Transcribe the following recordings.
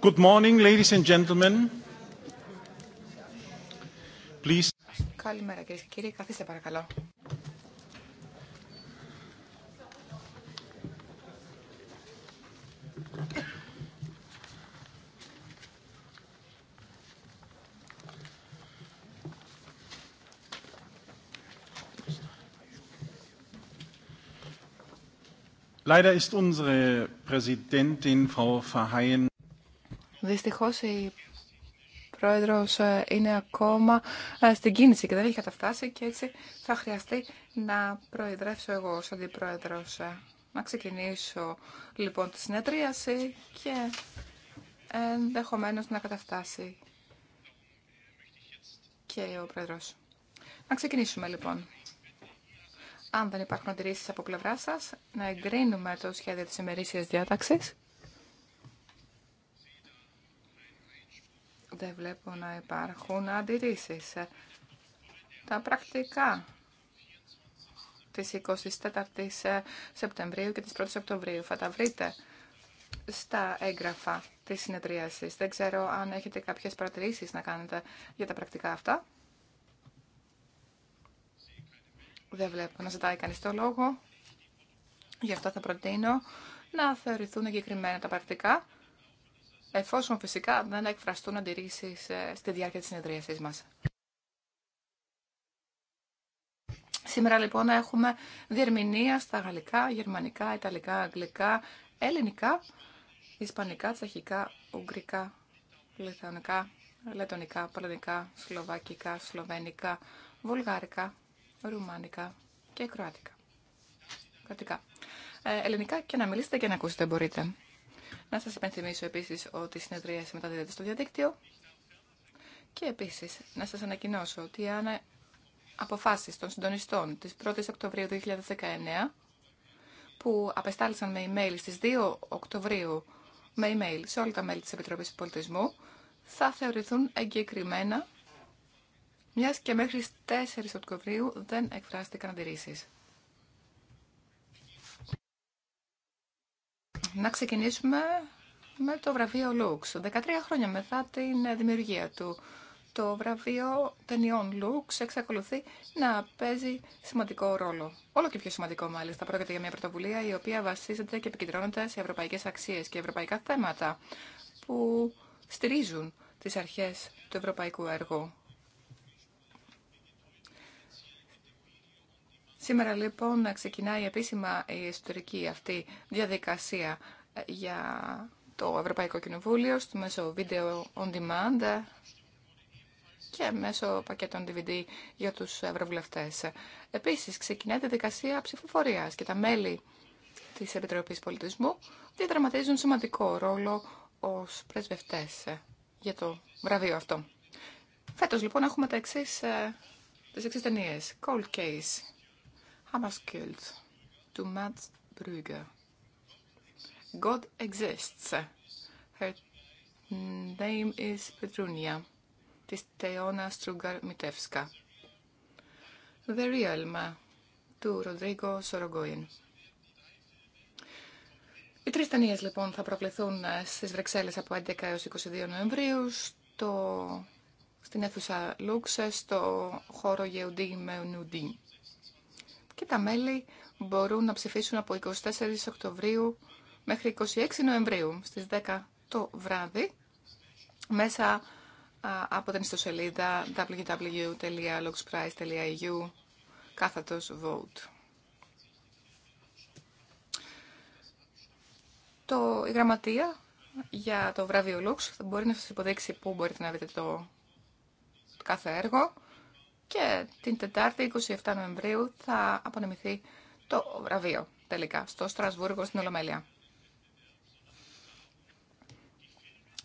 Good morning, ladies and gentlemen. Please. Καλημέρα κυρίες και κύριοι, καθίστε παρακαλώ. Leider ist unsere Präsidentin Frau Verheyen Δυστυχώς η πρόεδρος ε, είναι ακόμα ε, στην κίνηση και δεν έχει καταφτάσει και έτσι θα χρειαστεί να προεδρεύσω εγώ ως αντιπρόεδρος. Ε. Να ξεκινήσω λοιπόν τη συνεδρίαση και ενδεχομένως να καταφτάσει και ο πρόεδρος. Να ξεκινήσουμε λοιπόν. Αν δεν υπάρχουν αντιρρήσεις από πλευρά σας, να εγκρίνουμε το σχέδιο της ημερήσιας διάταξης. Δεν βλέπω να υπάρχουν αντιρρήσεις. Τα πρακτικά της 24ης Σεπτεμβρίου και της 1ης Οκτωβρίου θα τα βρείτε στα έγγραφα της συνεδρίασης. Δεν ξέρω αν έχετε κάποιες παρατηρήσεις να κάνετε για τα πρακτικά αυτά. Δεν βλέπω να ζητάει κανεί το λόγο. Γι' αυτό θα προτείνω να θεωρηθούν εγκεκριμένα τα πρακτικά εφόσον φυσικά δεν εκφραστούν αντιρρήσει ε, στη διάρκεια της συνεδρίασής μας. Σήμερα λοιπόν έχουμε διερμηνία στα γαλλικά, γερμανικά, ιταλικά, αγγλικά, ελληνικά, ισπανικά, τσαχικά, ουγγρικά, λιθανικά, λετωνικά, πολωνικά, σλοβακικά, σλοβενικά, βουλγάρικα, ρουμάνικα και κροατικά. κροατικά. Ε, ελληνικά και να μιλήσετε και να ακούσετε μπορείτε. Να σας υπενθυμίσω επίσης ότι η συνεδρία μεταδίδεται στο διαδίκτυο και επίσης να σας ανακοινώσω ότι αν αποφάσεις των συντονιστών της 1ης Οκτωβρίου 2019 που απεστάλησαν με email στις 2 Οκτωβρίου με email σε όλα τα μέλη της Επιτροπής Πολιτισμού θα θεωρηθούν εγκεκριμένα μιας και μέχρι 4 Οκτωβρίου δεν εκφράστηκαν αντιρρήσεις. να ξεκινήσουμε με το βραβείο Λουξ. 13 χρόνια μετά την δημιουργία του, το βραβείο ταινιών Λουξ εξακολουθεί να παίζει σημαντικό ρόλο. Όλο και πιο σημαντικό μάλιστα. Πρόκειται για μια πρωτοβουλία η οποία βασίζεται και επικεντρώνεται σε ευρωπαϊκές αξίες και ευρωπαϊκά θέματα που στηρίζουν τις αρχές του ευρωπαϊκού έργου. Σήμερα λοιπόν ξεκινάει επίσημα η ιστορική αυτή διαδικασία για το Ευρωπαϊκό Κοινοβούλιο στο μέσο Video On Demand και μέσω πακέτων DVD για τους ευρωβουλευτές. Επίσης ξεκινάει η διαδικασία ψηφοφορίας και τα μέλη της Επιτροπής Πολιτισμού διαδραματίζουν σημαντικό ρόλο ως πρεσβευτές για το βραβείο αυτό. Φέτος λοιπόν έχουμε τα εξής, ε, τις εξής ταινίες. Cold Case, Hammarskjöld του Mats Brügge. God exists. Her name is Petrunia. Tis Teona Strugar Mitevska. The Realm του Ροντρίγκο Sorogoyen. Οι τρεις ταινίες λοιπόν θα προκληθούν ε, στις Βρεξέλλες από 11 έως 22 Νοεμβρίου στο... στην αίθουσα Λούξε στο χώρο με Μεουνουντή και τα μέλη μπορούν να ψηφίσουν από 24 Οκτωβρίου μέχρι 26 Νοεμβρίου στις 10 το βράδυ μέσα από την ιστοσελίδα www.luxprice.eu, κάθετος vote. Το, η γραμματεία για το βραβείο Lux μπορεί να σας υποδείξει πού μπορείτε να βρείτε το κάθε έργο. Και την Τετάρτη, 27 Νοεμβρίου, θα απονεμηθεί το βραβείο τελικά στο Στρασβούργο στην Ολομέλεια.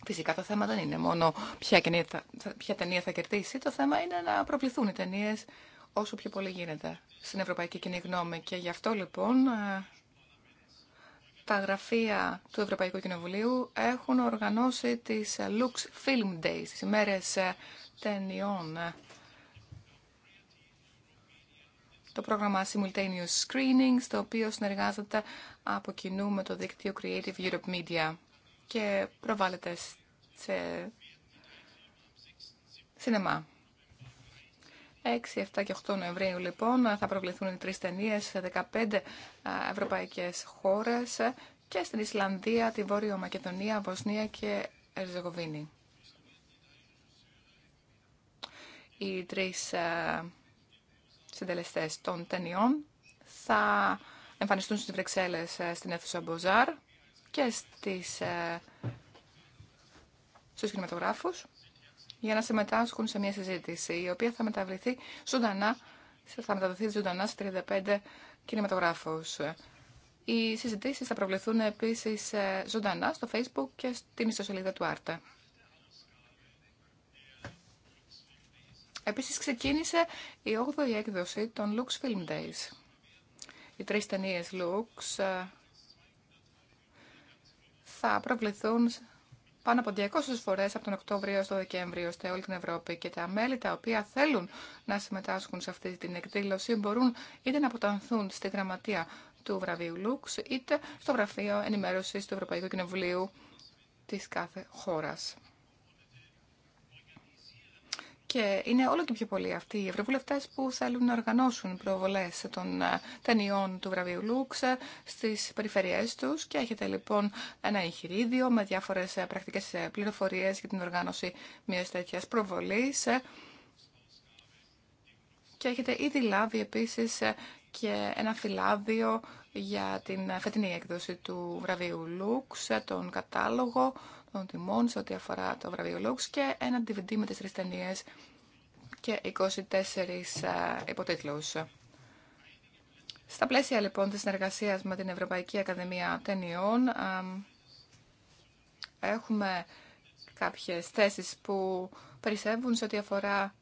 Φυσικά το θέμα δεν είναι μόνο ποια ταινία θα, ποια θα κερδίσει. Το θέμα είναι να προβληθούν οι ταινίε όσο πιο πολύ γίνεται στην Ευρωπαϊκή Κοινή Γνώμη. Και γι' αυτό λοιπόν ε, τα γραφεία του Ευρωπαϊκού Κοινοβουλίου έχουν οργανώσει τις Lux Film Days, τις ημέρες ε, ταινιών το πρόγραμμα Simultaneous Screening, στο οποίο συνεργάζεται από κοινού με το δίκτυο Creative Europe Media και προβάλλεται σε σινεμά. 6, 7 και 8 Νοεμβρίου λοιπόν θα προβληθούν οι τρεις ταινίες σε 15 ευρωπαϊκές χώρες και στην Ισλανδία, τη Βόρειο Μακεδονία, Βοσνία και Ερζεγοβίνη. Οι τρεις Συντελεστέ των ταινιών θα εμφανιστούν στις Βρυξέλλες ε, στην αίθουσα Μποζάρ και στις, ε, στους κινηματογράφους για να συμμετάσχουν σε μια συζήτηση η οποία θα μεταβληθεί ζωντανά θα μεταδοθεί ζωντανά σε 35 κινηματογράφους. Οι συζητήσεις θα προβληθούν επίσης ε, ζωντανά στο Facebook και στην ιστοσελίδα του Άρτα. Επίσης ξεκίνησε η 8η έκδοση των Lux Film Days. Οι τρεις ταινίες Lux ε, θα προβληθούν πάνω από 200 φορές από τον Οκτώβριο στο Δεκέμβριο σε όλη την Ευρώπη και τα μέλη τα οποία θέλουν να συμμετάσχουν σε αυτή την εκδήλωση μπορούν είτε να αποτανθούν στη γραμματεία του βραβείου Lux είτε στο γραφείο ενημέρωσης του Ευρωπαϊκού Κοινοβουλίου της κάθε χώρας. Και είναι όλο και πιο πολλοί αυτοί οι ευρωβουλευτέ που θέλουν να οργανώσουν προβολέ των ε, ταινιών του βραβείου Λούξ ε, στι περιφερειέ του. Και έχετε λοιπόν ένα εγχειρίδιο με διάφορε πρακτικέ ε, πληροφορίε για την οργάνωση μια τέτοια προβολή. Και έχετε ήδη λάβει επίση και ένα φυλάδιο για την φετινή έκδοση του βραβείου Λούξ, τον κατάλογο των τιμών σε ό,τι αφορά το βραβείο Lux και ένα DVD με τις τρεις ταινίες και 24 ε, υποτίτλους. Στα πλαίσια λοιπόν της συνεργασίας με την Ευρωπαϊκή Ακαδημία Ταινιών έχουμε κάποιες θέσεις που περισσεύουν σε ό,τι αφορά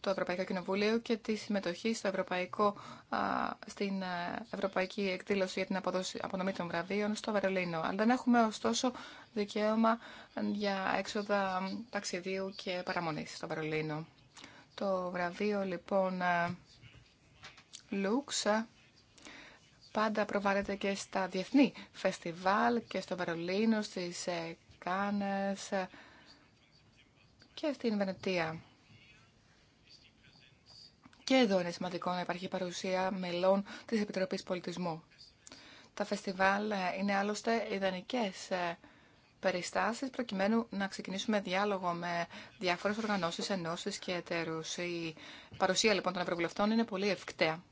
το Ευρωπαϊκό Κοινοβούλιο και τη συμμετοχή στο Ευρωπαϊκό, στην ε, Ευρωπαϊκή Εκδήλωση για την αποδοση, απονομή των βραβείων στο Βερολίνο. Αλλά δεν έχουμε ωστόσο δικαίωμα για έξοδα ταξιδίου και παραμονής στο Βερολίνο. Το βραβείο λοιπόν ε, Λούξ ε, πάντα προβάλλεται και στα διεθνή φεστιβάλ και στο Βερολίνο, στις Κάνες και στην Βενετία. Και εδώ είναι σημαντικό να υπάρχει παρουσία μελών της Επιτροπής Πολιτισμού. Τα φεστιβάλ ε, είναι άλλωστε ιδανικές ε, περιστάσεις προκειμένου να ξεκινήσουμε διάλογο με διάφορες οργανώσεις, ενώσεις και εταίρους. Η παρουσία λοιπόν των Ευρωβουλευτών είναι πολύ ευκταία.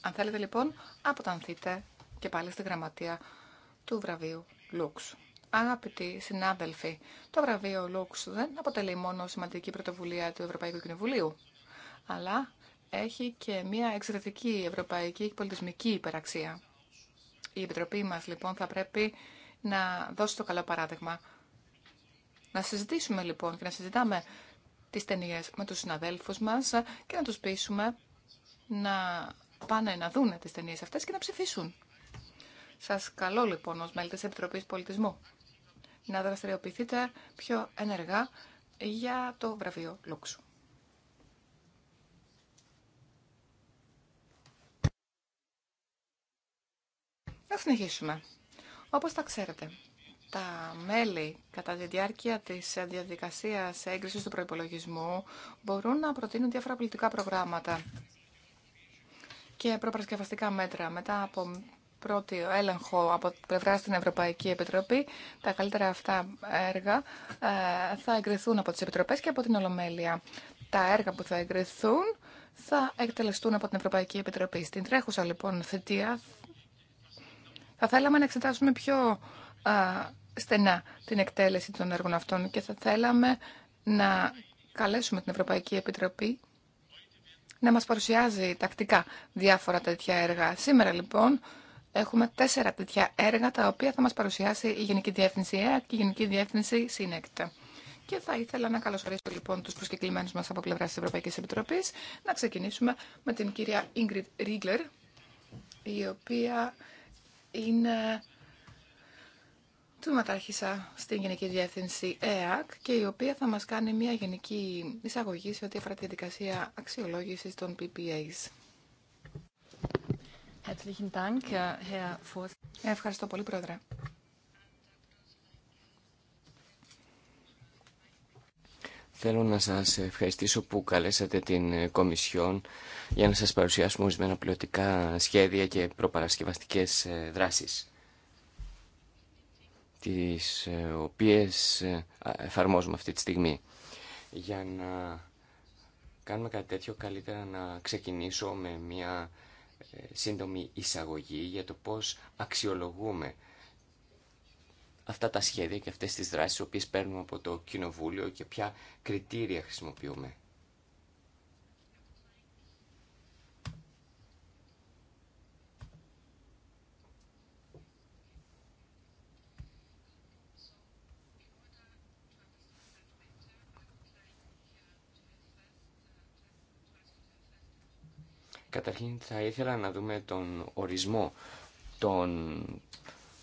Αν θέλετε λοιπόν, αποτανθείτε και πάλι στη γραμματεία του βραβείου Λουξ. Αγαπητοί συνάδελφοι, το βραβείο Λουξ δεν αποτελεί μόνο σημαντική πρωτοβουλία του Ευρωπαϊκού Κοινοβουλίου αλλά έχει και μια εξαιρετική ευρωπαϊκή πολιτισμική υπεραξία. Η Επιτροπή μας λοιπόν θα πρέπει να δώσει το καλό παράδειγμα. Να συζητήσουμε λοιπόν και να συζητάμε τις ταινίε με τους συναδέλφους μας και να τους πείσουμε να πάνε να δουν τις ταινίε αυτές και να ψηφίσουν. Σας καλώ λοιπόν ως μέλη της Επιτροπής Πολιτισμού να δραστηριοποιηθείτε πιο ενεργά για το βραβείο Λούξου. Θα συνεχίσουμε. Όπως τα ξέρετε, τα μέλη κατά τη διάρκεια της διαδικασίας έγκρισης του προϋπολογισμού μπορούν να προτείνουν διάφορα πολιτικά προγράμματα και προπαρασκευαστικά μέτρα μετά από πρώτο έλεγχο από πλευρά στην Ευρωπαϊκή Επιτροπή. Τα καλύτερα αυτά έργα ε, θα εγκριθούν από τις Επιτροπές και από την Ολομέλεια. Τα έργα που θα εγκριθούν θα εκτελεστούν από την Ευρωπαϊκή Επιτροπή. Στην τρέχουσα λοιπόν θητεία θα θέλαμε να εξετάσουμε πιο α, στενά την εκτέλεση των έργων αυτών και θα θέλαμε να καλέσουμε την Ευρωπαϊκή Επιτροπή να μας παρουσιάζει τακτικά διάφορα τέτοια έργα. Σήμερα λοιπόν έχουμε τέσσερα τέτοια έργα τα οποία θα μας παρουσιάσει η Γενική Διεύθυνση ΕΑ και η Γενική Διεύθυνση ΣΥΝΕΚΤΑ. Και θα ήθελα να καλωσορίσω λοιπόν τους προσκεκλημένους μας από πλευρά της Ευρωπαϊκής Επιτροπής. Να ξεκινήσουμε με την κυρία Ingrid Ρίγκλερ, η οποία είναι Ματάρχησα στην Γενική Διεύθυνση ΕΑΚ και η οποία θα μας κάνει μια γενική εισαγωγή σε ό,τι αφορά τη διαδικασία αξιολόγησης των PPAs. Ευχαριστώ πολύ, Πρόεδρε. Θέλω να σας ευχαριστήσω που καλέσατε την Κομισιόν για να σας παρουσιάσουμε ορισμένα πλειοτικά σχέδια και προπαρασκευαστικές ε, δράσεις τις ε, οποίες ε, εφαρμόζουμε αυτή τη στιγμή. Για να κάνουμε κάτι τέτοιο καλύτερα να ξεκινήσω με μια σύντομη εισαγωγή για το πώς αξιολογούμε αυτά τα σχέδια και αυτές τις δράσεις που παίρνουμε από το Κοινοβούλιο και ποια κριτήρια χρησιμοποιούμε. Καταρχήν θα ήθελα να δούμε τον ορισμό των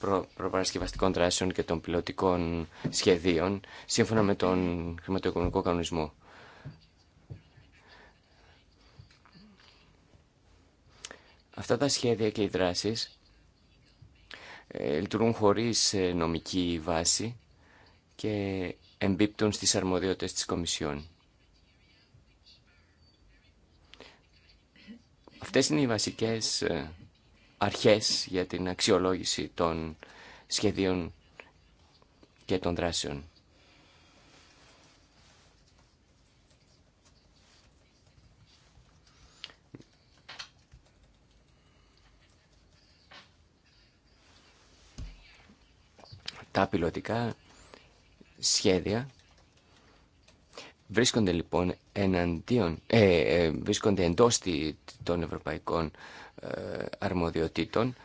προ, προπαρασκευαστικών δράσεων και των πιλωτικών σχεδίων σύμφωνα με τον χρηματοοικονομικό κανονισμό. Αυτά τα σχέδια και οι δράσεις ε, λειτουργούν χωρίς ε, νομική βάση και εμπίπτουν στις αρμοδιότητες της Κομισιόν. Αυτές είναι οι βασικές ε, αρχές για την αξιολόγηση των σχεδίων και των δράσεων. Τα πιλωτικά σχέδια βρίσκονται λοιπόν εναντίον, ε, ε βρίσκονται εντός των ευρωπαϊκών ε, αρμοδιοτήτων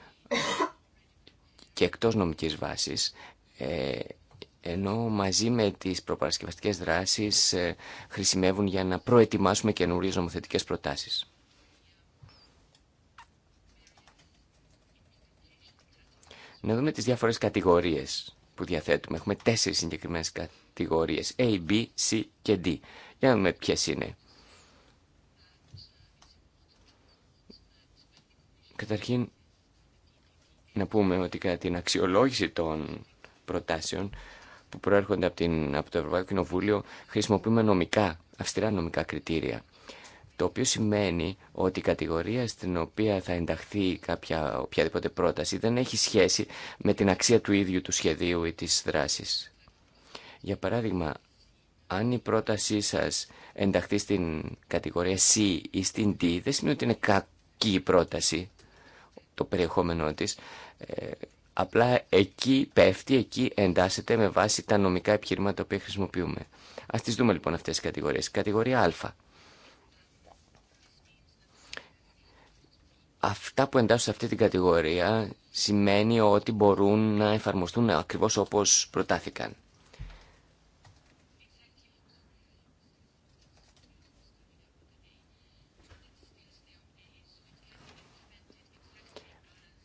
και εκτός νομικής βάσης, ε, ενώ μαζί με τις προπαρασκευαστικές δράσεις ε, χρησιμεύουν για να προετοιμάσουμε καινούριε νομοθετικές προτάσεις. Να δούμε τις διάφορες κατηγορίες που διαθέτουμε. Έχουμε τέσσερις συγκεκριμένες κατηγορίες, A, B, C και D. Για να δούμε ποιες είναι. Καταρχήν, να πούμε ότι κατά την αξιολόγηση των προτάσεων που προέρχονται από, την, το Ευρωπαϊκό Κοινοβούλιο χρησιμοποιούμε νομικά, αυστηρά νομικά κριτήρια. Το οποίο σημαίνει ότι η κατηγορία στην οποία θα ενταχθεί κάποια οποιαδήποτε πρόταση δεν έχει σχέση με την αξία του ίδιου του σχεδίου ή της δράσης. Για παράδειγμα, αν η πρότασή σας ενταχθεί στην κατηγορία C ή στην D, δεν σημαίνει ότι είναι κακή η πρόταση το περιεχόμενό της, ε, απλά εκεί πέφτει, εκεί εντάσσεται με βάση τα νομικά επιχειρήματα που χρησιμοποιούμε. Ας τις δούμε λοιπόν αυτές τις κατηγορίες. Κατηγορία Α. Αυτά που εντάσσονται σε αυτή την κατηγορία σημαίνει ότι μπορούν να εφαρμοστούν ακριβώς όπως προτάθηκαν.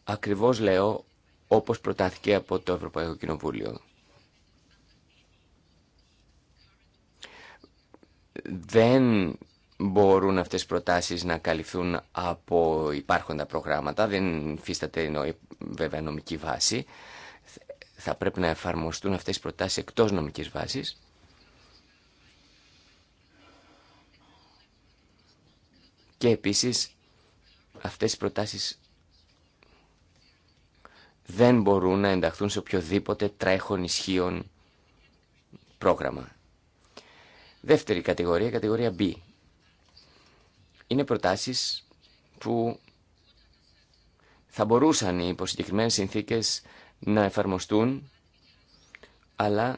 Ακριβώς λέω όπως προτάθηκε από το Ευρωπαϊκό Κοινοβούλιο. Δεν μπορούν αυτές οι προτάσεις να καλυφθούν από υπάρχοντα προγράμματα. Δεν υφίσταται βέβαια νομική βάση. Θα πρέπει να εφαρμοστούν αυτές οι προτάσεις εκτός νομικής βάσης. Και επίσης αυτές οι προτάσεις δεν μπορούν να ενταχθούν σε οποιοδήποτε τρέχον ισχύον πρόγραμμα. Δεύτερη κατηγορία, κατηγορία B. Είναι προτάσεις που θα μπορούσαν οι υποσυγκεκριμένες συνθήκες να εφαρμοστούν, αλλά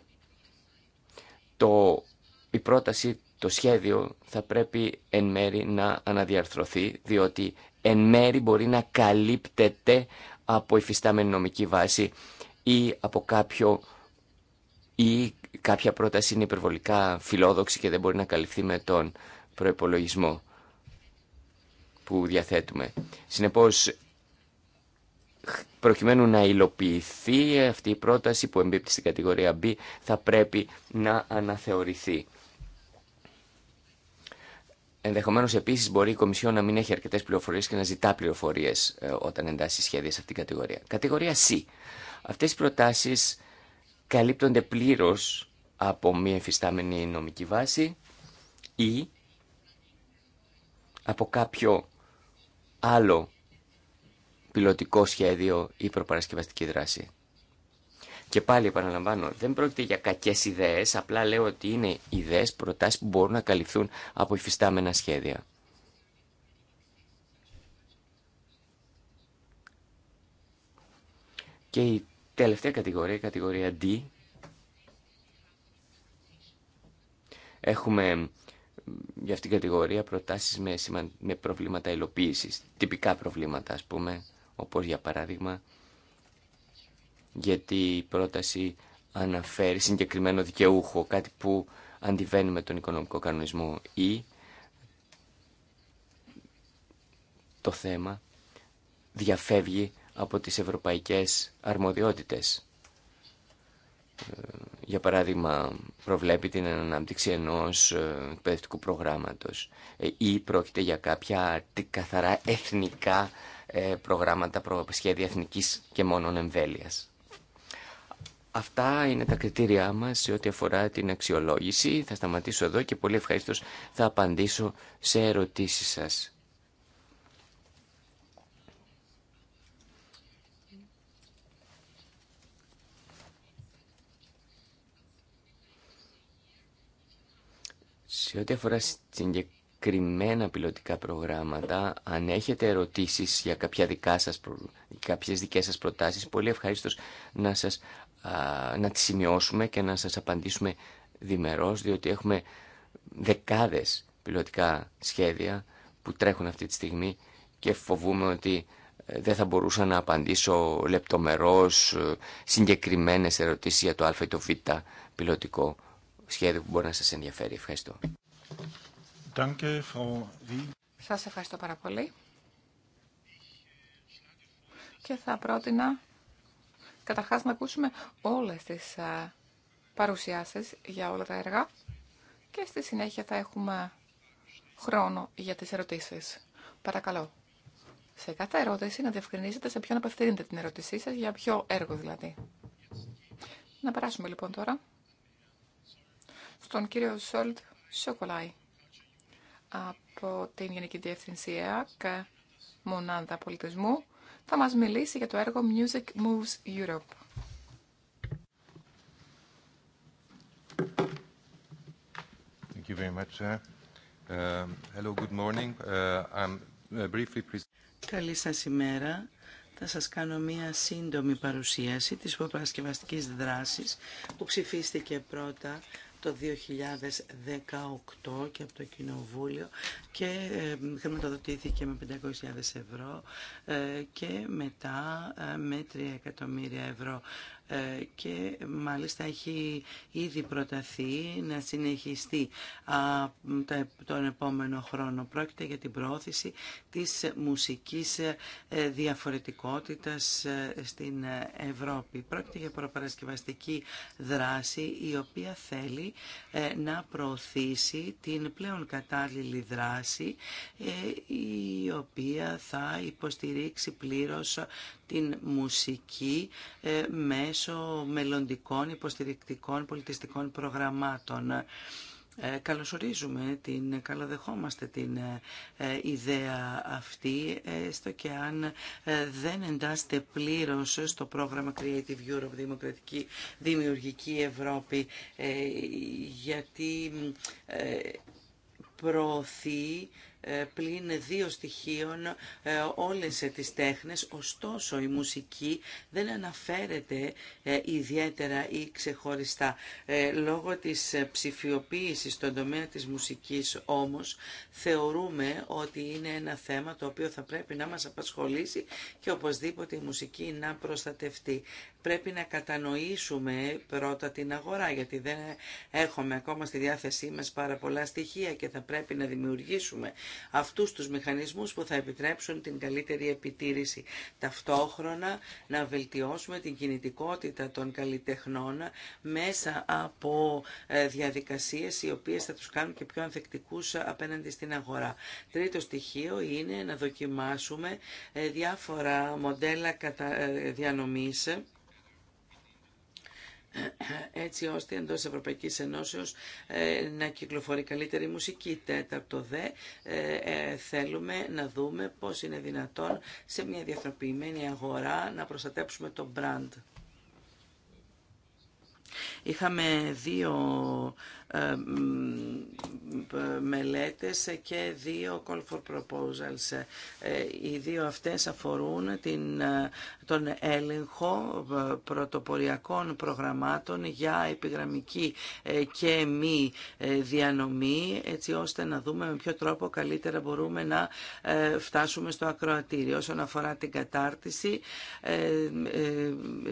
το, η πρόταση, το σχέδιο θα πρέπει εν μέρη να αναδιαρθρωθεί, διότι εν μέρη μπορεί να καλύπτεται από υφιστάμενη νομική βάση ή από κάποιο ή κάποια πρόταση είναι υπερβολικά φιλόδοξη και δεν μπορεί να καλυφθεί με τον προϋπολογισμό που διαθέτουμε. Συνεπώς, προκειμένου να υλοποιηθεί αυτή η πρόταση που εμπίπτει στην κατηγορία B, θα πρέπει να αναθεωρηθεί. Ενδεχομένω επίσης μπορεί η Κομισιόν να μην έχει αρκετέ πληροφορίε και να ζητά πληροφορίες ε, όταν εντάσσει σχέδια σε αυτήν την κατηγορία. Κατηγορία C. Αυτές οι προτάσεις καλύπτονται πλήρω από μία εφιστάμενη νομική βάση ή από κάποιο άλλο πιλωτικό σχέδιο ή προπαρασκευαστική δράση. Και πάλι επαναλαμβάνω, δεν πρόκειται για κακέ ιδέε, απλά λέω ότι είναι ιδέε, προτάσει που μπορούν να καλυφθούν από υφιστάμενα σχέδια. Και η τελευταία κατηγορία, η κατηγορία D, έχουμε για αυτήν την κατηγορία προτάσεις με, προβλήματα υλοποίησης, τυπικά προβλήματα ας πούμε, όπως για παράδειγμα γιατί η πρόταση αναφέρει συγκεκριμένο δικαιούχο, κάτι που αντιβαίνει με τον οικονομικό κανονισμό ή το θέμα διαφεύγει από τις ευρωπαϊκές αρμοδιότητες. Ε, για παράδειγμα, προβλέπει την ανάπτυξη ενός ε, εκπαιδευτικού προγράμματος ε, ή πρόκειται για κάποια καθαρά εθνικά προγράμματα, σχέδια εθνικής και μόνον εμβέλειας. Αυτά είναι τα κριτήριά μας σε ό,τι αφορά την αξιολόγηση. Θα σταματήσω εδώ και πολύ ευχαριστώ θα απαντήσω σε ερωτήσεις σας. Σε ό,τι αφορά συγκεκριμένα πιλωτικά προγράμματα, αν έχετε ερωτήσεις για κάποια δικά σας, κάποιες δικές σας προτάσεις, πολύ ευχαριστώ να σας να τις σημειώσουμε και να σας απαντήσουμε διμερώς, διότι έχουμε δεκάδες πιλωτικά σχέδια που τρέχουν αυτή τη στιγμή και φοβούμε ότι ε, δεν θα μπορούσα να απαντήσω λεπτομερώς ε, συγκεκριμένες ερωτήσεις για το α ή το β πιλωτικό σχέδιο που μπορεί να σας ενδιαφέρει. Ευχαριστώ. Σας ευχαριστώ πάρα πολύ. Και θα πρότεινα Καταρχάς να ακούσουμε όλες τις παρουσιάσεις για όλα τα έργα και στη συνέχεια θα έχουμε χρόνο για τις ερωτήσεις. Παρακαλώ. Σε κάθε ερώτηση να διευκρινίσετε σε ποιον απευθύνετε την ερώτησή σας, για ποιο έργο δηλαδή. Να περάσουμε λοιπόν τώρα στον κύριο Σόλτ Σοκολάη από την Γενική Διευθυνσία και Μονάδα Πολιτισμού θα μας μιλήσει για το έργο Music Moves Europe. Thank you very much. Uh, hello, good morning. Uh, I'm uh, briefly... Καλή σας ημέρα. Θα σας κάνω μία σύντομη παρουσίαση της προπαρασκευαστικής δράσης που ψηφίστηκε πρώτα το 2018 και από το Κοινοβούλιο και ε, χρηματοδοτήθηκε με 500.000 ευρώ ε, και μετά ε, με 3 εκατομμύρια ευρώ ε, και μάλιστα έχει ήδη προταθεί να συνεχιστεί τον επόμενο χρόνο. Πρόκειται για την πρόθεση της μουσικής ε, διαφορετικότητας ε, στην Ευρώπη. Πρόκειται για προπαρασκευαστική δράση η οποία θέλει να προωθήσει την πλέον κατάλληλη δράση η οποία θα υποστηρίξει πλήρως την μουσική ε, μέσω μελλοντικών υποστηρικτικών πολιτιστικών προγραμμάτων. Ε, καλωσορίζουμε την, καλοδεχόμαστε την ε, ιδέα αυτή, έστω και αν δεν εντάσσεται πλήρως στο πρόγραμμα Creative Europe, Δημοκρατική Δημιουργική Ευρώπη, γιατί προωθεί ε, πλην δύο στοιχείων ε, όλες τις τέχνες, ωστόσο η μουσική δεν αναφέρεται ε, ιδιαίτερα ή ξεχωριστά. Λόγω της ψηφιοποίησης στον τομέα της μουσικής όμως θεωρούμε ότι είναι ένα θέμα το οποίο θα πρέπει να μας απασχολήσει και οπωσδήποτε η μουσική να προστατευτεί. Πρέπει να κατανοήσουμε πρώτα την αγορά γιατί δεν έχουμε ακόμα στη διάθεσή μας πάρα πολλά στοιχεία και θα πρέπει να δημιουργήσουμε αυτούς τους μηχανισμούς που θα επιτρέψουν την καλύτερη επιτήρηση. Ταυτόχρονα να βελτιώσουμε την κινητικότητα των καλλιτεχνών μέσα από ε, διαδικασίες οι οποίες θα τους κάνουν και πιο ανθεκτικούς απέναντι στην αγορά. Τρίτο στοιχείο είναι να δοκιμάσουμε ε, διάφορα μοντέλα ε, διανομής έτσι ώστε εντός Ευρωπαϊκής Ενώσεως ε, να κυκλοφορεί καλύτερη μουσική. Τέταρτο δε, ε, ε, θέλουμε να δούμε πώς είναι δυνατόν σε μια διαφοροποιημένη αγορά να προστατέψουμε το μπραντ. Είχαμε δύο μελέτες και δύο call for proposals. Ε, οι δύο αυτές αφορούν την, ε, τον έλεγχο ε, πρωτοποριακών προγραμμάτων για επιγραμμική και μη διανομή, έτσι ώστε να δούμε με ποιο τρόπο καλύτερα μπορούμε να φτάσουμε στο ακροατήριο. Όσον αφορά την κατάρτιση,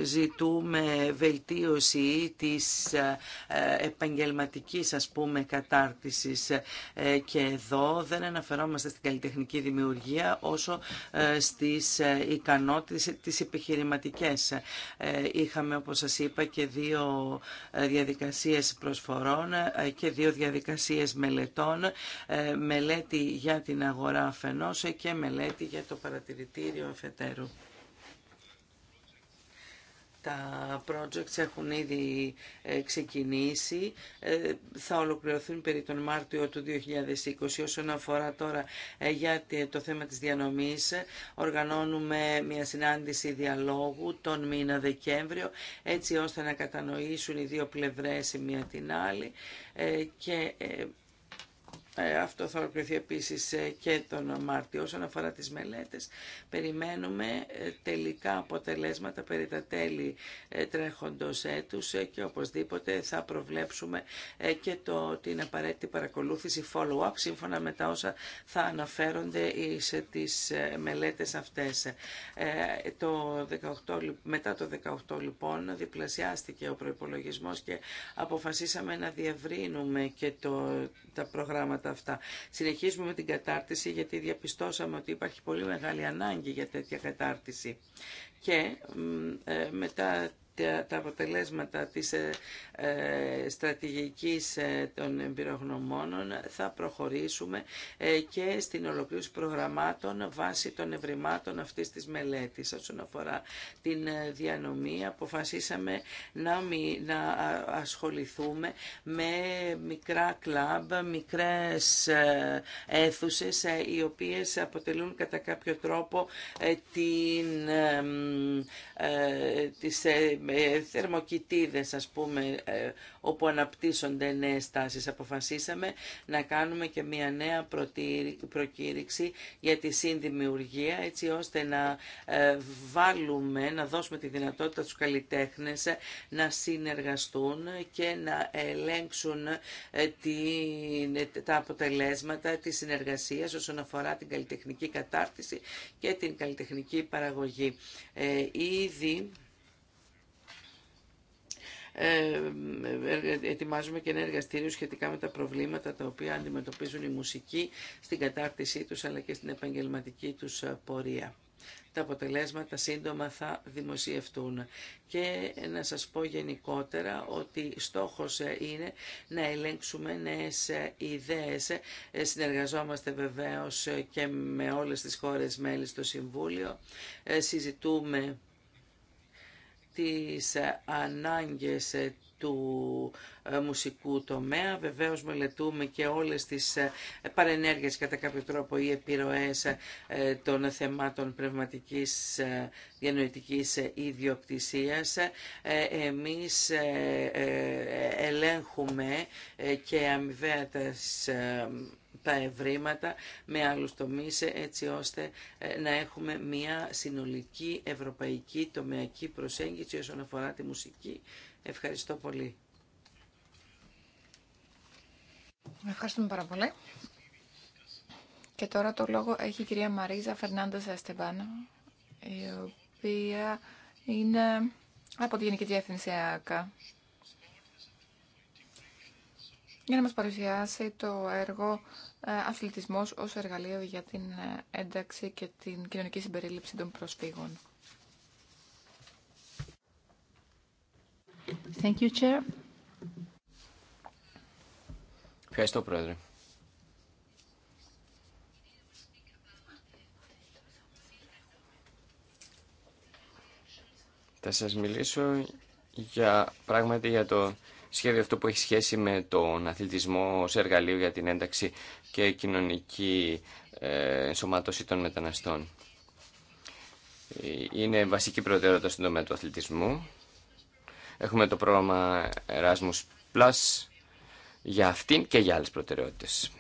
ζητούμε βελτίωση της επαγγελματικής ας πούμε κατάρτισης ε, και εδώ δεν αναφερόμαστε στην καλλιτεχνική δημιουργία όσο ε, στις ε, ικανότητες τις επιχειρηματικές. Είχαμε όπως σας είπα και δύο διαδικασίες προσφορών και δύο διαδικασίες μελετών, μελέτη για την αγορά αφενός και μελέτη για το παρατηρητήριο εφετερού. Τα projects έχουν ήδη ε, ξεκινήσει, ε, θα ολοκληρωθούν περί τον Μάρτιο του 2020. Όσον αφορά τώρα ε, για το θέμα της διανομής, οργανώνουμε μια συνάντηση διαλόγου τον μήνα Δεκέμβριο, έτσι ώστε να κατανοήσουν οι δύο πλευρές η μία την άλλη και ε, αυτό θα ολοκληρωθεί επίσης ε, και τον Μάρτιο. Όσον αφορά τις μελέτες, περιμένουμε ε, τελικά αποτελέσματα περί τα τέλη τρέχοντος έτους και οπωσδήποτε θα προβλέψουμε και το, την απαραίτητη παρακολούθηση follow-up σύμφωνα με τα όσα θα αναφέρονται σε τις μελέτες αυτές. Το 18, μετά το 18 λοιπόν διπλασιάστηκε ο προπολογισμό και αποφασίσαμε να διευρύνουμε και το, τα προγράμματα αυτά. Συνεχίζουμε με την κατάρτιση γιατί διαπιστώσαμε ότι υπάρχει πολύ μεγάλη ανάγκη για τέτοια κατάρτιση. Και ε, μετά τα αποτελέσματα της ε, ε, στρατηγικής ε, των εμπειρογνωμόνων θα προχωρήσουμε και στην ολοκλήρωση προγραμμάτων βάσει των ευρημάτων αυτής της μελέτης. Όσον αφορά την διανομή, αποφασίσαμε να, να ασχοληθούμε με μικρά κλαμπ, μικρές αίθουσες οι οποίες αποτελούν κατά κάποιο τρόπο την, τις με θερμοκοιτίδες πούμε ε, όπου αναπτύσσονται νέες τάσεις. Αποφασίσαμε να κάνουμε και μια νέα προκήρυξη για τη συνδημιουργία έτσι ώστε να ε, βάλουμε, να δώσουμε τη δυνατότητα στους καλλιτέχνες να συνεργαστούν και να ελέγξουν ε, τα αποτελέσματα της συνεργασίας όσον αφορά την καλλιτεχνική κατάρτιση και την καλλιτεχνική παραγωγή. Ήδη ε, ετοιμάζουμε και ένα εργαστήριο σχετικά με τα προβλήματα τα οποία αντιμετωπίζουν οι μουσικοί στην κατάρτισή τους αλλά και στην επαγγελματική τους ε, πορεία. Τα αποτελέσματα σύντομα θα δημοσιευτούν. Και να σας πω γενικότερα ότι στόχος ε, είναι να ελέγξουμε νέες ιδέες. Συνεργαζόμαστε βεβαίως και με όλες τις χώρες μέλη στο Συμβούλιο. Συζητούμε τις ε, ανάγκες ε, του ε, μουσικού τομέα. Βεβαίως μελετούμε και όλες τις παρενέργειες κατά κάποιο τρόπο ή επιρροές των θεμάτων πνευματικής διανοητικής ιδιοκτησίας. Εμείς ελέγχουμε και αμοιβαία τα ευρήματα με άλλους τομείς ε, έτσι ώστε ε, να έχουμε μια συνολική ευρωπαϊκή τομεακή προσέγγιση όσον αφορά τη μουσική. Ευχαριστώ πολύ. Ευχαριστούμε πάρα πολύ. Και τώρα το λόγο έχει η κυρία Μαρίζα Φερνάντα Αστεμπάνο η οποία είναι από τη Γενική Διεύθυνση ΑΚΑ για να μας παρουσιάσει το έργο ε, αθλητισμός ως εργαλείο για την ε, ένταξη και την κοινωνική συμπερίληψη των προσφύγων. Thank you, Chair. Ευχαριστώ, Πρόεδρε. Θα σας μιλήσω για πράγματι για το σχέδιο αυτό που έχει σχέση με τον αθλητισμό ως εργαλείο για την ένταξη και κοινωνική ε, ενσωμάτωση των μεταναστών. Ε, είναι βασική προτεραιότητα στον τομέα του αθλητισμού. Έχουμε το πρόγραμμα Erasmus Plus για αυτήν και για άλλες προτεραιότητες.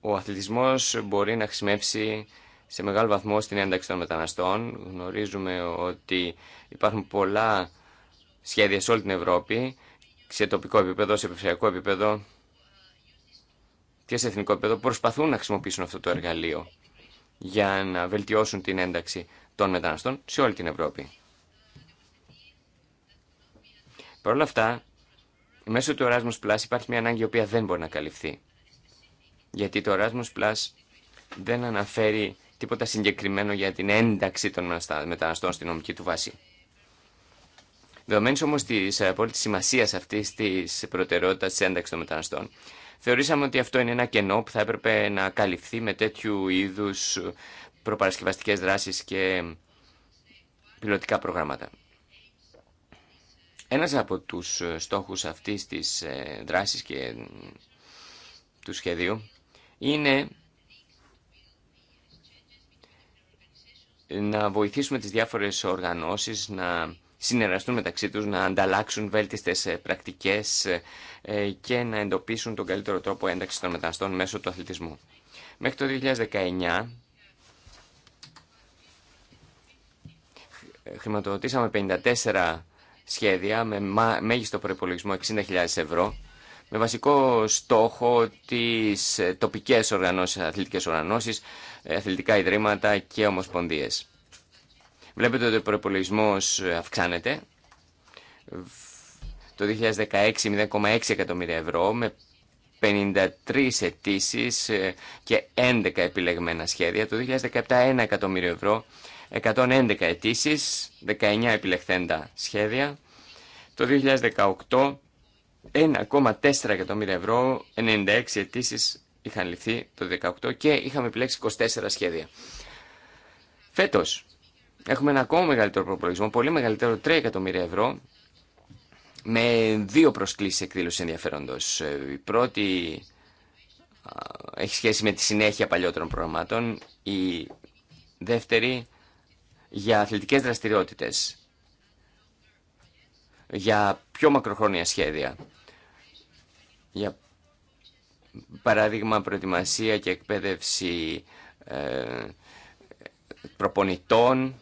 Ο αθλητισμός μπορεί να χρησιμεύσει σε μεγάλο βαθμό στην ένταξη των μεταναστών. Γνωρίζουμε ότι υπάρχουν πολλά σχέδια σε όλη την Ευρώπη, σε τοπικό επίπεδο, σε επιφυλακό επίπεδο και σε εθνικό επίπεδο, προσπαθούν να χρησιμοποιήσουν αυτό το εργαλείο για να βελτιώσουν την ένταξη των μεταναστών σε όλη την Ευρώπη. Παρ' όλα αυτά, μέσω του Erasmus Plus υπάρχει μια ανάγκη η οποία δεν μπορεί να καλυφθεί. Γιατί το Erasmus Plus δεν αναφέρει τίποτα συγκεκριμένο για την ένταξη των μεταναστών στην νομική του βάση. Δεδομένω όμω τη ε, απόλυτη σημασία αυτή τη προτεραιότητα τη ένταξη των μεταναστών, θεωρήσαμε ότι αυτό είναι ένα κενό που θα έπρεπε να καλυφθεί με τέτοιου είδους προπαρασκευαστικές δράσεις και πιλωτικά προγράμματα. Ένας από τους ε, στόχους αυτής της ε, δράσης και του σχεδίου είναι να βοηθήσουμε τις διάφορες οργανώσεις να συνεργαστούν μεταξύ τους, να ανταλλάξουν βέλτιστες ε, πρακτικές ε, και να εντοπίσουν τον καλύτερο τρόπο ένταξης των μεταναστών μέσω του αθλητισμού. Μέχρι το 2019 ε, χρηματοδοτήσαμε 54 σχέδια με μέγιστο προϋπολογισμό 60.000 ευρώ με βασικό στόχο τις ε, τοπικές οργανώσεις, αθλητικές οργανώσεις, ε, αθλητικά ιδρύματα και ομοσπονδίες. Βλέπετε ότι ο προπολογισμό ε, αυξάνεται. Το 2016 0,6 εκατομμύρια ευρώ με 53 αιτήσει και 11 επιλεγμένα σχέδια. Το 2017 1 εκατομμύριο ευρώ, 111 αιτήσει, 19 επιλεχθέντα σχέδια. Το 2018 1,4 εκατομμύρια ευρώ, 96 αιτήσει είχαν ληφθεί το 2018 και είχαμε επιλέξει 24 σχέδια. Φέτο έχουμε ένα ακόμα μεγαλύτερο προπολογισμό, πολύ μεγαλύτερο 3 εκατομμύρια ευρώ, με δύο προσκλήσει εκδήλωση ενδιαφέροντο. Ε, η πρώτη έχει σχέση με τη συνέχεια παλιότερων προγραμμάτων, η δεύτερη για αθλητικές δραστηριότητες, για πιο μακροχρόνια σχέδια για παράδειγμα προετοιμασία και εκπαίδευση ε, προπονητών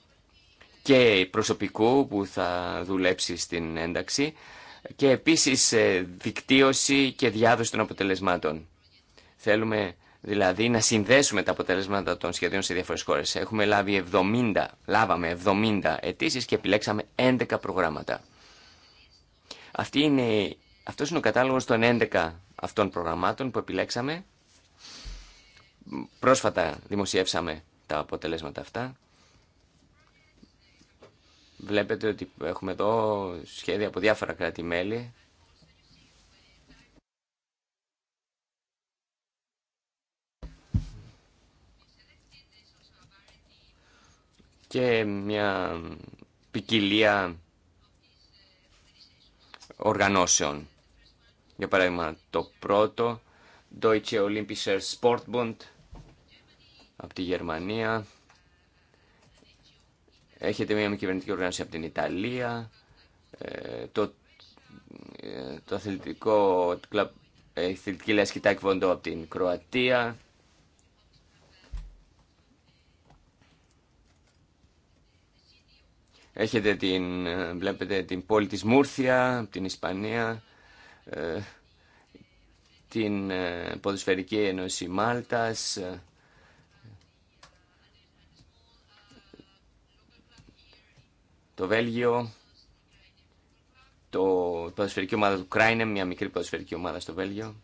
και προσωπικού που θα δουλέψει στην ένταξη και επίσης ε, δικτύωση και διάδοση των αποτελεσμάτων. Θέλουμε δηλαδή να συνδέσουμε τα αποτελέσματα των σχεδίων σε διάφορες χώρες. Έχουμε λάβει 70, λάβαμε 70 αιτήσει και επιλέξαμε 11 προγράμματα. Αυτή είναι αυτός είναι ο κατάλογος των 11 αυτών προγραμμάτων που επιλέξαμε. Πρόσφατα δημοσιεύσαμε τα αποτελέσματα αυτά. Βλέπετε ότι έχουμε εδώ σχέδια από διάφορα κράτη-μέλη. Και μια ποικιλία οργανώσεων. Για παράδειγμα, το πρώτο, Deutsche Olympischer Sportbund από τη Γερμανία. Έχετε μια μη κυβερνητική οργάνωση από την Ιταλία. Ε, το, ε, το αθλητικό κλαμπ ε, η αθλητική λασκή εκβόντω από την Κροατία. Έχετε την, βλέπετε την πόλη της Μούρθια από την Ισπανία την ε, Ποδοσφαιρική Ένωση Μάλτας, το Βέλγιο, το ποδοσφαιρική ομάδα του Κράινεμ, μια μικρή ποδοσφαιρική ομάδα στο Βέλγιο,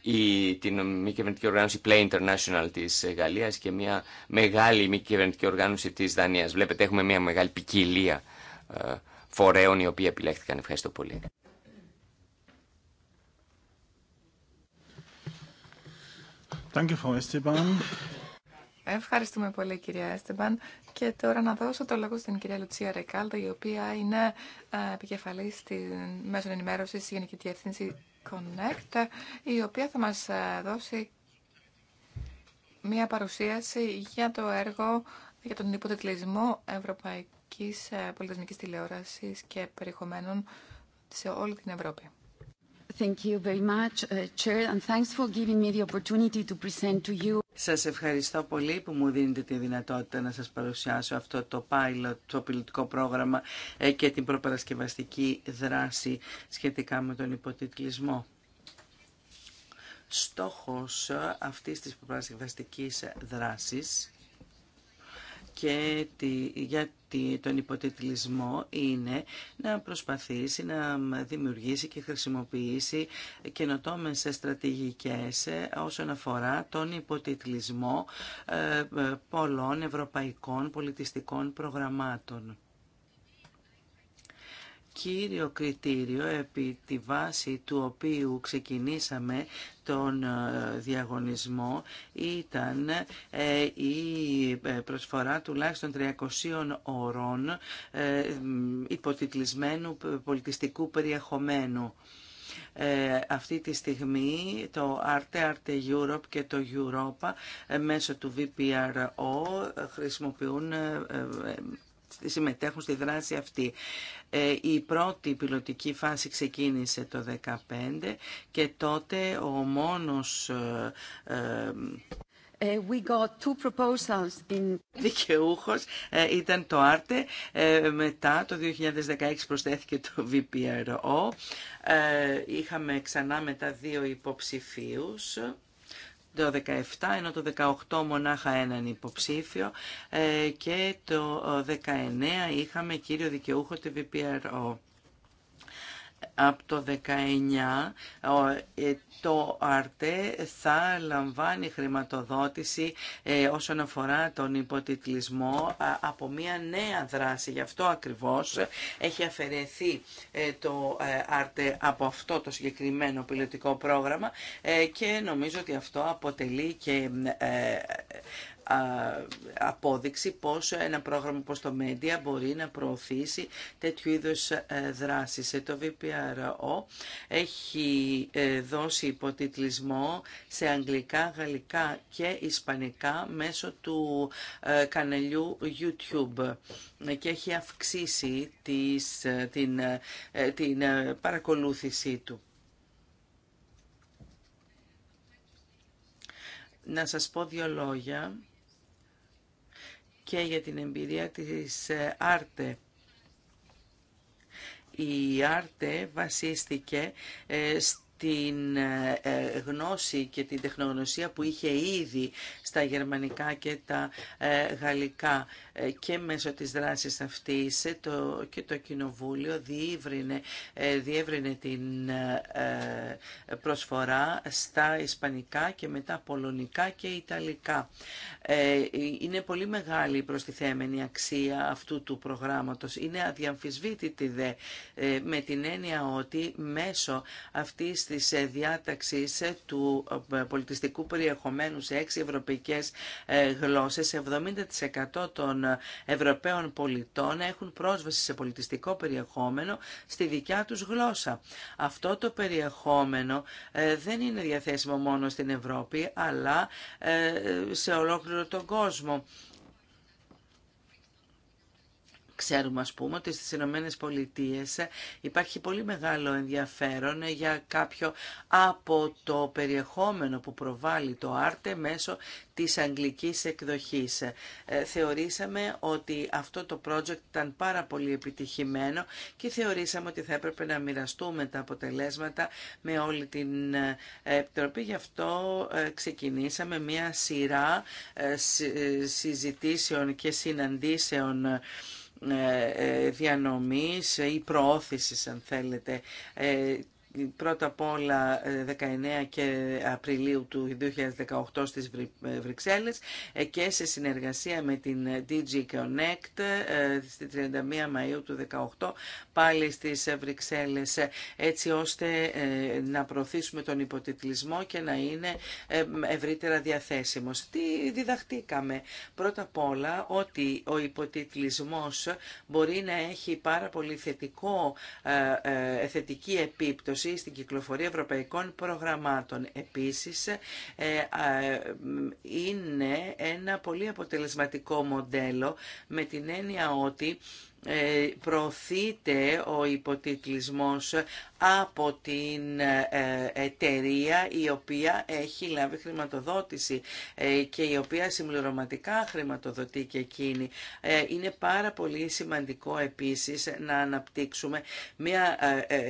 η, την μη κυβερνητική οργάνωση Play International της Γαλλίας και μια μεγάλη μη κυβερνητική οργάνωση της Δανίας. Βλέπετε έχουμε μια μεγάλη ποικιλία ε, φορέων οι οποίοι επιλέχθηκαν. Ευχαριστώ πολύ. Ευχαριστούμε πολύ κυρία Έστεμπαν και τώρα να δώσω το λόγο στην κυρία Λουτσία Ρεκάλτα η οποία είναι ε, επικεφαλής στη μέσων ενημέρωσης στη Γενική Διευθύνση Connect η οποία θα μας ε, δώσει μία παρουσίαση για το έργο για τον υποτετλισμό Ευρωπαϊκού ελληνικής ε, πολιτισμικής τηλεόρασης και περιεχομένων σε όλη την Ευρώπη. Thank you very much, uh, Chair, and thanks for giving me the opportunity to present to you. Σας ευχαριστώ πολύ που μου δίνετε τη δυνατότητα να σας παρουσιάσω αυτό το pilot, το πιλωτικό πρόγραμμα ε, και την προπαρασκευαστική δράση σχετικά με τον υποτιτλισμό. Στόχος ε, αυτής της προπαρασκευαστικής δράσης και τη, για τον υποτιτλισμό είναι να προσπαθήσει να δημιουργήσει και χρησιμοποιήσει καινοτόμες στρατηγικές ε, όσον αφορά τον υποτιτλισμό ε, ε, πολλών ευρωπαϊκών πολιτιστικών προγραμμάτων κύριο κριτήριο επί τη βάση του οποίου ξεκινήσαμε τον ε, διαγωνισμό ήταν ε, η ε, προσφορά τουλάχιστον 300 ώρων υποτιτλισμένου πολιτιστικού περιεχομένου. αυτή τη στιγμή το Arte, Arte Europe και το Europa μέσω του VPRO χρησιμοποιούν συμμετέχουν στη δράση αυτή. Ε, η πρώτη πιλωτική φάση ξεκίνησε το 2015 και τότε ο μόνος ε, ε, We got two proposals in... Δικαιούχος ήταν το Άρτε, μετά το 2016 προσθέθηκε το VPRO. Είχαμε ξανά μετά δύο υποψηφίους το 17, ενώ το 18 μονάχα έναν υποψήφιο ε, και το 19 είχαμε κύριο δικαιούχο τη VPRO από το 19 ε, το ΑΡΤΕ θα λαμβάνει χρηματοδότηση ε, όσον αφορά τον υποτιτλισμό από μια νέα δράση. Γι' αυτό ακριβώς έχει αφαιρεθεί ε, το ΑΡΤΕ από αυτό το συγκεκριμένο πιλωτικό πρόγραμμα και νομίζω ότι αυτό αποτελεί και απόδειξη πως ένα πρόγραμμα όπως το Media μπορεί να προωθήσει τέτοιου είδους ε, δράσεις. Ε, το VPRO έχει ε, δώσει υποτιτλισμό σε αγγλικά, γαλλικά και ισπανικά μέσω του καναλιού YouTube και έχει αυξήσει την, την παρακολούθησή του. Να σας πω δύο λόγια και για την εμπειρία της Άρτε. Η Άρτε βασίστηκε ε, στην ε, γνώση και την τεχνογνωσία που είχε ήδη στα γερμανικά και τα ε, γαλλικά. Ε, και μέσω της δράσης αυτής ε, το, και το Κοινοβούλιο διεύρυνε, ε, διεύρυνε την προσφορά στα Ισπανικά και μετά Πολωνικά και Ιταλικά. Είναι πολύ μεγάλη η προστιθέμενη αξία αυτού του προγράμματος. Είναι αδιαμφισβήτητη δε με την έννοια ότι μέσω αυτής της διάταξης του πολιτιστικού περιεχομένου σε έξι ευρωπαϊκές γλώσσες 70% των Ευρωπαίων πολιτών έχουν πρόσβαση σε πολιτιστικό περιεχόμενο στη δικιά τους γλώσσα. Αυτό το περιεχόμενο ε, δεν είναι διαθέσιμο μόνο στην Ευρώπη, αλλά ε, σε ολόκληρο τον κόσμο. Ξέρουμε ας πούμε ότι στις Ηνωμένε Πολιτείε υπάρχει πολύ μεγάλο ενδιαφέρον για κάποιο από το περιεχόμενο που προβάλλει το Άρτε μέσω της αγγλικής εκδοχής. Ε, θεωρήσαμε ότι αυτό το project ήταν πάρα πολύ επιτυχημένο και θεωρήσαμε ότι θα έπρεπε να μοιραστούμε τα αποτελέσματα με όλη την ε, Επιτροπή. Γι' αυτό ε, ξεκινήσαμε μια σειρά συζητήσεων και συναντήσεων ε, ε, διανομής ή προώθησης αν θέλετε ε, πρώτα απ' όλα 19 ε, και Απριλίου του 2018 στις ε, Βρυξέλλες ε, και σε συνεργασία με την DG Connect στη 31 Μαΐου του 2018 πάλι στις Βρυξέλλες έτσι ώστε να προωθήσουμε τον υποτιτλισμό και να είναι ευρύτερα διαθέσιμος. Τι διδαχτήκαμε. Πρώτα απ' όλα ότι ο υποτιτλισμός μπορεί να έχει πάρα πολύ θετικό, θετική επίπτωση στην κυκλοφορία ευρωπαϊκών προγραμμάτων. Επίσης, ε, ε, είναι ένα πολύ αποτελεσματικό μοντέλο με την έννοια ότι ε, προωθείται ο υποτιτλισμός από την ε, εταιρεία η οποία έχει λάβει χρηματοδότηση ε, και η οποία συμπληρωματικά χρηματοδοτεί και εκείνη. Είναι πάρα πολύ σημαντικό επίσης να αναπτύξουμε μια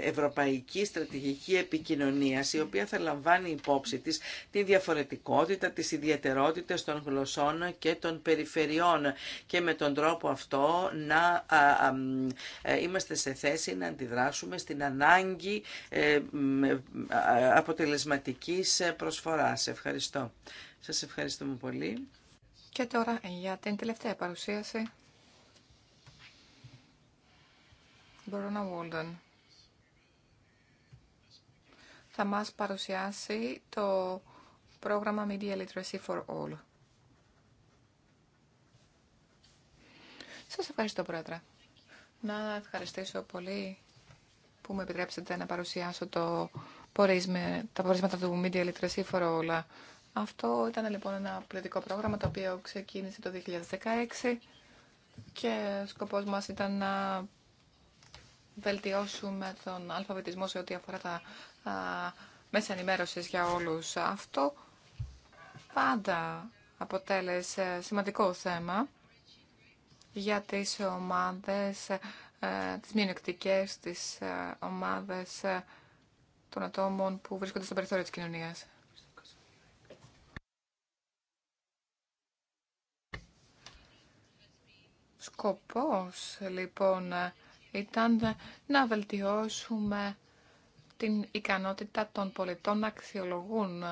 ευρωπαϊκή στρατηγική επικοινωνίας η οποία θα λαμβάνει υπόψη της τη διαφορετικότητα, τις ιδιαιτερότητες των γλωσσών και των περιφερειών και με τον τρόπο αυτό να ε, είμαστε σε θέση να αντιδράσουμε στην ανάγκη ε, ε, αποτελεσματικής προσφοράς. Ευχαριστώ. Σας ευχαριστούμε πολύ. Και τώρα για την τελευταία παρουσίαση. Μπορώνα Βόλτον θα μας παρουσιάσει το πρόγραμμα Media Literacy for All. Σας ευχαριστώ, Πρόεδρε να ευχαριστήσω πολύ που με επιτρέψετε να παρουσιάσω το πορίσμα, τα πορίσματα του Media Literacy for All. Αυτό ήταν λοιπόν ένα πολιτικό πρόγραμμα το οποίο ξεκίνησε το 2016 και σκοπός μας ήταν να βελτιώσουμε τον αλφαβητισμό σε ό,τι αφορά τα μέσα ενημέρωση για όλους. Αυτό πάντα αποτέλεσε σημαντικό θέμα για τις ομάδες, ε, τις μειονεκτικές, τις ε, ομάδες ε, των ατόμων που βρίσκονται στο περιθώριο της κοινωνίας. Σκοπός, λοιπόν, ήταν να βελτιώσουμε την ικανότητα των πολιτών να αξιολογούν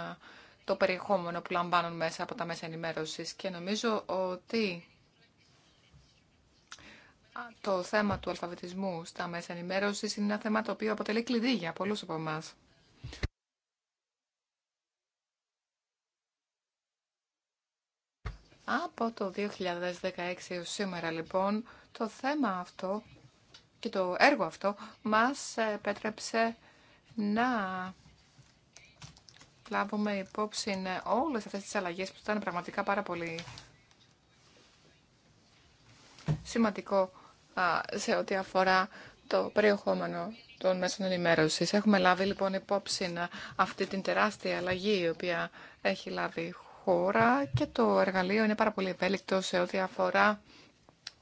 το περιεχόμενο που λαμβάνουν μέσα από τα μέσα ενημέρωσης και νομίζω ότι το θέμα του αλφαβητισμού στα μέσα ενημέρωση είναι ένα θέμα το οποίο αποτελεί κλειδί για πολλού από εμά. Από το 2016 έως σήμερα λοιπόν το θέμα αυτό και το έργο αυτό μας επέτρεψε να λάβουμε υπόψη όλες αυτές τις αλλαγές που ήταν πραγματικά πάρα πολύ σημαντικό σε ό,τι αφορά το περιεχόμενο των μέσων ενημέρωσης. Έχουμε λάβει λοιπόν υπόψη αυτή την τεράστια αλλαγή η οποία έχει λάβει χώρα και το εργαλείο είναι πάρα πολύ ευέλικτο σε ό,τι αφορά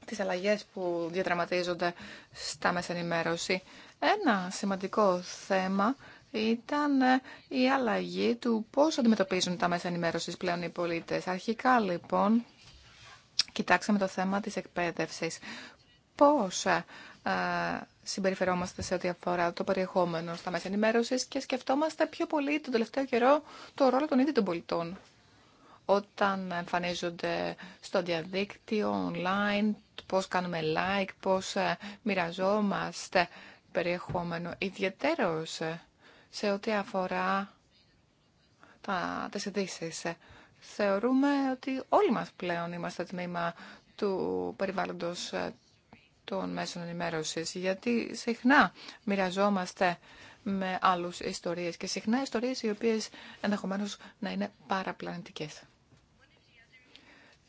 τις αλλαγές που διαδραματίζονται στα μέσα ενημέρωση. Ένα σημαντικό θέμα ήταν ε, η αλλαγή του πώς αντιμετωπίζουν τα μέσα ενημέρωσης πλέον οι πολίτες. Αρχικά λοιπόν, κοιτάξαμε το θέμα της εκπαίδευσης πώς ε, ε, συμπεριφερόμαστε σε ό,τι αφορά το περιεχόμενο στα μέσα ενημέρωση και σκεφτόμαστε πιο πολύ τον τελευταίο καιρό το ρόλο των ίδιων των πολιτών. Όταν εμφανίζονται στο διαδίκτυο, online, πώς κάνουμε like, πώς ε, μοιραζόμαστε περιεχόμενο, ιδιαίτερος σε ό,τι αφορά τα, τις ειδήσει. Θεωρούμε ότι όλοι μας πλέον είμαστε τμήμα του περιβάλλοντος των μέσων ενημέρωσης, γιατί συχνά μοιραζόμαστε με άλλους ιστορίες και συχνά ιστορίες οι οποίες ενδεχομένως να είναι παραπλανητικές.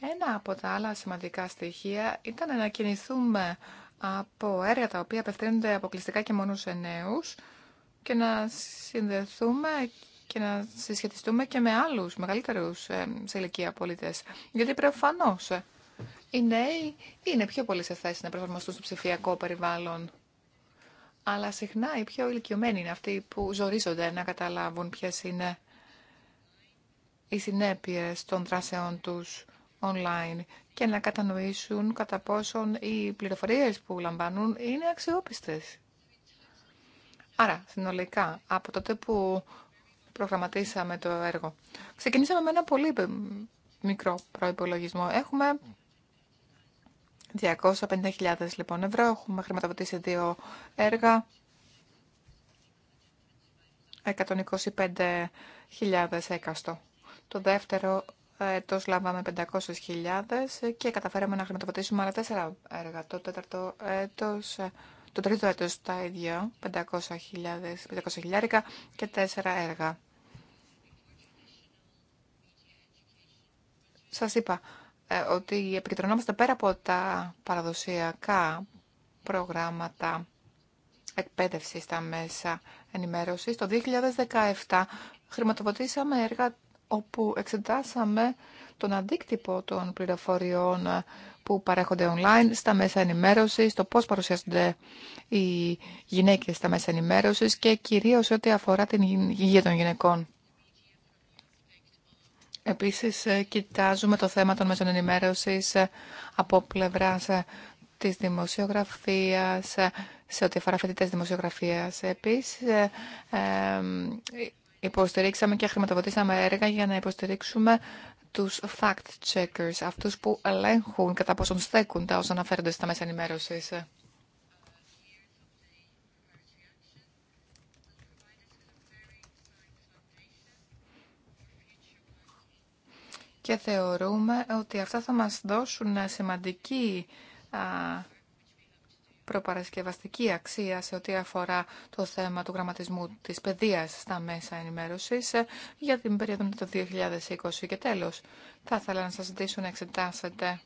Ένα από τα άλλα σημαντικά στοιχεία ήταν να κινηθούμε από έργα τα οποία απευθύνονται αποκλειστικά και μόνο σε νέους και να συνδεθούμε και να συσχετιστούμε και με άλλους μεγαλύτερους ε, σε ηλικία πολίτες. Γιατί προφανώς ε, οι νέοι είναι πιο πολύ σε θέση να προσαρμοστούν στο ψηφιακό περιβάλλον. Αλλά συχνά οι πιο ηλικιωμένοι είναι αυτοί που ζορίζονται να καταλάβουν ποιε είναι οι συνέπειε των δράσεών τους online και να κατανοήσουν κατά πόσον οι πληροφορίε που λαμβάνουν είναι αξιόπιστες. Άρα, συνολικά, από τότε που προγραμματίσαμε το έργο, ξεκινήσαμε με ένα πολύ μικρό προϋπολογισμό. Έχουμε 250.000 λοιπόν ευρώ. Έχουμε χρηματοδοτήσει δύο έργα. 125.000 έκαστο. Το δεύτερο έτος λάβαμε 500.000 και καταφέραμε να χρηματοδοτήσουμε άλλα τέσσερα έργα. Το τέταρτο έτος, το τρίτο έτος τα ίδια, 500.000 και τέσσερα έργα. Σας είπα, ε, ότι επικεντρωνόμαστε πέρα από τα παραδοσιακά προγράμματα εκπαίδευση στα μέσα ενημέρωσης. Το 2017 χρηματοδοτήσαμε έργα όπου εξετάσαμε τον αντίκτυπο των πληροφοριών που παρέχονται online στα μέσα ενημέρωσης, το πώς παρουσιάζονται οι γυναίκες στα μέσα ενημέρωσης και κυρίως ό,τι αφορά την υγεία των γυναικών. Επίσης, ε, κοιτάζουμε το θέμα των μέσων ενημέρωσης ε, από πλευράς ε, της δημοσιογραφίας, σε ό,τι αφορά φοιτητές δημοσιογραφίας. Επίσης, υποστηρίξαμε και χρηματοδοτήσαμε έργα για να υποστηρίξουμε τους fact-checkers, αυτούς που ελέγχουν κατά πόσον στέκουν τα όσα αναφέρονται στα μέσα ενημέρωσης. και θεωρούμε ότι αυτά θα μας δώσουν σημαντική προπαρασκευαστική αξία σε ό,τι αφορά το θέμα του γραμματισμού της παιδείας στα μέσα ενημέρωσης ε, για την περίοδο του 2020. Και τέλος, θα ήθελα να σας ζητήσω να εξετάσετε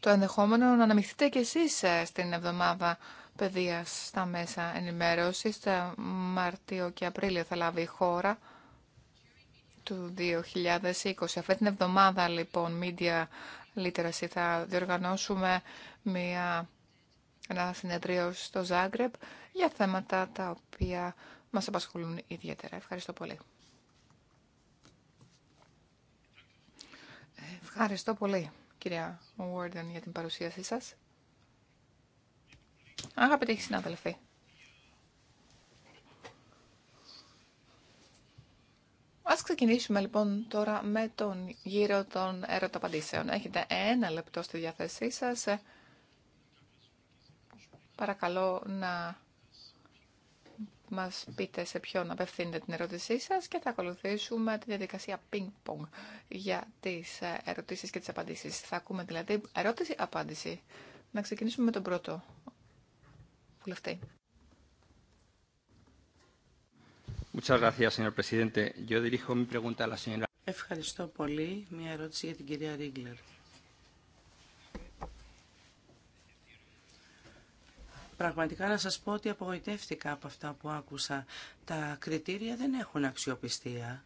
το ενδεχόμενο να αναμειχθείτε κι εσείς ε, στην εβδομάδα παιδείας στα μέσα ενημέρωσης. Ε, Μαρτίο και Απρίλιο θα λάβει η χώρα του 2020. Αυτή την εβδομάδα, λοιπόν, Media Literacy, θα διοργανώσουμε μια, ένα συνεδρίο στο Ζάγκρεπ για θέματα τα οποία μας απασχολούν ιδιαίτερα. Ευχαριστώ πολύ. Ευχαριστώ πολύ, κυρία Warden, για την παρουσίασή σας. Αγαπητοί συνάδελφοι. ξεκινήσουμε λοιπόν τώρα με τον γύρο των ερωταπαντήσεων. Έχετε ένα λεπτό στη διάθεσή σας. Παρακαλώ να μας πείτε σε ποιον απευθύνετε την ερώτησή σας και θα ακολουθήσουμε τη διαδικασία ping-pong για τις ερωτήσεις και τις απαντήσεις. Θα ακούμε δηλαδή ερώτηση-απάντηση. Να ξεκινήσουμε με τον πρώτο βουλευτή. Ευχαριστώ πολύ. Μια ερώτηση για την κυρία Ρίγκλερ. Πραγματικά να σας πω ότι απογοητεύτηκα από αυτά που άκουσα. Τα κριτήρια δεν έχουν αξιοπιστία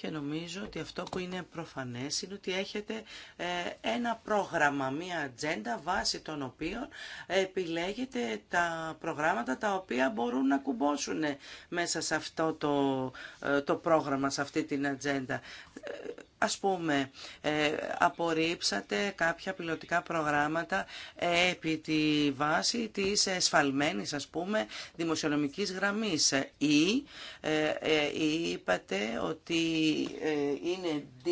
και νομίζω ότι αυτό που είναι προφανές είναι ότι έχετε ε, ένα πρόγραμμα, μία ατζέντα βάσει των οποίων επιλέγετε τα προγράμματα τα οποία μπορούν να κουμπώσουν μέσα σε αυτό το, ε, το πρόγραμμα, σε αυτή την ατζέντα. Ε, Ας πούμε, ε, απορρίψατε κάποια πιλωτικά προγράμματα επί τη βάση της εσφαλμένης, ας πούμε, δημοσιονομικής γραμμής ε, ή ε, είπατε ότι είναι D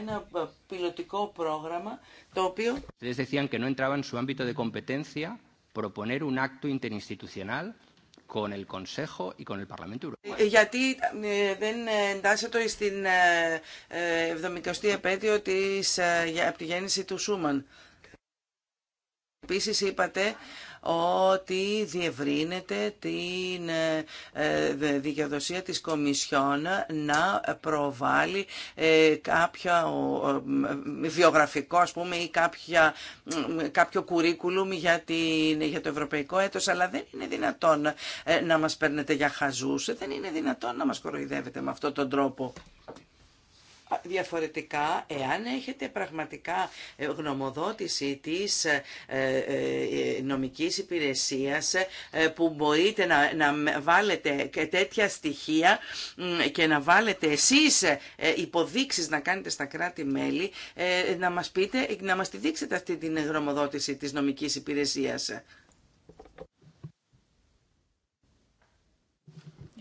ένα πιλωτικό πρόγραμμα το οποίο... Ustedes decían que no entraba en su ámbito de competencia proponer un acto interinstitucional con el Consejo y con el Parlamento Europeo. Ε, γιατί ε, δεν εντάσσεται στην 70η ε, επέτειο της, από τη γέννηση του Σούμαν. Επίσης είπατε ότι διευρύνεται την ε, ε, δικαιοδοσία της Κομισιόν να προβάλλει ε, κάποιο βιογραφικό ας πούμε ή κάποια, κάποιο κουρίκουλουμ για, την, για το ευρωπαϊκό έτος αλλά δεν είναι δυνατόν να μας παίρνετε για χαζούς δεν είναι δυνατόν να μας κοροϊδεύετε με αυτόν τον τρόπο. Διαφορετικά, εάν έχετε πραγματικά ε, γνωμοδότηση της ε, ε, νομικής υπηρεσίας που μπορείτε να, βάλετε και τέτοια στοιχεία και να βάλετε εσείς υποδείξεις να κάνετε στα κράτη-μέλη, να μας πείτε, να μας τη δείξετε αυτή την γνωμοδότηση της νομικής υπηρεσίας.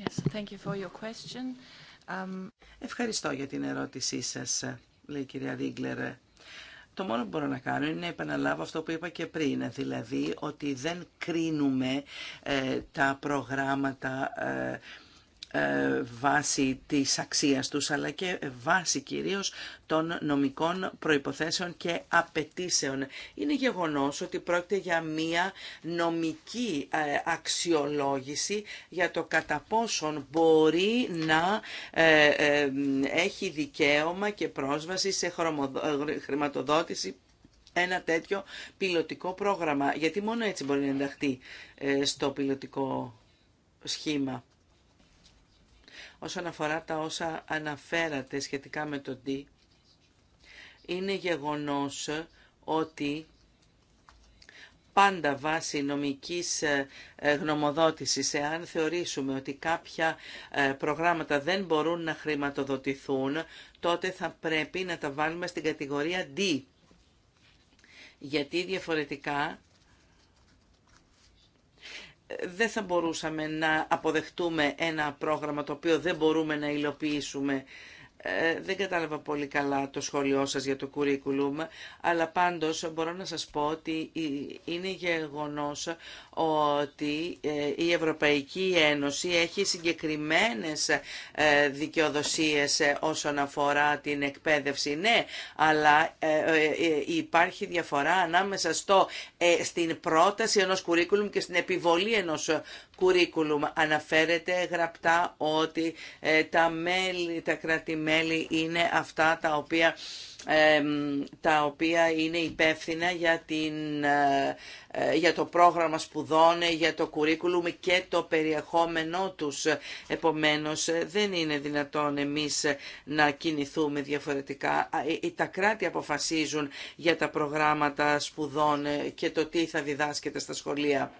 Yes, thank you for your question. Ευχαριστώ για την ερώτησή σας, λέει η κυρία Ρίγκλερ. Το μόνο που μπορώ να κάνω είναι να επαναλάβω αυτό που είπα και πριν, δηλαδή ότι δεν κρίνουμε ε, τα προγράμματα ε, ε, βάση της αξίας τους, αλλά και βάση κυρίως των νομικών προϋποθέσεων και απαιτήσεων. Είναι γεγονός ότι πρόκειται για μία νομική ε, αξιολόγηση για το κατά πόσον μπορεί να ε, έχει δικαίωμα και πρόσβαση σε χρηματοδότηση ένα τέτοιο πιλωτικό πρόγραμμα, γιατί μόνο έτσι μπορεί να ενταχθεί στο πιλωτικό σχήμα όσον αφορά τα όσα αναφέρατε σχετικά με το D, είναι γεγονός ότι πάντα βάσει νομικής ε, ε, γνωμοδότησης, εάν θεωρήσουμε ότι κάποια ε, προγράμματα δεν μπορούν να χρηματοδοτηθούν, τότε θα πρέπει να τα βάλουμε στην κατηγορία D. Γιατί διαφορετικά δεν θα μπορούσαμε να αποδεχτούμε ένα πρόγραμμα το οποίο δεν μπορούμε να υλοποιήσουμε ε, δεν κατάλαβα πολύ καλά το σχόλιο σας για το κουρίκουλουμ, αλλά πάντως μπορώ να σας πω ότι είναι γεγονός ότι ε, η Ευρωπαϊκή Ένωση έχει συγκεκριμένες ε, δικαιοδοσίες όσον αφορά την εκπαίδευση. Ναι, αλλά υπάρχει διαφορά ανάμεσα στο, στην πρόταση ενός κουρίκουλουμ και στην επιβολή ενός κουρίκουλουμ Αναφέρεται γραπτά ότι ε, τα, μέλη, τα κράτη-μέλη είναι αυτά τα οποία τα οποία είναι υπεύθυνα για, την, ε, ε, για το πρόγραμμα σπουδών, για το κουρίκουλουμ και το περιεχόμενό τους. Επομένως, δεν είναι δυνατόν εμείς να κινηθούμε διαφορετικά. Τα κράτη αποφασίζουν για τα προγράμματα σπουδών και το τι θα διδάσκεται στα σχολεία.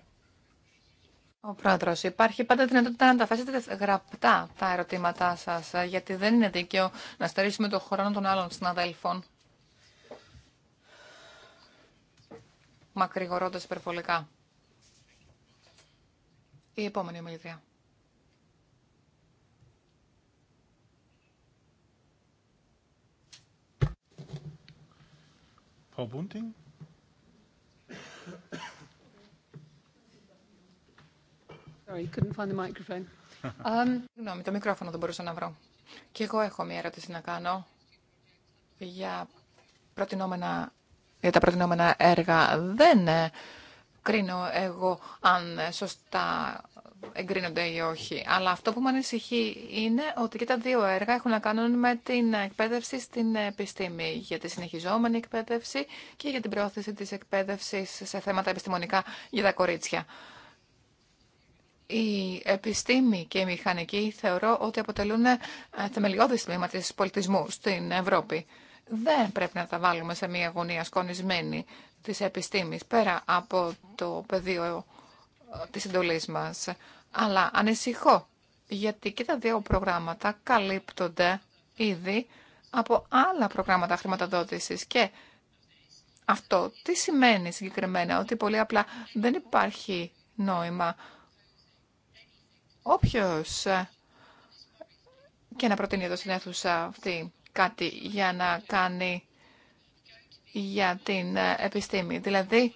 Ο πρόεδρο, υπάρχει πάντα δυνατότητα να τα γραπτά τα ερωτήματά σα, γιατί δεν είναι δίκαιο να στερήσουμε το χρόνο των άλλων συναδέλφων. Μακρηγορώντα υπερβολικά. Η επόμενη ομιλητρία. Bunting? Um, Συγγνώμη, το μικρόφωνο δεν μπορούσα να βρω. Και εγώ έχω μια ερώτηση να κάνω για, τα προτινόμενα έργα. Δεν ε, κρίνω εγώ αν ε, σωστά εγκρίνονται ή όχι. Αλλά αυτό που με ανησυχεί είναι ότι και τα δύο έργα έχουν να κάνουν με την εκπαίδευση στην επιστήμη, για τη συνεχιζόμενη εκπαίδευση και για την προώθηση της εκπαίδευσης σε θέματα επιστημονικά για τα κορίτσια η επιστήμη και η μηχανική θεωρώ ότι αποτελούν ε, θεμελιώδη τμήμα τη πολιτισμού στην Ευρώπη. Δεν πρέπει να τα βάλουμε σε μια γωνία σκονισμένη της επιστήμης πέρα από το πεδίο ε, της εντολής μας. Αλλά ανησυχώ γιατί και τα δύο προγράμματα καλύπτονται ήδη από άλλα προγράμματα χρηματοδότησης και αυτό τι σημαίνει συγκεκριμένα ότι πολύ απλά δεν υπάρχει νόημα Όποιος ε, και να προτείνει εδώ στην αίθουσα αυτή κάτι για να κάνει για την ε, επιστήμη. Δηλαδή,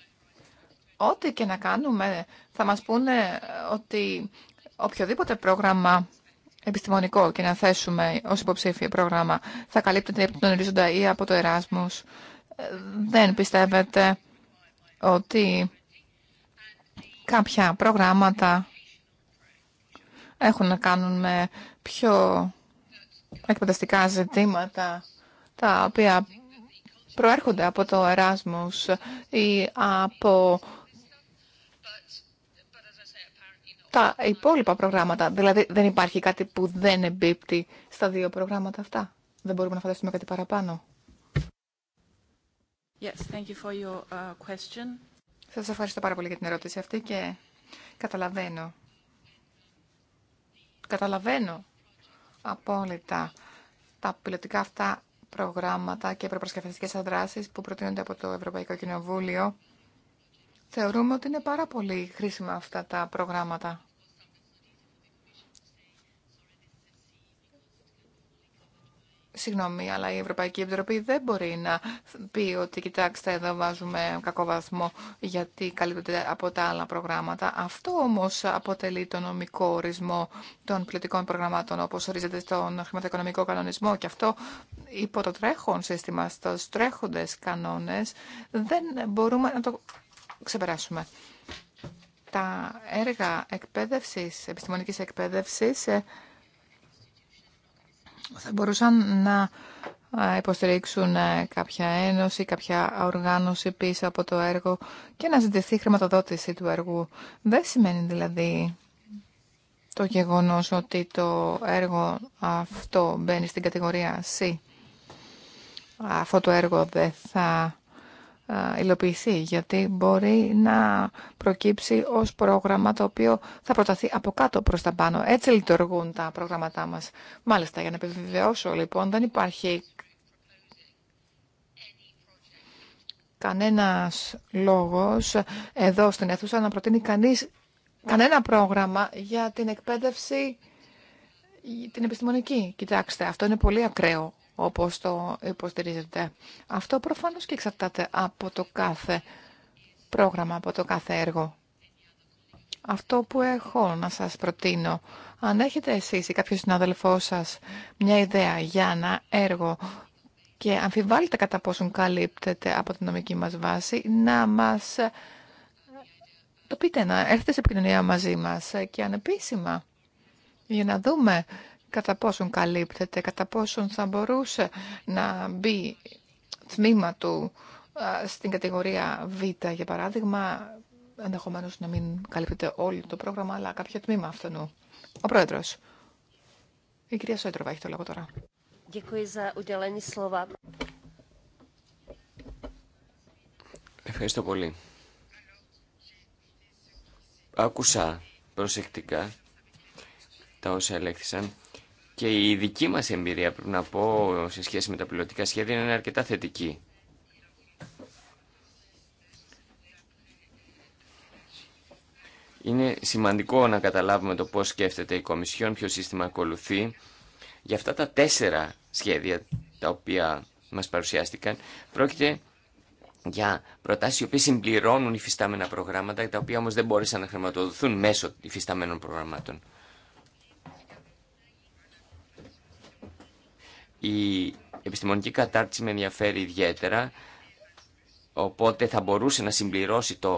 ό,τι και να κάνουμε θα μας πούνε ότι οποιοδήποτε πρόγραμμα επιστημονικό και να θέσουμε ως υποψήφιο πρόγραμμα θα καλύπτει την τον ορίζοντα ή από το Εράσμος. Ε, δεν πιστεύετε ότι κάποια προγράμματα έχουν να κάνουν με πιο εκπαιδευτικά ζητήματα τα οποία προέρχονται από το Εράσμους ή από τα υπόλοιπα προγράμματα. Δηλαδή δεν υπάρχει κάτι που δεν εμπίπτει στα δύο προγράμματα αυτά. Δεν μπορούμε να φανταστούμε κάτι παραπάνω. Yes, thank you for uh, question. Σας ευχαριστώ πάρα πολύ για την ερώτηση αυτή και καταλαβαίνω Καταλαβαίνω απόλυτα τα πιλωτικά αυτά προγράμματα και προπροσκευαστικές αδράσεις που προτείνονται από το Ευρωπαϊκό Κοινοβούλιο. Θεωρούμε ότι είναι πάρα πολύ χρήσιμα αυτά τα προγράμματα. Συγγνώμη, αλλά η Ευρωπαϊκή Επιτροπή δεν μπορεί να πει ότι κοιτάξτε εδώ βάζουμε κακό βαθμό γιατί καλύπτονται από τα άλλα προγράμματα. Αυτό όμως αποτελεί το νομικό ορισμό των πλητικών προγραμμάτων όπως ορίζεται στον χρηματοοικονομικό κανονισμό και αυτό υπό το τρέχον σύστημα, στους τρέχοντες κανόνες δεν μπορούμε να το ξεπεράσουμε. Τα έργα εκπαίδευσης, επιστημονικής εκπαίδευσης ε, θα μπορούσαν να ε, υποστηρίξουν ε, κάποια ένωση, κάποια οργάνωση πίσω από το έργο και να ζητηθεί χρηματοδότηση του έργου. Δεν σημαίνει δηλαδή το γεγονός ότι το έργο αυτό μπαίνει στην κατηγορία C. Αυτό το έργο δεν θα υλοποιηθεί, γιατί μπορεί να προκύψει ως πρόγραμμα το οποίο θα προταθεί από κάτω προς τα πάνω. Έτσι λειτουργούν τα προγράμματά μας. Μάλιστα, για να επιβεβαιώσω λοιπόν, δεν υπάρχει κανένας λόγος εδώ στην αίθουσα να προτείνει κανείς κανένα πρόγραμμα για την εκπαίδευση την επιστημονική. Κοιτάξτε, αυτό είναι πολύ ακραίο όπως το υποστηρίζετε. Αυτό προφανώς και εξαρτάται από το κάθε πρόγραμμα, από το κάθε έργο. Αυτό που έχω να σας προτείνω, αν έχετε εσείς ή κάποιος συνάδελφό σας μια ιδέα για ένα έργο και αμφιβάλλετε κατά πόσον καλύπτεται από την νομική μας βάση, να μας το πείτε, να έρθετε σε επικοινωνία μαζί μας και ανεπίσημα για να δούμε κατά πόσον καλύπτεται, κατά πόσον θα μπορούσε να μπει τμήμα του στην κατηγορία Β, για παράδειγμα, ενδεχομένω να μην καλύπτεται όλο το πρόγραμμα, αλλά κάποιο τμήμα αυτού. Ο πρόεδρο. Η κυρία Σόιτροβα έχει το λόγο τώρα. Ευχαριστώ πολύ. Άκουσα προσεκτικά τα όσα ελέγχθησαν και η δική μας εμπειρία, πρέπει να πω, σε σχέση με τα πιλωτικά σχέδια είναι αρκετά θετική. Είναι σημαντικό να καταλάβουμε το πώς σκέφτεται η Κομισιόν, ποιο σύστημα ακολουθεί. Για αυτά τα τέσσερα σχέδια τα οποία μας παρουσιάστηκαν, πρόκειται για προτάσεις οι οποίες συμπληρώνουν υφιστάμενα προγράμματα, τα οποία όμως δεν μπορούσαν να χρηματοδοθούν μέσω υφιστάμενων προγραμμάτων. Η επιστημονική κατάρτιση με ενδιαφέρει ιδιαίτερα, οπότε θα μπορούσε να συμπληρώσει το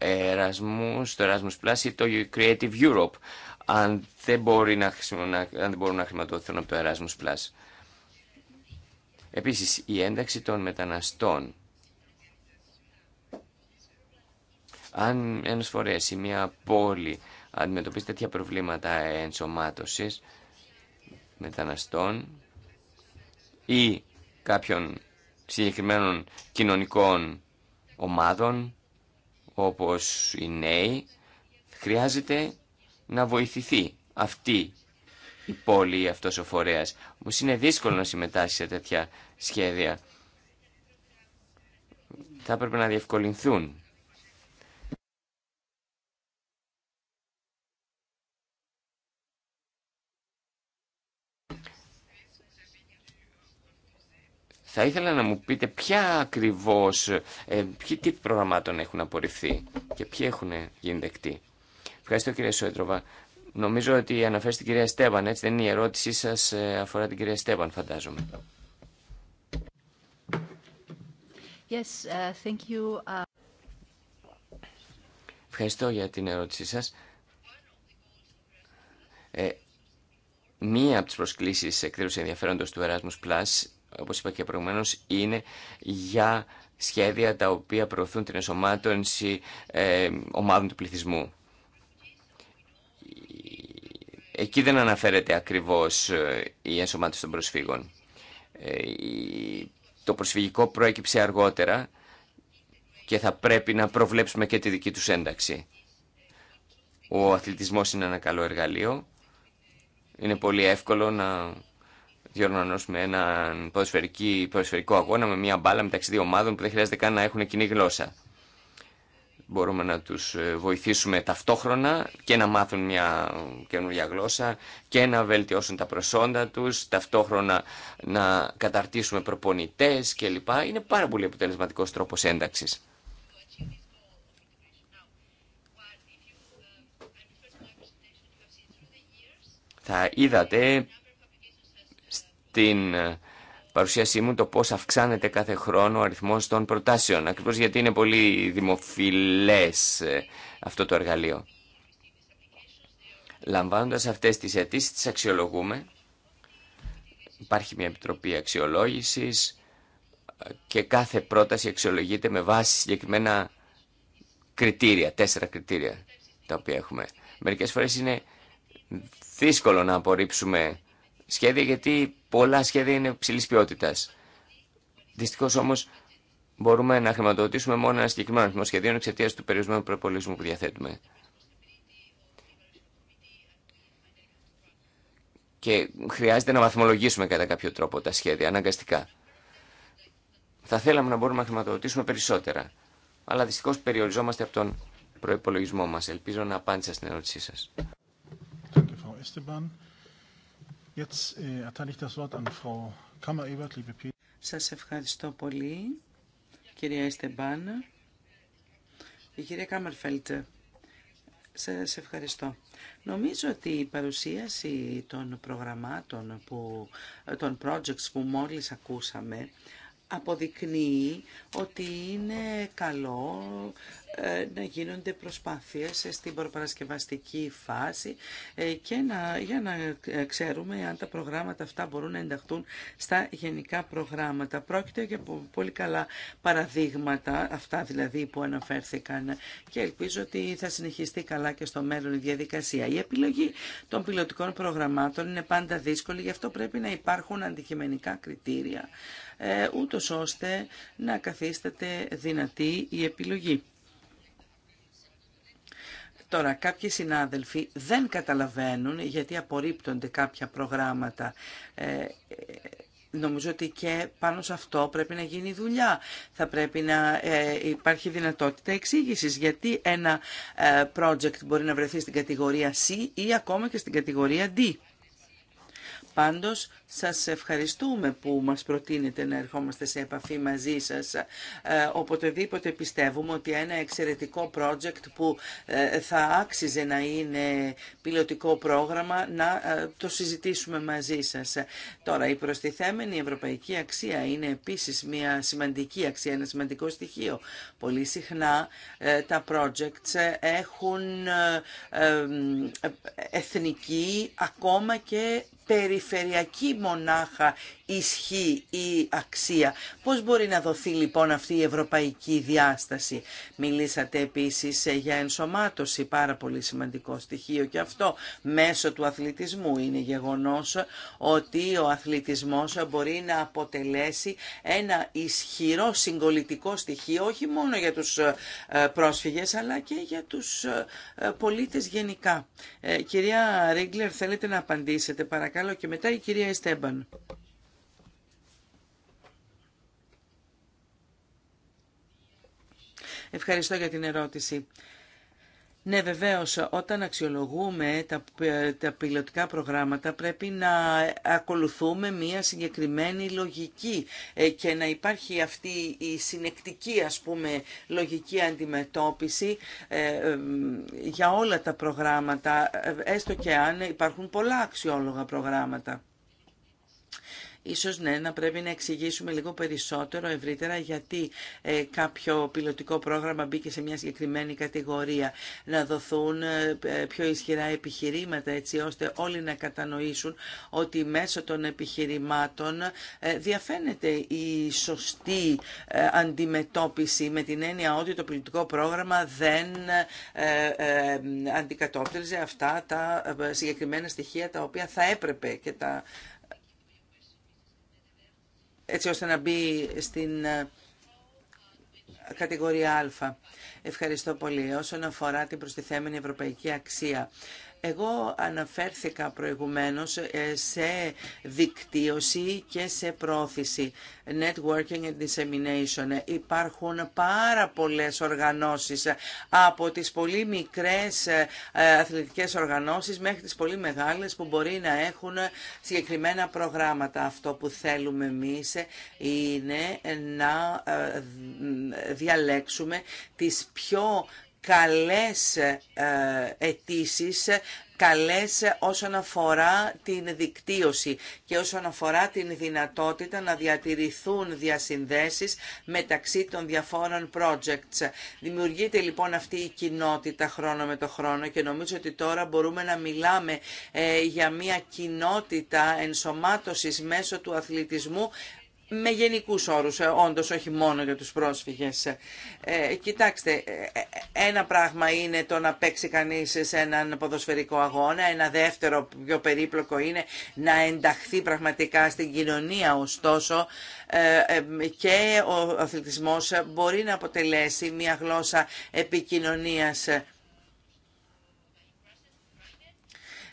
Erasmus, το Erasmus Plus ή το Creative Europe, αν δεν, μπορεί να, αν δεν μπορούν να χρηματοδοθούν από το Erasmus Plus. Επίσης, η ένταξη των μεταναστών. Αν ένας φορέας ή μια πόλη αντιμετωπίζει τέτοια προβλήματα ενσωμάτωσης μεταναστών, ή κάποιων συγκεκριμένων κοινωνικών ομάδων, όπως οι νέοι, χρειάζεται να βοηθηθεί αυτή η πόλη ή αυτός ο φορέας. Όμως είναι δύσκολο να συμμετάσχει σε τέτοια σχέδια. ειναι έπρεπε να διευκολυνθούν Θα ήθελα να μου πείτε ποια ακριβώς, ε, ποιοι τύποι προγραμμάτων έχουν απορριφθεί και ποιοι έχουν γίνει δεκτοί. Ευχαριστώ κύριε Σόιτροβα. Νομίζω ότι αναφέρει την κυρία Στέβαν, έτσι δεν είναι η ερώτησή σας ε, αφορά την κυρία Στέβαν, φαντάζομαι. Yes, uh, thank you. Uh, Ευχαριστώ για την ερώτησή σας. Ε, μία από τις προσκλήσεις εκδήλωση ενδιαφέροντος του Erasmus Plus όπως είπα και προηγουμένως, είναι για σχέδια τα οποία προωθούν την ενσωμάτωση ε, ομάδων του πληθυσμού. Εκεί δεν αναφέρεται ακριβώς ε, η ενσωμάτωση των προσφύγων. Ε, το προσφυγικό προέκυψε αργότερα και θα πρέπει να προβλέψουμε και τη δική τους ένταξη. Ο αθλητισμός είναι ένα καλό εργαλείο. Είναι πολύ εύκολο να διοργανώσουμε έναν ποδοσφαιρικό αγώνα με μια μπάλα μεταξύ δύο ομάδων που δεν χρειάζεται καν να έχουν κοινή γλώσσα. Μπορούμε να τους ε, βοηθήσουμε ταυτόχρονα και να μάθουν μια καινούργια γλώσσα και να βελτιώσουν τα προσόντα τους, ταυτόχρονα να καταρτήσουμε προπονητέ κλπ. Είναι πάρα πολύ αποτελεσματικό τρόπο ένταξη. Θα είδατε την ε, παρουσίασή μου το πώς αυξάνεται κάθε χρόνο ο αριθμός των προτάσεων, ακριβώς γιατί είναι πολύ δημοφιλές ε, αυτό το εργαλείο. Λαμβάνοντας αυτές τις αιτήσει τις αξιολογούμε. Υπάρχει μια επιτροπή αξιολόγησης και κάθε πρόταση αξιολογείται με βάση συγκεκριμένα κριτήρια, τέσσερα κριτήρια τα οποία έχουμε. Μερικές φορές είναι δύσκολο να απορρίψουμε σχέδια γιατί πολλά σχέδια είναι ψηλής ποιότητας. Δυστυχώς όμως μπορούμε να χρηματοδοτήσουμε μόνο ένα συγκεκριμένο αριθμό σχεδίων εξαιτία του περιορισμένου προπολισμού που διαθέτουμε. Και χρειάζεται να βαθμολογήσουμε κατά κάποιο τρόπο τα σχέδια, αναγκαστικά. Θα θέλαμε να μπορούμε να χρηματοδοτήσουμε περισσότερα. Αλλά δυστυχώ περιοριζόμαστε από τον προπολογισμό μα. Ελπίζω να απάντησα στην ερώτησή σα. Äh, σας ευχαριστώ πολύ, κυρία Εστεμπάν. Η κυρία Κάμερφελτ, σας ευχαριστώ. Νομίζω ότι η παρουσίαση των προγραμμάτων, που, των projects που μόλις ακούσαμε, αποδεικνύει ότι είναι καλό ε, να γίνονται προσπάθειες στην προπαρασκευαστική φάση ε, και να, για να ξέρουμε αν τα προγράμματα αυτά μπορούν να ενταχθούν στα γενικά προγράμματα. Πρόκειται για πολύ καλά παραδείγματα, αυτά δηλαδή που αναφέρθηκαν και ελπίζω ότι θα συνεχιστεί καλά και στο μέλλον η διαδικασία. Η επιλογή των πιλωτικών προγραμμάτων είναι πάντα δύσκολη, γι' αυτό πρέπει να υπάρχουν αντικειμενικά κριτήρια ε, ούτως ώστε να καθίσταται δυνατή η επιλογή. Τώρα, κάποιοι συνάδελφοι δεν καταλαβαίνουν γιατί απορρίπτονται κάποια προγράμματα. Ε, νομίζω ότι και πάνω σε αυτό πρέπει να γίνει δουλειά. Θα πρέπει να ε, υπάρχει δυνατότητα εξήγησης γιατί ένα ε, project μπορεί να βρεθεί στην κατηγορία C ή ακόμα και στην κατηγορία D. Πάντως, σας ευχαριστούμε που μας προτείνετε να ερχόμαστε σε επαφή μαζί σας. Ε, οποτεδήποτε πιστεύουμε ότι ένα εξαιρετικό project που ε, θα άξιζε να είναι πιλωτικό πρόγραμμα, να ε, το συζητήσουμε μαζί σας. Τώρα, η προστιθέμενη ευρωπαϊκή αξία είναι επίσης μια σημαντική αξία, ένα σημαντικό στοιχείο. Πολύ συχνά τα projects έχουν εθνική, ακόμα και περιφερειακή μονάχα ισχύ ή αξία. Πώς μπορεί να δοθεί λοιπόν αυτή η ευρωπαϊκή διάσταση. Μιλήσατε επίσης ε, για ενσωμάτωση, πάρα πολύ σημαντικό στοιχείο και αυτό μέσω του αθλητισμού είναι γεγονός ότι ο αθλητισμός μπορεί να αποτελέσει ένα ισχυρό συγκολητικό στοιχείο όχι μόνο για τους ε, πρόσφυγες αλλά και για τους ε, πολίτες γενικά. Κυρία Ρίγκλερ θέλετε να απαντήσετε παρακαλώ και μετά η κυρία Εστέμπαν. Ευχαριστώ για την ερώτηση. Ναι, βεβαίω, όταν αξιολογούμε τα, τα πιλωτικά προγράμματα πρέπει να ακολουθούμε μία συγκεκριμένη λογική ε, και να υπάρχει αυτή η συνεκτική, ας πούμε, λογική αντιμετώπιση ε, ε, για όλα τα προγράμματα, έστω και αν υπάρχουν πολλά αξιόλογα προγράμματα. Ίσως ναι, να πρέπει να εξηγήσουμε λίγο περισσότερο ευρύτερα γιατί ε, κάποιο πιλωτικό πρόγραμμα μπήκε σε μια συγκεκριμένη κατηγορία. Να δοθούν ε, ε, πιο ισχυρά επιχειρήματα έτσι ώστε όλοι να κατανοήσουν ότι μέσω των επιχειρημάτων ε, διαφαίνεται η σωστή αντιμετώπιση με την έννοια ότι το πιλωτικό πρόγραμμα δεν αντικατόπτριζε αυτά τα συγκεκριμένα στοιχεία τα οποία θα έπρεπε και τα έτσι ώστε να μπει στην ε, κατηγορία Α. Ευχαριστώ πολύ. Όσον αφορά την προστιθέμενη ευρωπαϊκή αξία, εγώ αναφέρθηκα προηγουμένως ε, σε δικτύωση και σε πρόθεση, networking and dissemination. Ε, υπάρχουν πάρα πολλές οργανώσεις ε, από τις πολύ μικρές αθλητικές οργανώσεις μέχρι τις πολύ μεγάλες που μπορεί να έχουν συγκεκριμένα προγράμματα. Αυτό που θέλουμε εμείς είναι να διαλέξουμε τις πιο καλές ε, αιτήσει καλές όσον αφορά την δικτύωση και όσον αφορά την δυνατότητα να διατηρηθούν διασυνδέσεις μεταξύ των διαφόρων projects. Δημιουργείται λοιπόν αυτή η κοινότητα χρόνο με το χρόνο και νομίζω ότι τώρα μπορούμε να μιλάμε ε, για μια κοινότητα ενσωμάτωσης μέσω του αθλητισμού με γενικούς όρους, ε, όντως όχι μόνο για τους πρόσφυγες. Ε, κοιτάξτε, ε, ε, ένα πράγμα είναι το να παίξει κανείς σε έναν ποδοσφαιρικό αγώνα, ένα δεύτερο πιο περίπλοκο είναι να ενταχθεί πραγματικά στην κοινωνία. Ωστόσο, και ο αθλητισμός μπορεί να αποτελέσει μια γλώσσα επικοινωνίας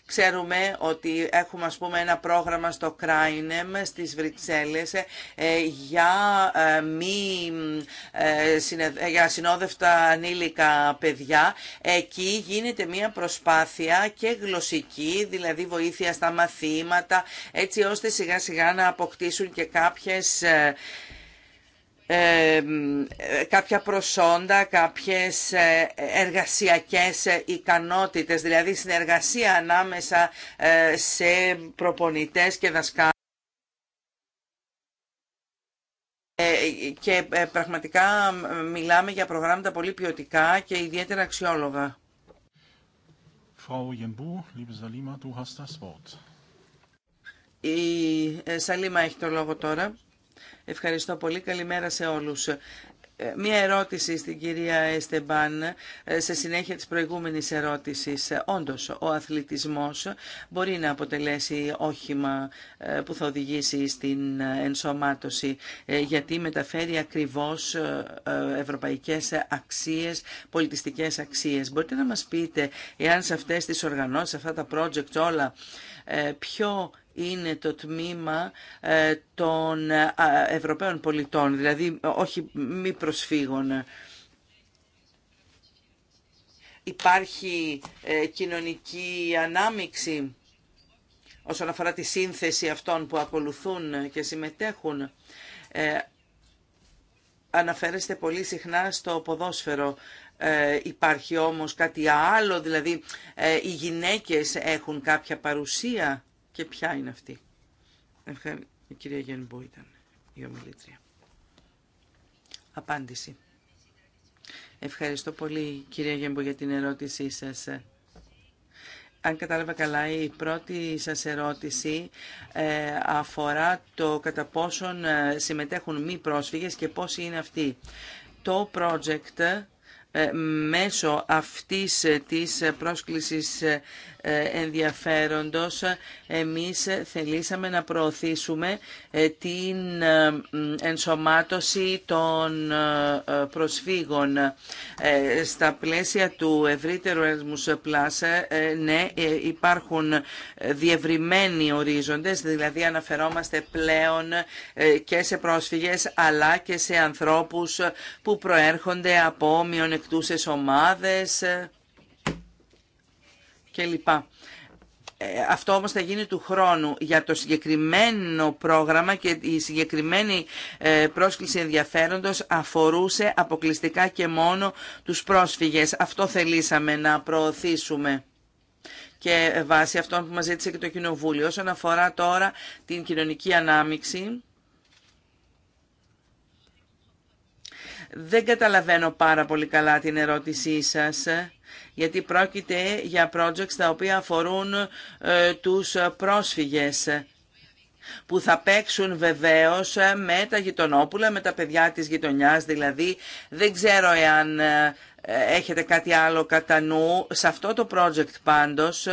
Ξέρουμε ότι έχουμε ας πούμε ένα πρόγραμμα στο Κράινεμ στις Βρυξέλλες ε, για, ε, μη, ε, για συνόδευτα ανήλικα παιδιά. Εκεί γίνεται μια προσπάθεια και γλωσσική, δηλαδή βοήθεια στα μαθήματα, έτσι ώστε σιγά σιγά να αποκτήσουν και κάποιες κάποια προσόντα, κάποιες ε, εργασιακές ε, ικανότητες, δηλαδή συνεργασία ανάμεσα ε, σε προπονητές και δασκάλους. Και πραγματικά μιλάμε για προγράμματα πολύ ποιοτικά και ιδιαίτερα αξιόλογα. Frau Jembu, liebe Salima, du hast das Wort. Η Σαλίμα έχει το λόγο τώρα. Ευχαριστώ πολύ. Καλημέρα σε όλους. Ε, μία ερώτηση στην κυρία Εστεμπάν ε, σε συνέχεια της προηγούμενης ερώτησης. Ε, όντως, ο αθλητισμός μπορεί να αποτελέσει όχημα που θα οδηγήσει στην ενσωμάτωση, γιατί μεταφέρει ακριβώς ευρωπαϊκές αξίες, πολιτιστικές αξίες. Μπορείτε να μας πείτε, εάν σε αυτές τις οργανώσεις, σε αυτά τα project όλα, ποιο είναι το τμήμα ε, των ε, Ευρωπαίων πολιτών, δηλαδή όχι μη προσφύγων. Υπάρχει ε, κοινωνική ανάμιξη όσον αφορά τη σύνθεση αυτών που ακολουθούν και συμμετέχουν. Αναφέρεστε πολύ συχνά στο ποδόσφαιρο. υπάρχει όμως κάτι άλλο, δηλαδή οι γυναίκες έχουν κάποια παρουσία και ποια είναι αυτή. Ευχαριστώ. Η κυρία Γενμπού ήταν η ομιλήτρια. Απάντηση. Ευχαριστώ πολύ κυρία Γενμπού για την ερώτησή σας. Αν κατάλαβα καλά, η πρώτη σας ερώτηση ε, αφορά το κατά πόσον ε, συμμετέχουν μη πρόσφυγες και πόσοι είναι αυτοί. Το project ε, μέσω αυτής της πρόσκλησης ε, ενδιαφέροντος εμείς θελήσαμε να προωθήσουμε ε, την ε, ενσωμάτωση των προσφύγων στα πλαίσια του ευρύτερου Erasmus Plus ναι υπάρχουν διευρυμένοι ορίζοντες δηλαδή αναφερόμαστε πλέον και σε πρόσφυγες αλλά και σε ανθρώπους που προέρχονται από μειονεκτούσες ομάδες κλπ. Ε, αυτό όμως θα γίνει του χρόνου για το συγκεκριμένο πρόγραμμα και η συγκεκριμένη ε, πρόσκληση ενδιαφέροντος αφορούσε αποκλειστικά και μόνο τους πρόσφυγες. Αυτό θελήσαμε να προωθήσουμε και βάσει αυτό που μας ζήτησε και το Κοινοβούλιο. Όσον αφορά τώρα την κοινωνική ανάμειξη, δεν καταλαβαίνω πάρα πολύ καλά την ερώτησή σας γιατί πρόκειται για projects τα οποία αφορούν ε, τους πρόσφυγες που θα παίξουν βεβαίως ε, με τα γειτονόπουλα, με τα παιδιά της γειτονιάς δηλαδή. Δεν ξέρω εάν ε, έχετε κάτι άλλο κατά νου. Σε αυτό το project πάντως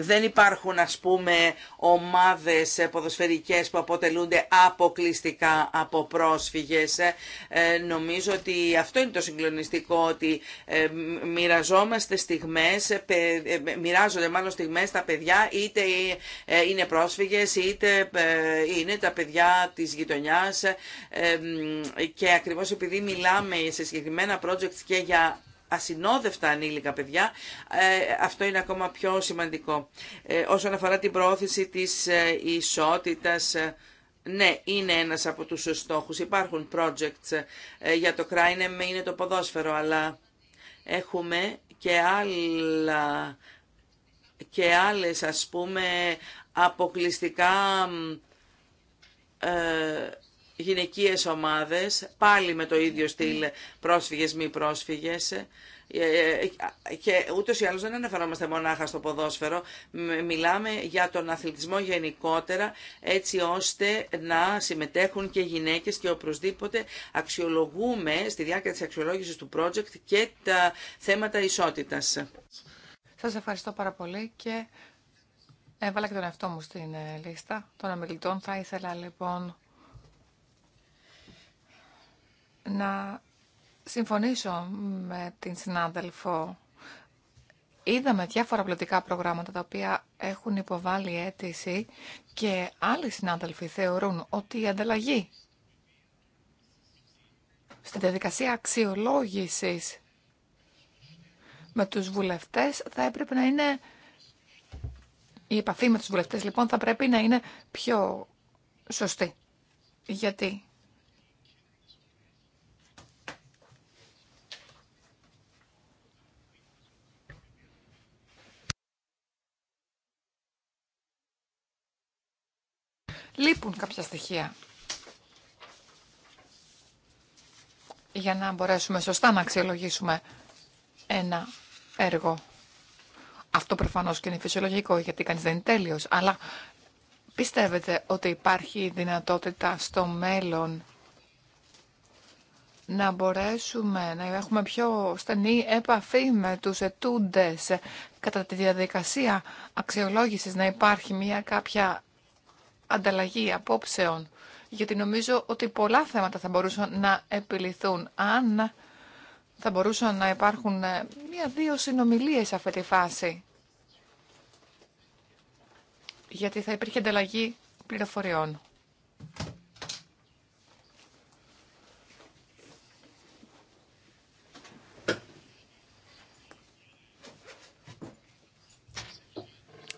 δεν υπάρχουν ας πούμε ομάδες ποδοσφαιρικές που αποτελούνται αποκλειστικά από πρόσφυγες. Ε, ε, νομίζω ότι αυτό είναι το συγκλονιστικό ότι ε, μοιραζόμαστε στιγμές, μοιράζονται μάλλον στιγμές τα παιδιά είτε είναι πρόσφυγες είτε είναι τα παιδιά της γειτονιάς και ακριβώς επειδή μιλάμε σε συγκεκριμένα projects και για ασυνόδευτα ανήλικα παιδιά, ε, αυτό είναι ακόμα πιο σημαντικό. Ε, όσον αφορά την προώθηση της ε, ισότητας, ναι, είναι ένας από τους στόχους. Υπάρχουν projects για το κράινεμ, ναι, είναι το ποδόσφαιρο, αλλά έχουμε και άλλα και άλλες ας πούμε αποκλειστικά γυναικείες ομάδες, πάλι με το ίδιο στυλ πρόσφυγες, μη πρόσφυγες. Ε, ε, ε, και ούτω ή άλλω δεν αναφερόμαστε μονάχα στο ποδόσφαιρο. Μιλάμε για τον αθλητισμό γενικότερα, έτσι ώστε να συμμετέχουν και γυναίκε και οπωσδήποτε αξιολογούμε στη διάρκεια τη αξιολόγηση του project και τα θέματα ισότητα. Σας ευχαριστώ πάρα πολύ και έβαλα και τον εαυτό μου στην λίστα των αμιλητών. Θα ήθελα λοιπόν να συμφωνήσω με την συνάδελφο. Είδαμε διάφορα πλωτικά προγράμματα τα οποία έχουν υποβάλει αίτηση και άλλοι συνάδελφοι θεωρούν ότι η ανταλλαγή στην διαδικασία αξιολόγησης με τους βουλευτές θα έπρεπε να είναι η επαφή με τους βουλευτές λοιπόν θα πρέπει να είναι πιο σωστή. Γιατί λείπουν κάποια στοιχεία. Για να μπορέσουμε σωστά να αξιολογήσουμε ένα έργο. Αυτό προφανώς και είναι φυσιολογικό γιατί κανείς δεν είναι τέλειος, αλλά πιστεύετε ότι υπάρχει δυνατότητα στο μέλλον να μπορέσουμε να έχουμε πιο στενή επαφή με τους ετούντες ε, κατά τη διαδικασία αξιολόγησης, να υπάρχει μια κάποια ανταλλαγή απόψεων, γιατί νομίζω ότι πολλά θέματα θα μπορούσαν να επιληθούν αν θα μπορούσαν να υπάρχουν ε, μία-δύο συνομιλίες σε αυτή τη φάση. Γιατί θα υπήρχε ανταλλαγή πληροφοριών.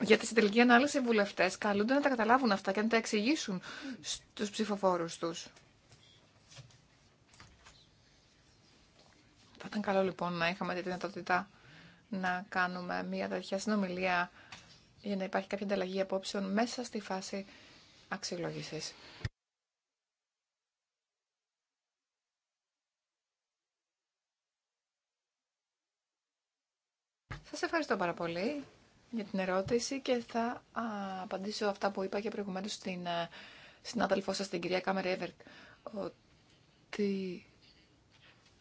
Γιατί στην τελική ανάλυση οι βουλευτέ καλούνται να τα καταλάβουν αυτά και να τα εξηγήσουν στου ψηφοφόρου του. Θα ήταν καλό λοιπόν να είχαμε τη δυνατότητα να κάνουμε μια τέτοια συνομιλία για να υπάρχει κάποια ανταλλαγή απόψεων μέσα στη φάση αξιολόγησης. Σας ευχαριστώ πάρα πολύ για την ερώτηση και θα απαντήσω αυτά που είπα και προηγουμένως στην ε, συνάδελφό σας, την κυρία Κάμερ Εύερτ, ότι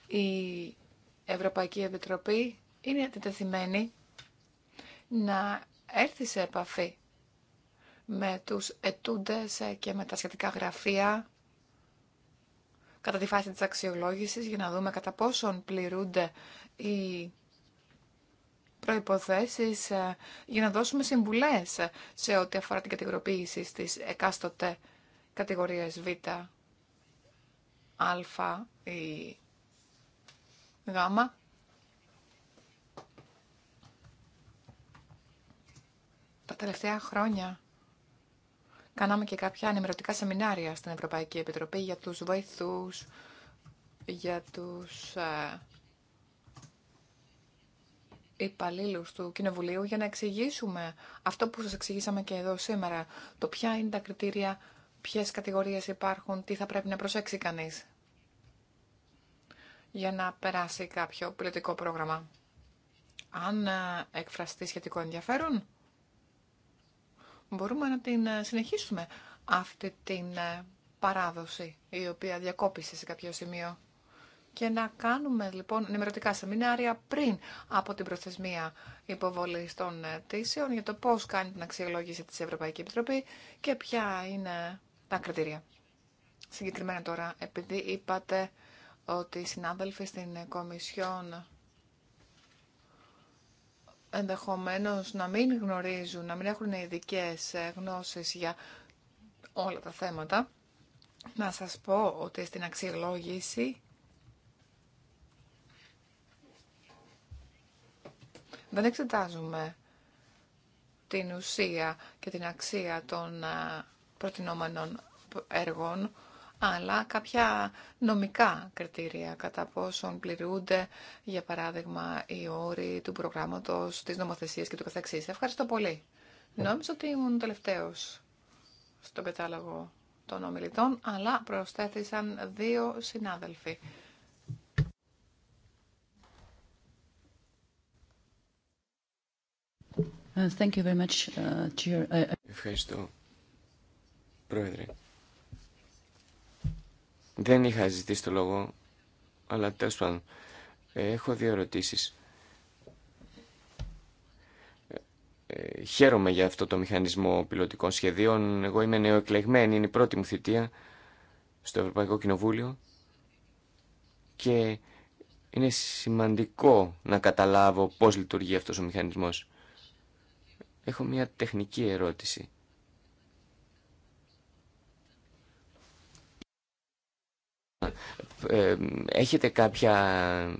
η Ευρωπαϊκή Επιτροπή είναι αντιτεθειμένη να έρθει σε επαφή με τους ετούντες και με τα σχετικά γραφεία κατά τη φάση της αξιολόγησης για να δούμε κατά πόσον πληρούνται οι προϋποθέσεις ε, για να δώσουμε συμβουλές σε ό,τι αφορά την κατηγοροποίηση στις εκάστοτε κατηγορίες Β, Α ή Γ. Τα τελευταία χρόνια κάναμε και κάποια ανημερωτικά σεμινάρια στην Ευρωπαϊκή Επιτροπή για τους βοηθούς, για τους ε, υπαλλήλου του Κοινοβουλίου για να εξηγήσουμε αυτό που σας εξηγήσαμε και εδώ σήμερα. Το ποια είναι τα κριτήρια, ποιες κατηγορίες υπάρχουν, τι θα πρέπει να προσέξει κανείς για να περάσει κάποιο πιλωτικό πρόγραμμα. Αν ε, εκφραστεί σχετικό ενδιαφέρον, μπορούμε να την ε, συνεχίσουμε αυτή την ε, παράδοση η οποία διακόπησε σε κάποιο σημείο και να κάνουμε λοιπόν ενημερωτικά σεμινάρια πριν από την προθεσμία υποβολή των αιτήσεων για το πώς κάνει την αξιολόγηση της Ευρωπαϊκή Επιτροπή και ποια είναι τα κριτήρια. Συγκεκριμένα τώρα, επειδή είπατε ότι οι συνάδελφοι στην Κομισιόν ενδεχομένως να μην γνωρίζουν, να μην έχουν ειδικέ γνώσεις για όλα τα θέματα, να σας πω ότι στην αξιολόγηση δεν εξετάζουμε την ουσία και την αξία των ε, προτινόμενων έργων, αλλά κάποια νομικά κριτήρια, κατά πόσον πληρούνται, για παράδειγμα, οι όροι του προγράμματος, της νομοθεσίας και του καθεξής. Ευχαριστώ πολύ. Νόμιζα ότι ήμουν τελευταίος στον κατάλογο των ομιλητών, αλλά προσθέθησαν δύο συνάδελφοι. Uh, uh, uh, Ευχαριστώ, Πρόεδρε. Δεν είχα ζητήσει το λόγο, αλλά τέλο πάντων. Ε, έχω δύο ερωτήσεις. Ε, χαίρομαι για αυτό το μηχανισμό πιλωτικών σχεδίων. Εγώ είμαι νεοεκλεγμένη, είναι η πρώτη μου θητεία στο Ευρωπαϊκό Κοινοβούλιο και είναι σημαντικό να καταλάβω πώς λειτουργεί αυτός ο μηχανισμός. Έχω μια τεχνική ερώτηση. Ε, έχετε κάποια...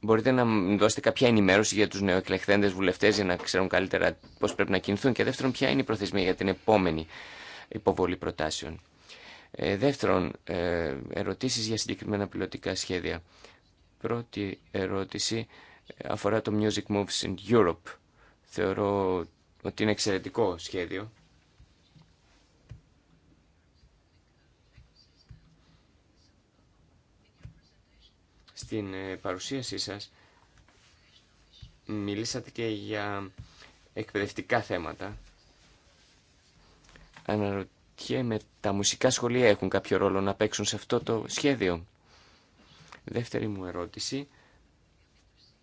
Μπορείτε να δώσετε κάποια ενημέρωση για τους νεοεκλεχθέντες βουλευτές για να ξέρουν καλύτερα πώς πρέπει να κινηθούν και δεύτερον ποια είναι η προθεσμία για την επόμενη υποβολή προτάσεων. Ε, δεύτερον, ε, ερωτήσεις για συγκεκριμένα πιλωτικά σχέδια. Πρώτη ερώτηση αφορά το Music Moves in Europe. Θεωρώ ότι είναι εξαιρετικό σχέδιο. Στην ε, παρουσίασή σας μιλήσατε και για εκπαιδευτικά θέματα. Αναρωτιέμαι, τα μουσικά σχολεία έχουν κάποιο ρόλο να παίξουν σε αυτό το σχέδιο. Δεύτερη μου ερώτηση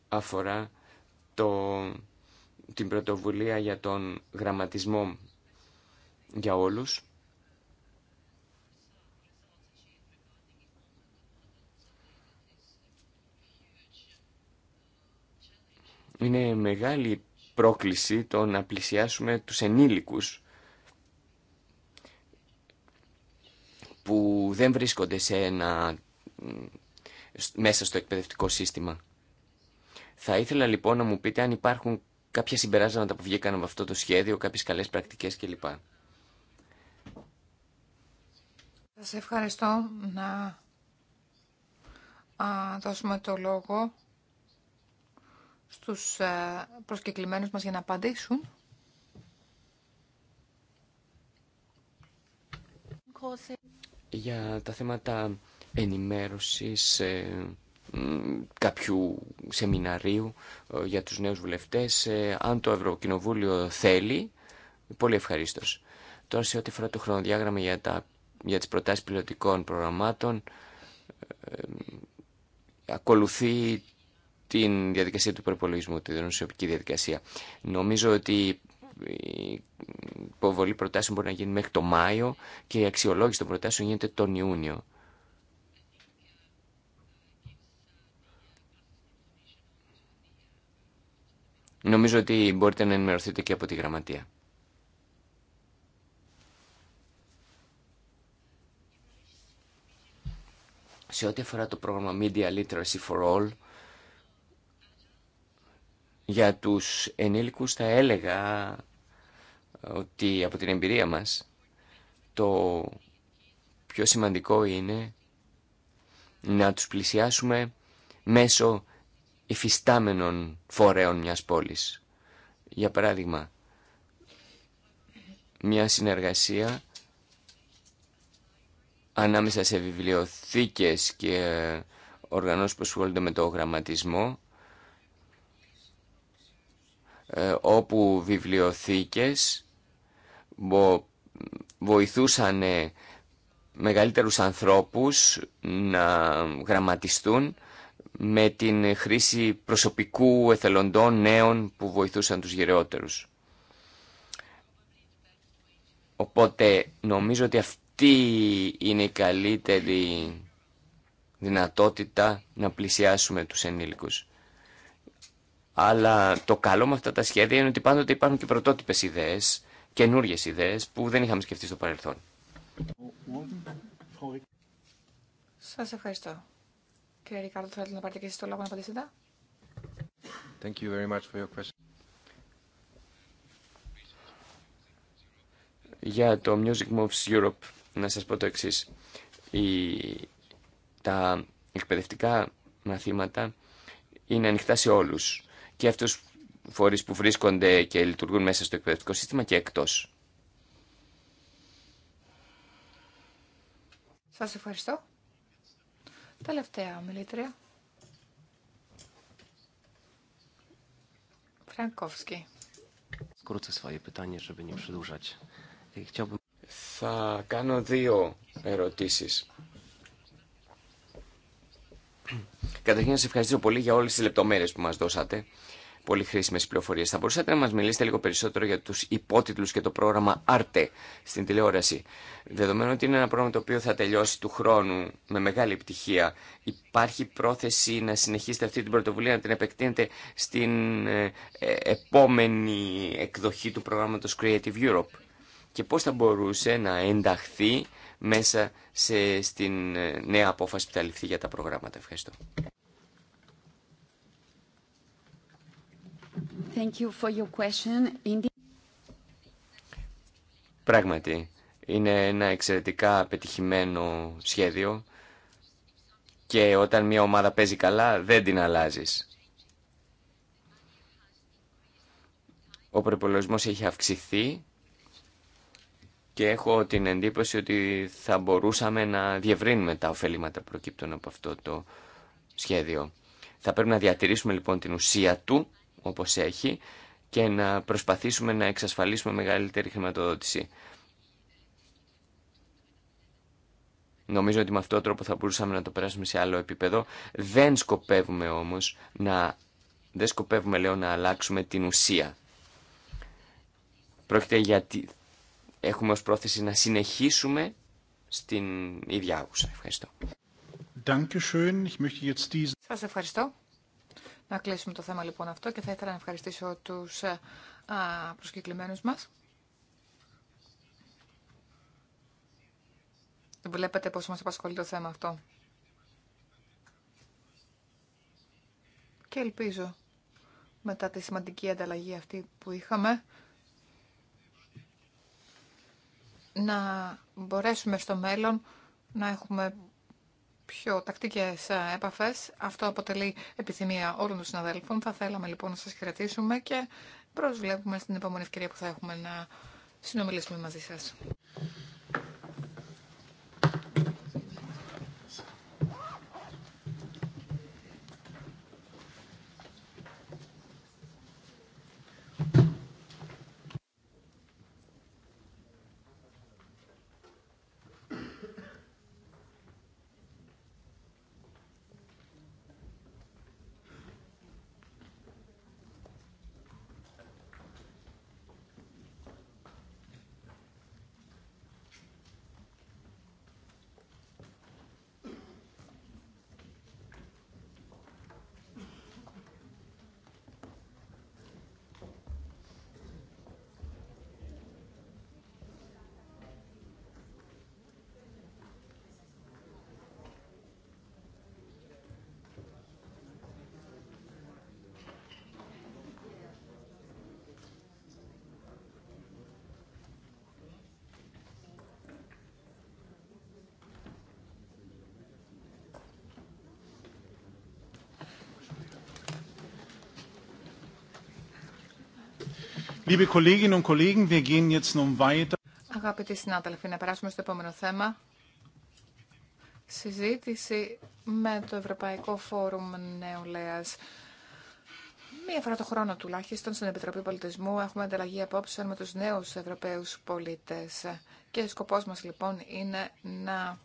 αφορά το την πρωτοβουλία για τον γραμματισμό για όλους. Είναι μεγάλη πρόκληση το να πλησιάσουμε τους ενήλικους που δεν βρίσκονται σε ένα, μέσα στο εκπαιδευτικό σύστημα. Θα ήθελα λοιπόν να μου πείτε αν υπάρχουν κάποια συμπεράσματα που βγήκαν από αυτό το σχέδιο, κάποιες καλές πρακτικές κλπ. Σας ευχαριστώ να δώσουμε το λόγο στους ε, προσκεκλημένους μας για να απαντήσουν. Για τα θέματα ενημέρωσης, ε, κάποιου σεμιναρίου ε, για τους νέους βουλευτές. Ε, αν το Ευρωκοινοβούλιο θέλει, πολύ ευχαρίστως. Τώρα σε ό,τι φορά το χρονοδιάγραμμα για, τα, για τις προτάσεις πιλωτικών προγραμμάτων, ε, ακολουθεί την διαδικασία του προπολογισμού, τη δημοσιοπική διαδικασία. Νομίζω ότι η υποβολή προτάσεων μπορεί να γίνει μέχρι το Μάιο και η αξιολόγηση των προτάσεων γίνεται τον Ιούνιο. Νομίζω ότι μπορείτε να ενημερωθείτε και από τη γραμματεία. Σε ό,τι αφορά το πρόγραμμα Media Literacy for All, για τους ενήλικους θα έλεγα ότι από την εμπειρία μας το πιο σημαντικό είναι να τους πλησιάσουμε μέσω υφιστάμενων φορέων μιας πόλης. Για παράδειγμα, μια συνεργασία ανάμεσα σε βιβλιοθήκες και οργανώσεις που ασχολούνται με το γραμματισμό, ε, όπου βιβλιοθήκες βοηθούσαν μεγαλύτερους ανθρώπους να γραμματιστούν με την χρήση προσωπικού εθελοντών νέων που βοηθούσαν τους γεραιότερους. Οπότε νομίζω ότι αυτή είναι η καλύτερη δυνατότητα να πλησιάσουμε τους ενήλικους. Αλλά το καλό με αυτά τα σχέδια είναι ότι πάντοτε υπάρχουν και πρωτότυπες ιδέες, καινούργιες ιδέες που δεν είχαμε σκεφτεί στο παρελθόν. Σας ευχαριστώ. Κύριε Ρικάρδο, θέλετε να πάρετε και εσείς το λόγο να απαντήσετε. Thank you very much for your question. Για το Music Moves Europe, να σας πω το εξή. Τα εκπαιδευτικά μαθήματα είναι ανοιχτά σε όλους. Και αυτούς φορείς που βρίσκονται και λειτουργούν μέσα στο εκπαιδευτικό σύστημα και εκτός. Σας ευχαριστώ. Τελευταία ομιλήτρια. Φραγκόφσκι. Ε, Θα κάνω δύο ερωτήσει. Καταρχήν, σα ευχαριστώ πολύ για όλε τι λεπτομέρειε που μα δώσατε πολύ χρήσιμε πληροφορίε. Θα μπορούσατε να μα μιλήσετε λίγο περισσότερο για του υπότιτλου και το πρόγραμμα Arte στην τηλεόραση. Δεδομένου ότι είναι ένα πρόγραμμα το οποίο θα τελειώσει του χρόνου με μεγάλη επιτυχία, υπάρχει πρόθεση να συνεχίσετε αυτή την πρωτοβουλία, να την επεκτείνετε στην ε, ε, επόμενη εκδοχή του προγράμματο Creative Europe. Και πώ θα μπορούσε να ενταχθεί μέσα σε, στην ε, νέα απόφαση που θα ληφθεί για τα προγράμματα. Ευχαριστώ. Thank you for your question. Πράγματι, είναι ένα εξαιρετικά πετυχημένο σχέδιο και όταν μια ομάδα παίζει καλά δεν την αλλάζεις. Ο προπολογισμός έχει αυξηθεί και έχω την εντύπωση ότι θα μπορούσαμε να διευρύνουμε τα ωφελήματα που προκύπτουν από αυτό το σχέδιο. Θα πρέπει να διατηρήσουμε λοιπόν την ουσία του όπως έχει και να προσπαθήσουμε να εξασφαλίσουμε μεγαλύτερη χρηματοδότηση. Νομίζω ότι με αυτόν τον τρόπο θα μπορούσαμε να το περάσουμε σε άλλο επίπεδο. Δεν σκοπεύουμε όμως να... Δεν σκοπεύουμε, λέω, να αλλάξουμε την ουσία. Πρόκειται γιατί έχουμε ως πρόθεση να συνεχίσουμε στην ίδια άκουσα. Ευχαριστώ. Σας ευχαριστώ να κλείσουμε το θέμα λοιπόν αυτό και θα ήθελα να ευχαριστήσω τους ε, προσκεκλημένους μας. Βλέπετε πόσο μας απασχολεί το θέμα αυτό. Και ελπίζω μετά τη σημαντική ανταλλαγή αυτή που είχαμε να μπορέσουμε στο μέλλον να έχουμε πιο τακτικές ε, επαφές. Αυτό αποτελεί επιθυμία όλων των συναδέλφων. Θα θέλαμε λοιπόν να σας χαιρετήσουμε και προσβλέπουμε στην επόμενη ευκαιρία που θα έχουμε να συνομιλήσουμε μαζί σας. Liebe Kolleginnen und Αγαπητοί συνάδελφοι, να περάσουμε στο επόμενο θέμα. Συζήτηση με το Ευρωπαϊκό Φόρουμ Νεολαίας. Μία φορά το χρόνο τουλάχιστον στην Επιτροπή Πολιτισμού έχουμε ανταλλαγή απόψεων με τους νέους Ευρωπαίους πολίτες. Και ο σκοπός μας λοιπόν είναι να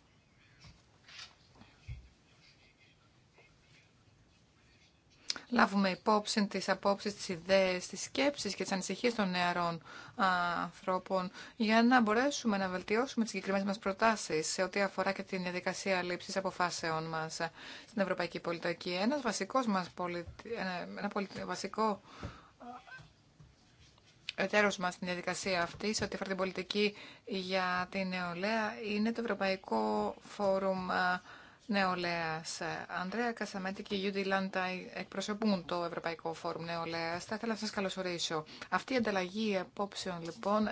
λάβουμε υπόψη τις απόψεις, τις ιδέες, τις σκέψεις και τις ανησυχίες των νεαρών ανθρώπων για να μπορέσουμε να βελτιώσουμε τις συγκεκριμένες μας προτάσεις σε ό,τι αφορά και την διαδικασία λήψης αποφάσεων μας στην Ευρωπαϊκή Πολιτική. Ένας βασικός μας πολιτι... ένα βασικό ε, εταίρος μας στην διαδικασία αυτή σε ό,τι αφορά την πολιτική για την νεολαία είναι το Ευρωπαϊκό Φόρουμ ε, Νεολαία. Ανδρέα Κασαμέτη και Γιούντι Λάντα εκπροσωπούν το Ευρωπαϊκό Φόρουμ Νεολαία. Θα ήθελα να σα καλωσορίσω. Αυτή η ανταλλαγή απόψεων λοιπόν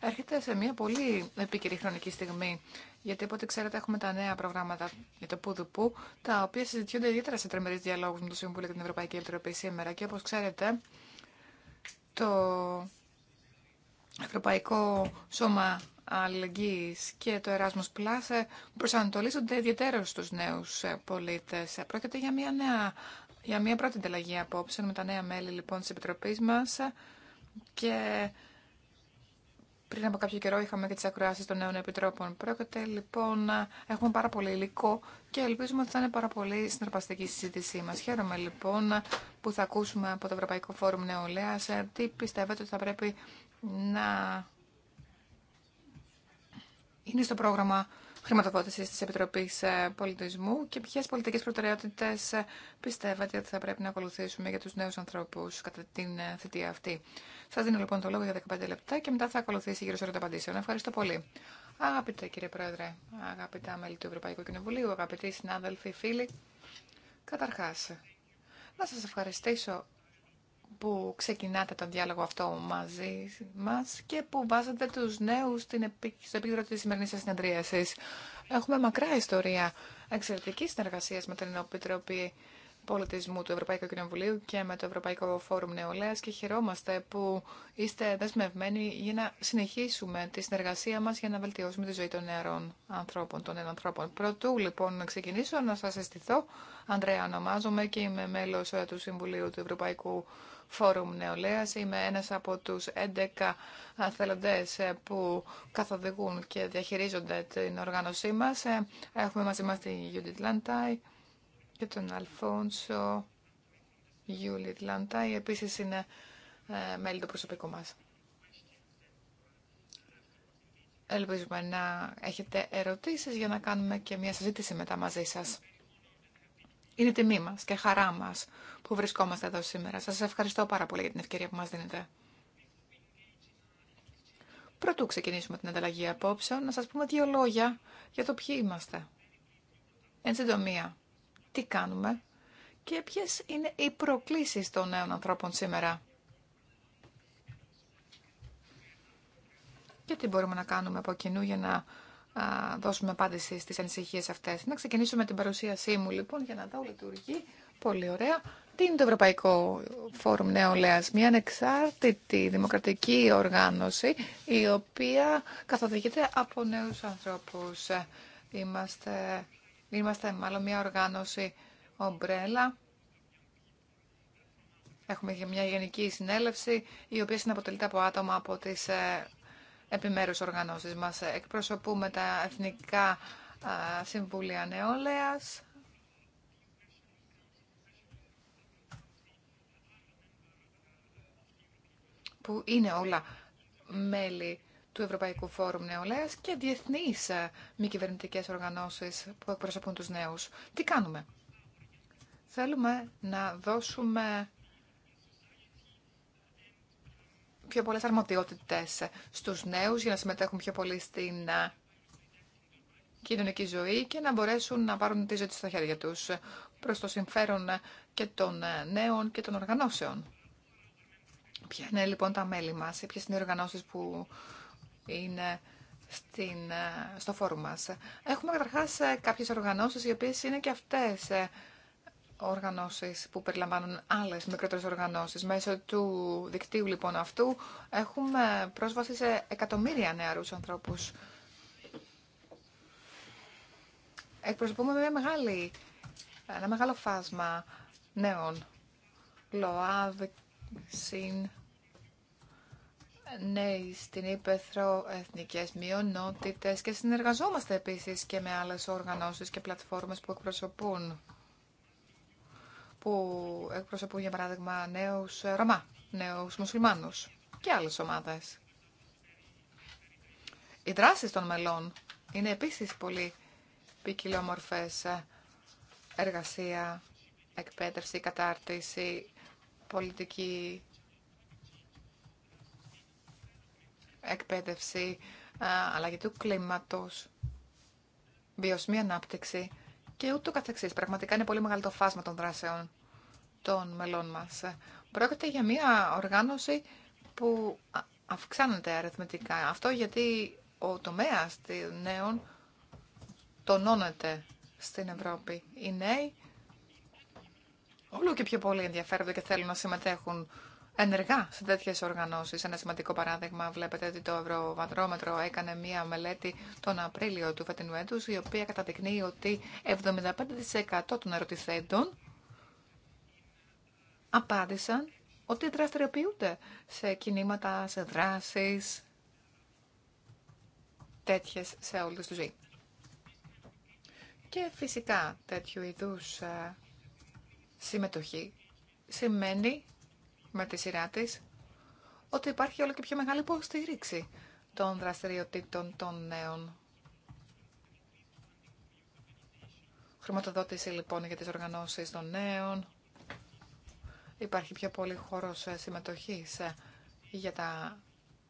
έρχεται σε μια πολύ επίκαιρη χρονική στιγμή. Γιατί από ξέρετε έχουμε τα νέα προγράμματα για το Πουδουπού, τα οποία συζητιούνται ιδιαίτερα σε τρεμερεί διαλόγου με το Συμβούλιο και την Ευρωπαϊκή Επιτροπή σήμερα. Και όπω ξέρετε, το Ευρωπαϊκό Σώμα αλληλεγγύης και το Erasmus Plus ε, προσανατολίζονται ιδιαίτερως στους νέους ε, πολίτες. Ε, πρόκειται για μια, νέα, για μια πρώτη ανταλλαγή απόψε με τα νέα μέλη λοιπόν της Επιτροπής μας και πριν από κάποιο καιρό είχαμε και τις ακροάσεις των νέων επιτρόπων. Πρόκειται λοιπόν, έχουμε πάρα πολύ υλικό και ελπίζουμε ότι θα είναι πάρα πολύ συναρπαστική η συζήτησή μας. Χαίρομαι λοιπόν που θα ακούσουμε από το Ευρωπαϊκό Φόρουμ Νεολαίας τι πιστεύετε ότι θα πρέπει να είναι στο πρόγραμμα χρηματοδότησης της Επιτροπής ε, Πολιτισμού και ποιες πολιτικές προτεραιότητες ε, πιστεύετε ότι θα πρέπει να ακολουθήσουμε για τους νέους ανθρώπους κατά την ε, θητεία αυτή. Σας δίνω λοιπόν το λόγο για 15 λεπτά και μετά θα ακολουθήσει γύρω σε απαντήσεων. Ευχαριστώ πολύ. Αγαπητέ κύριε Πρόεδρε, αγαπητά μέλη του Ευρωπαϊκού Κοινοβουλίου, αγαπητοί συνάδελφοι, φίλοι, καταρχάς, να σας ευχαριστήσω που ξεκινάτε τον διάλογο αυτό μαζί μας και που βάζετε τους νέους στην επί... στο επίκεντρο της σημερινής σας συνεδρίασης. Έχουμε μακρά ιστορία εξαιρετική συνεργασία με την Επιτροπή Πολιτισμού του Ευρωπαϊκού Κοινοβουλίου και με το Ευρωπαϊκό Φόρουμ Νεολαία και χαιρόμαστε που είστε δεσμευμένοι για να συνεχίσουμε τη συνεργασία μα για να βελτιώσουμε τη ζωή των νεαρών ανθρώπων, των ενανθρώπων. Πρωτού λοιπόν να ξεκινήσω, να σα αισθηθώ. Ανδρέα, ονομάζομαι και είμαι μέλο ε, του Συμβουλίου του Ευρωπαϊκού Φόρουμ Νεολαίας. Είμαι ένας από τους 11 θελοντές ε, που καθοδηγούν και διαχειρίζονται την οργάνωσή μας. Ε, έχουμε μαζί μας την Γιούντιτ Λαντάι και τον Αλφόνσο Γιούλιτ Λαντάι. Επίσης είναι ε, μέλη του προσωπικού μας. Ελπίζουμε να έχετε ερωτήσεις για να κάνουμε και μια συζήτηση μετά μαζί σας. Είναι η τιμή μα και χαρά μα που βρισκόμαστε εδώ σήμερα. Σας ευχαριστώ πάρα πολύ για την ευκαιρία που μας δίνετε. Πρωτού ξεκινήσουμε την ανταλλαγή απόψεων, να σας πούμε δύο λόγια για το ποιοι είμαστε. Εν συντομία, τι κάνουμε και ποιε είναι οι προκλήσεις των νέων ανθρώπων σήμερα. Και τι μπορούμε να κάνουμε από κοινού για να δώσουμε απάντηση στις ανησυχίες αυτές. Να ξεκινήσω με την παρουσίασή μου λοιπόν για να δω λειτουργεί πολύ ωραία. Τι είναι το Ευρωπαϊκό Φόρουμ Νεολαίας, μια ανεξάρτητη δημοκρατική οργάνωση η οποία καθοδηγείται από νέους ανθρώπους. Είμαστε, είμαστε μάλλον μια οργάνωση ομπρέλα. Έχουμε και μια γενική συνέλευση η οποία συναποτελείται από άτομα από τις ε, επιμέρους οργανώσεις μας. Εκπροσωπούμε τα Εθνικά Συμβούλια Νεόλεας. που είναι όλα μέλη του Ευρωπαϊκού Φόρουμ Νεολαίας και διεθνείς μη κυβερνητικές οργανώσεις που εκπροσωπούν τους νέους. Τι κάνουμε. Θέλουμε να δώσουμε πιο πολλές αρμοδιότητες στους νέους για να συμμετέχουν πιο πολύ στην ε, κοινωνική ζωή και να μπορέσουν να πάρουν τη ζωή στα χέρια τους προς το συμφέρον ε, και των ε, νέων και των οργανώσεων. Ποια είναι λοιπόν τα μέλη μας, ποιες είναι οι οργανώσεις που είναι στην, στο φόρουμ μας. Έχουμε καταρχάς κάποιες οργανώσεις οι οποίες είναι και αυτές οργανώσεις που περιλαμβάνουν άλλες μικρότερες οργανώσεις. Μέσω του δικτύου λοιπόν αυτού έχουμε πρόσβαση σε εκατομμύρια νεαρούς ανθρώπους. Εκπροσωπούμε μια μεγάλη, ένα μεγάλο φάσμα νέων. ΛΟΑΔ, ΣΥΝ, νέοι στην Ήπεθρο, εθνικές μειονότητες και συνεργαζόμαστε επίσης και με άλλες οργανώσεις και πλατφόρμες που εκπροσωπούν που εκπροσωπούν για παράδειγμα νέους ε, Ρωμά, νέους μουσουλμάνους και άλλες ομάδες. Οι δράσει των μελών είναι επίσης πολύ ποικιλόμορφες ε, εργασία, εκπαίδευση, κατάρτιση, πολιτική εκπαίδευση, ε, αλλαγή του κλίματος, βιωσμή ανάπτυξη και ούτω καθεξή. Πραγματικά είναι πολύ μεγάλο το φάσμα των δράσεων των μελών μας. Πρόκειται για μια οργάνωση που αυξάνεται αριθμητικά. Αυτό γιατί ο τομέας των νέων τονώνεται στην Ευρώπη. Οι νέοι όλο και πιο πολύ ενδιαφέρονται και θέλουν να συμμετέχουν ενεργά σε τέτοιε οργανώσει. Ένα σημαντικό παράδειγμα, βλέπετε ότι το Ευρωβατρόμετρο έκανε μία μελέτη τον Απρίλιο του φετινού έτου, η οποία καταδεικνύει ότι 75% των ερωτηθέντων απάντησαν ότι δραστηριοποιούνται σε κινήματα, σε δράσεις τέτοιες σε όλη τους ζωή. Και φυσικά τέτοιου είδους ε, συμμετοχή σημαίνει με τη σειρά τη ότι υπάρχει όλο και πιο μεγάλη υποστήριξη των δραστηριοτήτων των νέων. Χρηματοδότηση λοιπόν για τις οργανώσεις των νέων. Υπάρχει πιο πολύ χώρος ε, συμμετοχής ε, για τα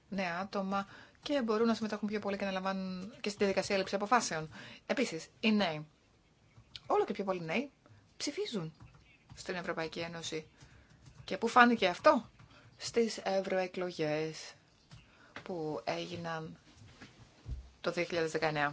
νέα άτομα και μπορούν να συμμετέχουν πιο πολύ και να λαμβάνουν και στη διαδικασία έλλειψη αποφάσεων. Επίσης, οι νέοι, όλο και πιο πολλοί νέοι, ψηφίζουν στην Ευρωπαϊκή Ένωση. Και πού φάνηκε αυτό? Στις ευρωεκλογέ που φανηκε αυτο στις ευρωεκλογες που εγιναν το 2019.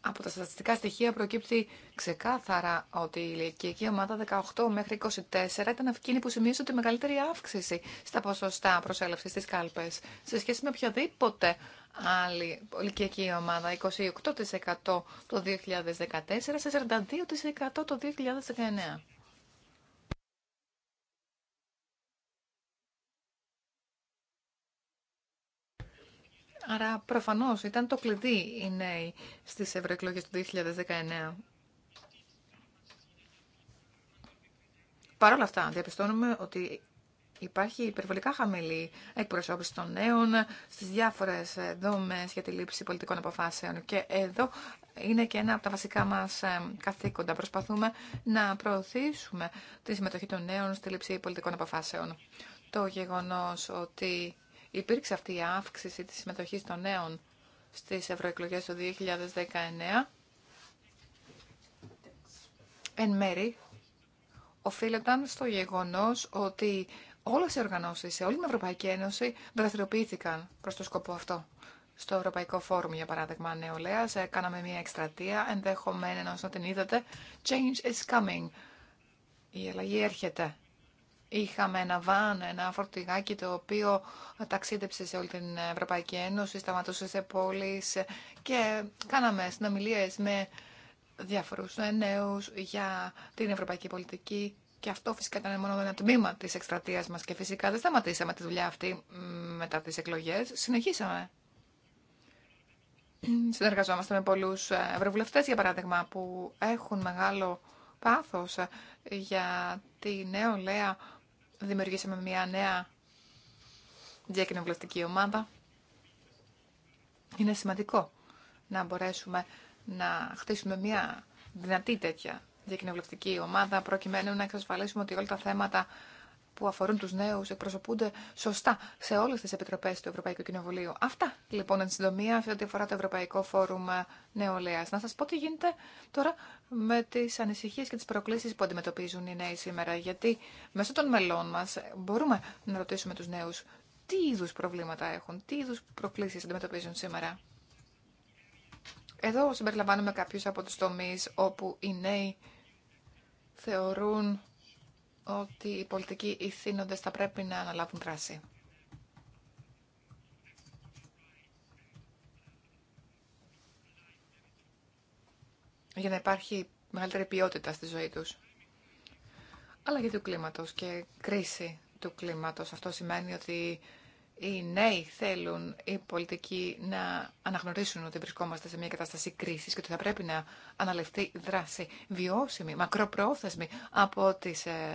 Από τα στατιστικά στοιχεία προκύπτει ξεκάθαρα ότι η ηλικιακή ομάδα 18 μέχρι 24 ήταν αυκήνη που σημείωσε τη μεγαλύτερη αύξηση στα ποσοστά προσέλευσης στις κάλπες σε σχέση με οποιαδήποτε άλλη ηλικιακή ομάδα 28% το 2014 σε 42% το 2019. Άρα προφανώς ήταν το κλειδί οι νέοι στις ευρωεκλογές του 2019. Παρ' όλα αυτά, διαπιστώνουμε ότι υπάρχει υπερβολικά χαμηλή εκπροσώπηση των νέων στις διάφορες δομές για τη λήψη πολιτικών αποφάσεων. Και εδώ είναι και ένα από τα βασικά μας ε, καθήκοντα. Προσπαθούμε να προωθήσουμε τη συμμετοχή των νέων στη λήψη πολιτικών αποφάσεων. Το γεγονός ότι υπήρξε αυτή η αύξηση της συμμετοχής των νέων στις ευρωεκλογές του 2019, εν μέρη οφείλονταν στο γεγονός ότι όλες οι οργανώσεις σε όλη την Ευρωπαϊκή Ένωση δραστηριοποιήθηκαν προς το σκοπό αυτό. Στο Ευρωπαϊκό Φόρουμ, για παράδειγμα, νεολαία, κάναμε μια εκστρατεία, ενδεχομένω να την είδατε. Change is coming. Η αλλαγή έρχεται. Είχαμε ένα βαν, ένα φορτηγάκι το οποίο ταξίδεψε σε όλη την Ευρωπαϊκή Ένωση, σταματούσε σε πόλεις και κάναμε συνομιλίες με διάφορους νέους για την ευρωπαϊκή πολιτική και αυτό φυσικά ήταν μόνο ένα τμήμα της εκστρατείας μας και φυσικά δεν σταματήσαμε τη δουλειά αυτή μετά τις εκλογές, συνεχίσαμε. Συνεργαζόμαστε με πολλούς ευρωβουλευτές, για παράδειγμα, που έχουν μεγάλο πάθος για τη νεολαία δημιουργήσαμε μια νέα διακοινοβουλευτική ομάδα. Είναι σημαντικό να μπορέσουμε να χτίσουμε μια δυνατή τέτοια διακοινοβουλευτική ομάδα προκειμένου να εξασφαλίσουμε ότι όλα τα θέματα που αφορούν του νέου εκπροσωπούνται σωστά σε όλε τι επιτροπέ του Ευρωπαϊκού Κοινοβουλίου. Αυτά λοιπόν εν συντομία σε ό,τι αφορά το Ευρωπαϊκό Φόρουμ Νεολαία. Να σα πω τι γίνεται τώρα με τι ανησυχίε και τι προκλήσει που αντιμετωπίζουν οι νέοι σήμερα. Γιατί μέσω των μελών μα μπορούμε να ρωτήσουμε του νέου τι είδου προβλήματα έχουν, τι είδου προκλήσεις αντιμετωπίζουν σήμερα. Εδώ συμπεριλαμβάνουμε κάποιους από τους τομείς όπου οι νέοι θεωρούν ότι οι πολιτικοί ηθήνοντες θα πρέπει να αναλάβουν δράση. για να υπάρχει μεγαλύτερη ποιότητα στη ζωή τους. Αλλά και του κλίματος και κρίση του κλίματος. Αυτό σημαίνει ότι οι νέοι θέλουν οι πολιτικοί να αναγνωρίσουν ότι βρισκόμαστε σε μια κατάσταση κρίσης και ότι θα πρέπει να αναλευθεί δράση βιώσιμη, μακροπρόθεσμη από τις, ε,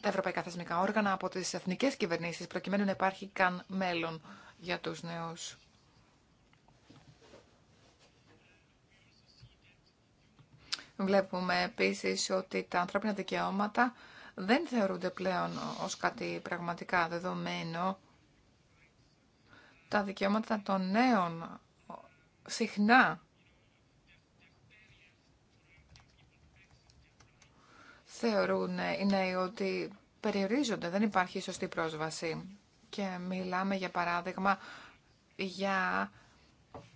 τα ευρωπαϊκά θεσμικά όργανα, από τις εθνικές κυβερνήσεις, προκειμένου να υπάρχει καν μέλλον για τους νέους. Βλέπουμε επίσης ότι τα ανθρώπινα δικαιώματα δεν θεωρούνται πλέον ως κάτι πραγματικά δεδομένο τα δικαιώματα των νέων συχνά θεωρούν ε, οι νέοι ότι περιορίζονται, δεν υπάρχει σωστή πρόσβαση. Και μιλάμε για παράδειγμα για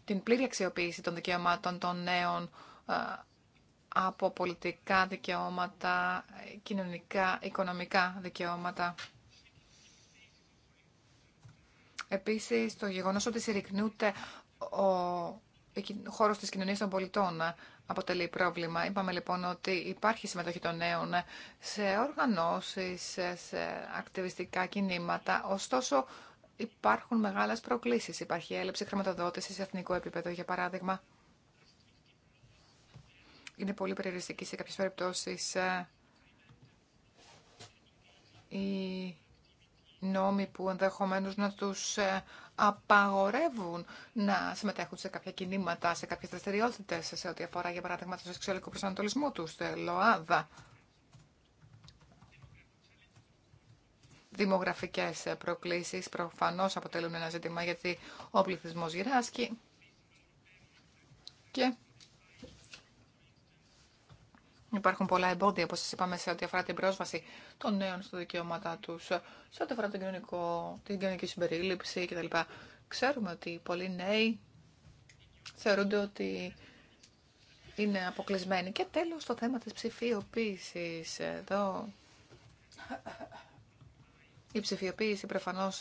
την πλήρη αξιοποίηση των δικαιωμάτων των νέων ε, από πολιτικά δικαιώματα, κοινωνικά, οικονομικά δικαιώματα. Επίσης, το γεγονός ότι συρρυκνούται ο, χώρο χώρος της κοινωνίας των πολιτών αποτελεί πρόβλημα. Είπαμε λοιπόν ότι υπάρχει συμμετοχή των νέων σε οργανώσεις, σε ακτιβιστικά κινήματα. Ωστόσο, υπάρχουν μεγάλες προκλήσεις. Υπάρχει έλλειψη χρηματοδότησης σε εθνικό επίπεδο, για παράδειγμα. Είναι πολύ περιοριστική σε κάποιες περιπτώσεις ε, η νόμοι που ενδεχομένως να τους ε, απαγορεύουν να συμμετέχουν σε κάποια κινήματα, σε κάποιες δραστηριότητε σε ό,τι αφορά για παράδειγμα το σεξουαλικό προσανατολισμό τους, ΛΟΑΔΑ. Δημογραφικές ε, προκλήσεις προφανώς αποτελούν ένα ζήτημα γιατί ο πληθυσμός γυράσκει και Υπάρχουν πολλά εμπόδια, όπω σα είπαμε, σε ό,τι αφορά την πρόσβαση των νέων στα δικαιώματά του, σε ό,τι αφορά την κοινωνική συμπερίληψη κτλ. Ξέρουμε ότι πολλοί νέοι θεωρούνται ότι είναι αποκλεισμένοι. Και τέλο, το θέμα τη ψηφιοποίηση. Εδώ η ψηφιοποίηση προφανώ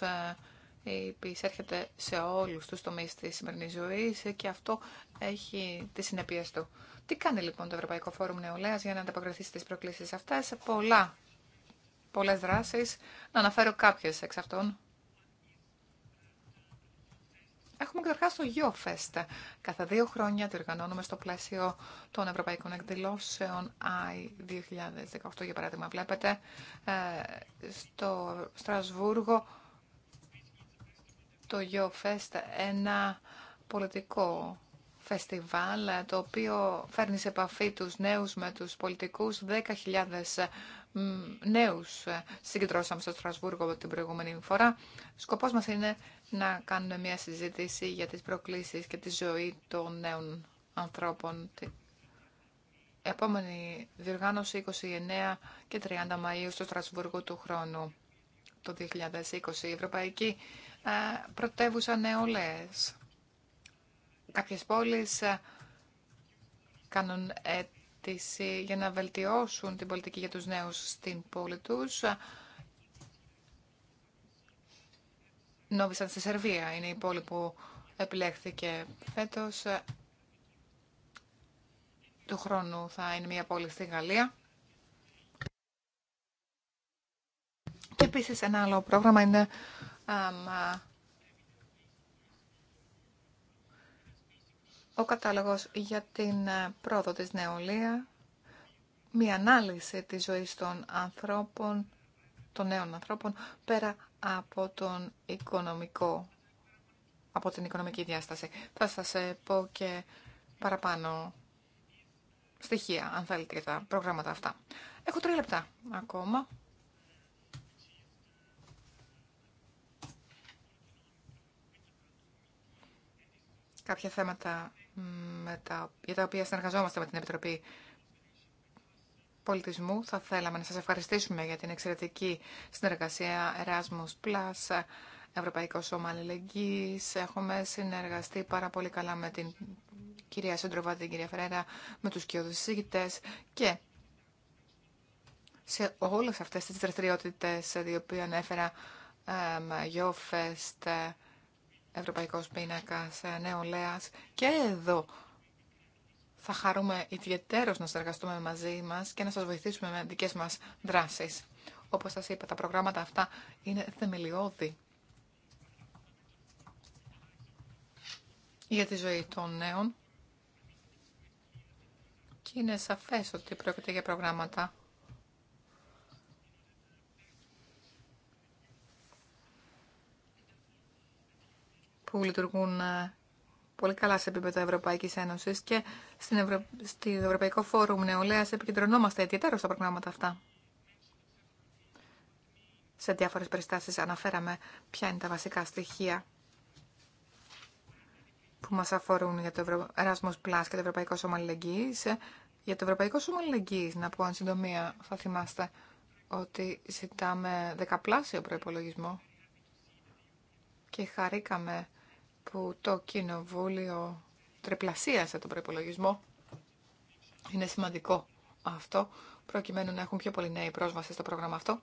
επισέρχεται σε όλους τους τομεί τη σημερινή ζωή και αυτό έχει τι συνέπειε του. Τι κάνει λοιπόν το Ευρωπαϊκό Φόρουμ Νεολαία για να ανταποκριθεί στι προκλήσει αυτέ, πολλά. Πολλέ δράσει. Να αναφέρω κάποιε εξ αυτών. Έχουμε καταρχά το YoFest. Κάθε δύο χρόνια το διοργανώνουμε στο πλαίσιο των Ευρωπαϊκών Εκδηλώσεων I 2018, για παράδειγμα. Βλέπετε ε, στο Στρασβούργο το YoFest ένα πολιτικό φεστιβάλ ε, το οποίο φέρνει σε επαφή τους νέους με τους πολιτικούς. 10.000 νέους ε, συγκεντρώσαμε στο Στρασβούργο την προηγούμενη φορά. Σκοπός μας είναι να κάνουμε μια συζήτηση για τις προκλήσεις και τη ζωή των νέων ανθρώπων. Επόμενη διοργάνωση 29 και 30 Μαΐου στο Στρασβούργο του χρόνου το 2020. Η Ευρωπαϊκή ε, Πρωτεύουσα Νεολαίες Κάποιες πόλεις ε, κάνουν αίτηση για να βελτιώσουν την πολιτική για τους νέους στην πόλη τους. Νόβησαν στη Σερβία, είναι η πόλη που επιλέχθηκε φέτος. Του χρόνου θα είναι μια πόλη στη Γαλλία. Και επίσης ένα άλλο πρόγραμμα είναι ο κατάλογος για την ε, πρόοδο της νεολαία, μια ανάλυση της ζωής των ανθρώπων, των νέων ανθρώπων, πέρα από τον οικονομικό, από την οικονομική διάσταση. Θα σας ε, πω και παραπάνω στοιχεία, αν θέλετε, για τα προγράμματα αυτά. Έχω τρία λεπτά ακόμα. Κάποια θέματα με τα, για τα οποία συνεργαζόμαστε με την Επιτροπή Πολιτισμού. Θα θέλαμε να σας ευχαριστήσουμε για την εξαιρετική συνεργασία Erasmus Plus, Ευρωπαϊκό Σώμα Αλληλεγγύης. Έχουμε συνεργαστεί πάρα πολύ καλά με την κυρία Σέντροβα, την κυρία Φερέρα, με τους κοιοδοσίγητες και σε όλες αυτές τις δραστηριότητες, ε, οι οποίες ανέφερα, ε, Γιώφεστ, Ευρωπαϊκός Πίνακας ε, Νεολαίας και εδώ θα χαρούμε ιδιαίτερως να συνεργαστούμε μαζί μας και να σας βοηθήσουμε με δικές μας δράσεις. Όπως σας είπα, τα προγράμματα αυτά είναι θεμελιώδη για τη ζωή των νέων και είναι σαφές ότι πρόκειται για προγράμματα που λειτουργούν ε, πολύ καλά σε επίπεδο Ευρωπαϊκή Ένωση και στην Ευρω... στο Ευρωπαϊκό Φόρουμ Νεολαία επικεντρωνόμαστε ιδιαίτερα στα προγράμματα αυτά. Σε διάφορε περιστάσει αναφέραμε ποια είναι τα βασικά στοιχεία που μα αφορούν για το Ευρω... Erasmus Plus και το Ευρωπαϊκό Σώμα Αλληλεγγύης. Για το Ευρωπαϊκό Σώμα Αλληλεγγύης, να πω αν συντομία, θα θυμάστε ότι ζητάμε δεκαπλάσιο προπολογισμό και χαρήκαμε που το Κοινοβούλιο τριπλασίασε τον προπολογισμό. Είναι σημαντικό αυτό, προκειμένου να έχουν πιο πολλοί νέοι πρόσβαση στο πρόγραμμα αυτό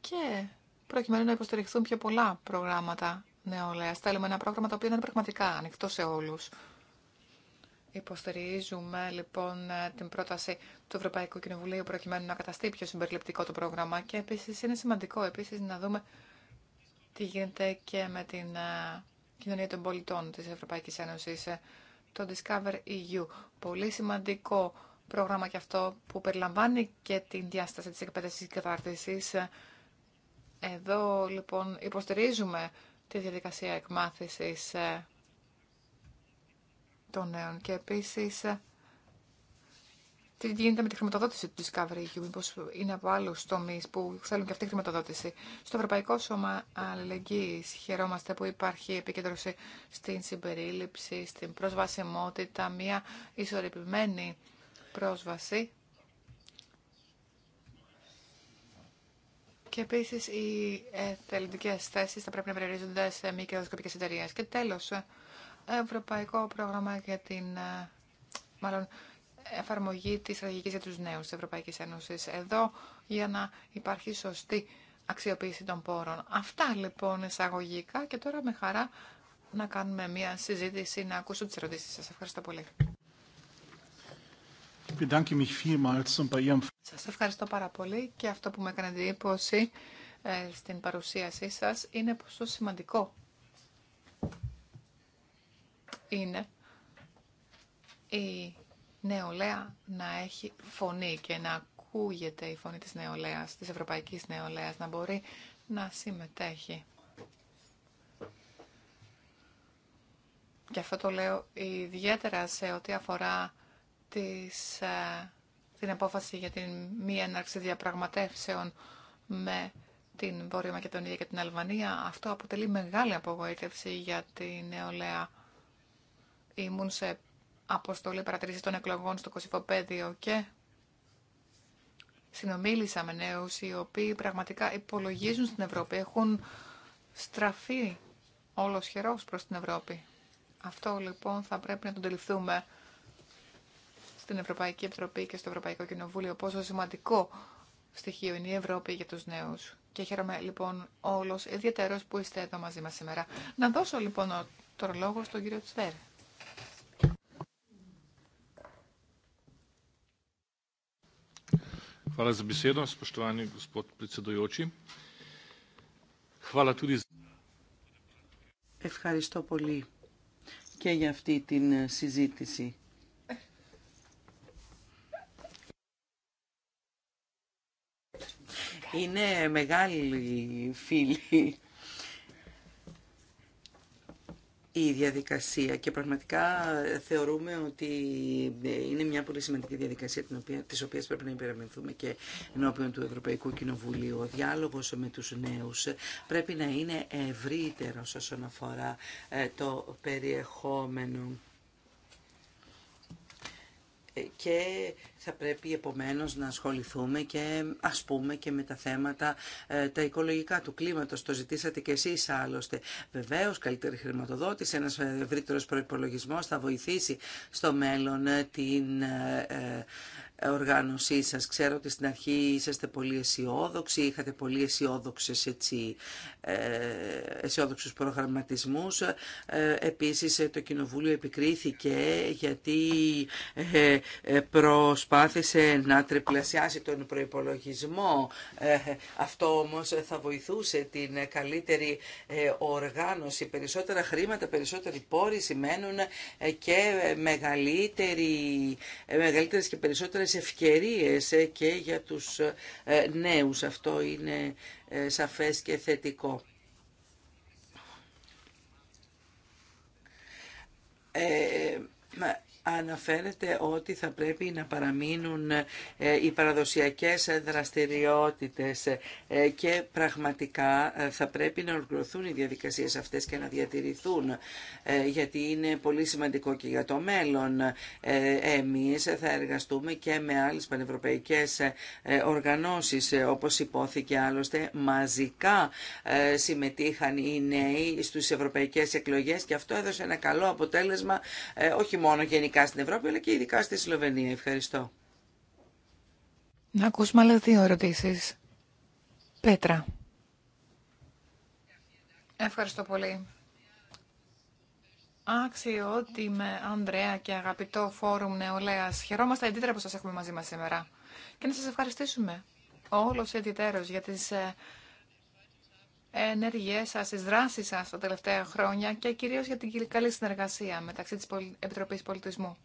και προκειμένου να υποστηριχθούν πιο πολλά προγράμματα νεολαία. Θέλουμε ένα πρόγραμμα το οποίο είναι πραγματικά ανοιχτό σε όλους. Υποστηρίζουμε λοιπόν την πρόταση του Ευρωπαϊκού Κοινοβουλίου προκειμένου να καταστεί πιο συμπεριληπτικό το πρόγραμμα και επίση είναι σημαντικό επίσης να δούμε τι γίνεται και με την ε, κοινωνία των πολιτών της Ευρωπαϊκής Ένωσης, ε, το Discover EU. Πολύ σημαντικό πρόγραμμα και αυτό που περιλαμβάνει και την διάσταση της εκπαίδευσης και κατάρτισης. Ε, εδώ λοιπόν υποστηρίζουμε τη διαδικασία εκμάθησης ε, των νέων και επίσης τι γίνεται με τη χρηματοδότηση του Discovery EU, μήπως είναι από άλλου τομεί που θέλουν και αυτή η χρηματοδότηση. Στο Ευρωπαϊκό Σώμα Αλληλεγγύη χαιρόμαστε που υπάρχει επικέντρωση στην συμπερίληψη, στην προσβασιμότητα, μια ισορροπημένη πρόσβαση. Και επίση οι εθελοντικέ θέσει θα πρέπει να περιορίζονται σε μη κερδοσκοπικέ εταιρείε. Και τέλο, Ευρωπαϊκό Πρόγραμμα για την. Μάλλον εφαρμογή της στρατηγικής για τους νέους της Ευρωπαϊκής Ένωσης εδώ για να υπάρχει σωστή αξιοποίηση των πόρων. Αυτά λοιπόν εισαγωγικά και τώρα με χαρά να κάνουμε μια συζήτηση, να ακούσω τις ερωτήσεις σας. Ευχαριστώ πολύ. Σας ευχαριστώ πάρα πολύ και αυτό που με έκανε εντύπωση ε, στην παρουσίασή σας είναι πόσο σημαντικό είναι η νεολαία ναι, να έχει φωνή και να ακούγεται η φωνή της νεολαίας, της ευρωπαϊκής νεολαίας, να μπορεί να συμμετέχει. Και αυτό το λέω ιδιαίτερα σε ό,τι αφορά τις, ε, την απόφαση για την μη έναρξη διαπραγματεύσεων με την Βόρεια Μακεδονία και την Αλβανία. Αυτό αποτελεί μεγάλη απογοήτευση για τη νεολαία. Ήμουν σε αποστολή παρατηρήσης των εκλογών στο Κωσυφοπέδιο και συνομίλησα με νέους οι οποίοι πραγματικά υπολογίζουν στην Ευρώπη, έχουν στραφεί όλος χερός προς την Ευρώπη. Αυτό λοιπόν θα πρέπει να το τελειφθούμε στην Ευρωπαϊκή Επιτροπή και στο Ευρωπαϊκό Κοινοβούλιο πόσο σημαντικό στοιχείο είναι η Ευρώπη για τους νέους. Και χαίρομαι λοιπόν όλος ιδιαίτερος που είστε εδώ μαζί μας σήμερα. Να δώσω λοιπόν το λόγο στον κύριο Τσβέρ. Ευχαριστώ πολύ και για αυτή την συζήτηση. Είναι μεγάλοι φίλοι. η διαδικασία και πραγματικά θεωρούμε ότι είναι μια πολύ σημαντική διαδικασία την οποία, της οποίας πρέπει να υπεραμεινθούμε και ενώπιον του Ευρωπαϊκού Κοινοβουλίου. Ο διάλογος με τους νέους πρέπει να είναι ευρύτερος όσον αφορά ε, το περιεχόμενο και θα πρέπει επομένως να ασχοληθούμε και ας πούμε και με τα θέματα ε, τα οικολογικά του κλίματος. Το ζητήσατε και εσείς άλλωστε. Βεβαίως καλύτερη χρηματοδότηση, ένας ευρύτερος προϋπολογισμός θα βοηθήσει στο μέλλον ε, την ε, οργάνωσή σας. Ξέρω ότι στην αρχή είσαστε πολύ αισιόδοξοι, είχατε πολύ αισιόδοξες έτσι, ε, αισιόδοξους προγραμματισμούς. Ε, επίσης ε, το Κοινοβούλιο επικρίθηκε γιατί προσπάθησε να τριπλασιάσει τον προϋπολογισμό. Αυτό όμως θα βοηθούσε την καλύτερη οργάνωση. Περισσότερα χρήματα, περισσότεροι πόροι σημαίνουν και μεγαλύτερη, μεγαλύτερες και περισσότερες σε ευκαιρίες ε, και για τους ε, νέους. Αυτό είναι ε, σαφές και θετικό αναφέρεται ότι θα πρέπει να παραμείνουν ε, οι παραδοσιακές δραστηριότητες ε, και πραγματικά ε, θα πρέπει να ολοκληρωθούν οι διαδικασίες αυτές και να διατηρηθούν γιατί είναι πολύ σημαντικό και για το μέλλον. Εμείς θα εργαστούμε και με άλλες πανευρωπαϊκές οργανώσεις όπως υπόθηκε άλλωστε μαζικά συμμετείχαν οι νέοι στους ευρωπαϊκές εκλογές και αυτό έδωσε ένα καλό αποτέλεσμα όχι μόνο γενικά στην Ευρώπη, αλλά και ειδικά στη Σλοβενία. Ευχαριστώ. Να ακούσουμε άλλε δύο ερωτήσει. Πέτρα. Ευχαριστώ πολύ. με Ανδρέα και αγαπητό Φόρουμ Νεολαία. Χαιρόμαστε ιδιαίτερα που σας έχουμε μαζί μα σήμερα. Και να σα ευχαριστήσουμε όλο ιδιαίτερω για τι ε, ενέργειές σας, τις δράσεις σας τα τελευταία χρόνια και κυρίως για την καλή συνεργασία μεταξύ της Επιτροπής Πολιτισμού.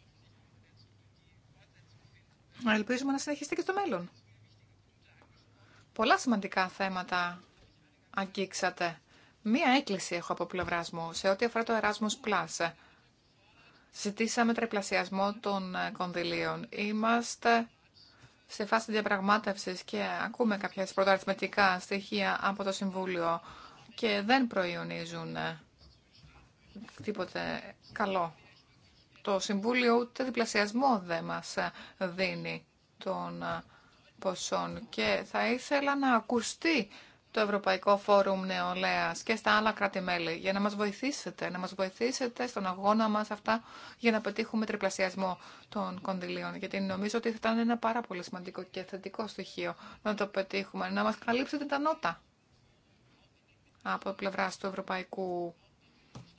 Ελπίζουμε να συνεχιστεί και στο μέλλον. Πολλά σημαντικά θέματα αγγίξατε. Μία έκκληση έχω από πλευρά μου σε ό,τι αφορά το Erasmus Plus. Ζητήσαμε τριπλασιασμό των κονδυλίων. Είμαστε σε φάση διαπραγμάτευσης και ακούμε κάποια πρωταριθμητικά στοιχεία από το Συμβούλιο και δεν προϊονίζουν ε, τίποτε καλό. Το Συμβούλιο ούτε διπλασιασμό δεν μας ε, δίνει των ε, ποσών και θα ήθελα να ακουστεί το Ευρωπαϊκό Φόρουμ Νεολαία και στα άλλα κράτη-μέλη για να μα βοηθήσετε, να μα βοηθήσετε στον αγώνα μα αυτά για να πετύχουμε τριπλασιασμό των κονδυλίων. Γιατί νομίζω ότι θα ήταν ένα πάρα πολύ σημαντικό και θετικό στοιχείο να το πετύχουμε, να μα καλύψετε τα νότα από πλευρά του Ευρωπαϊκού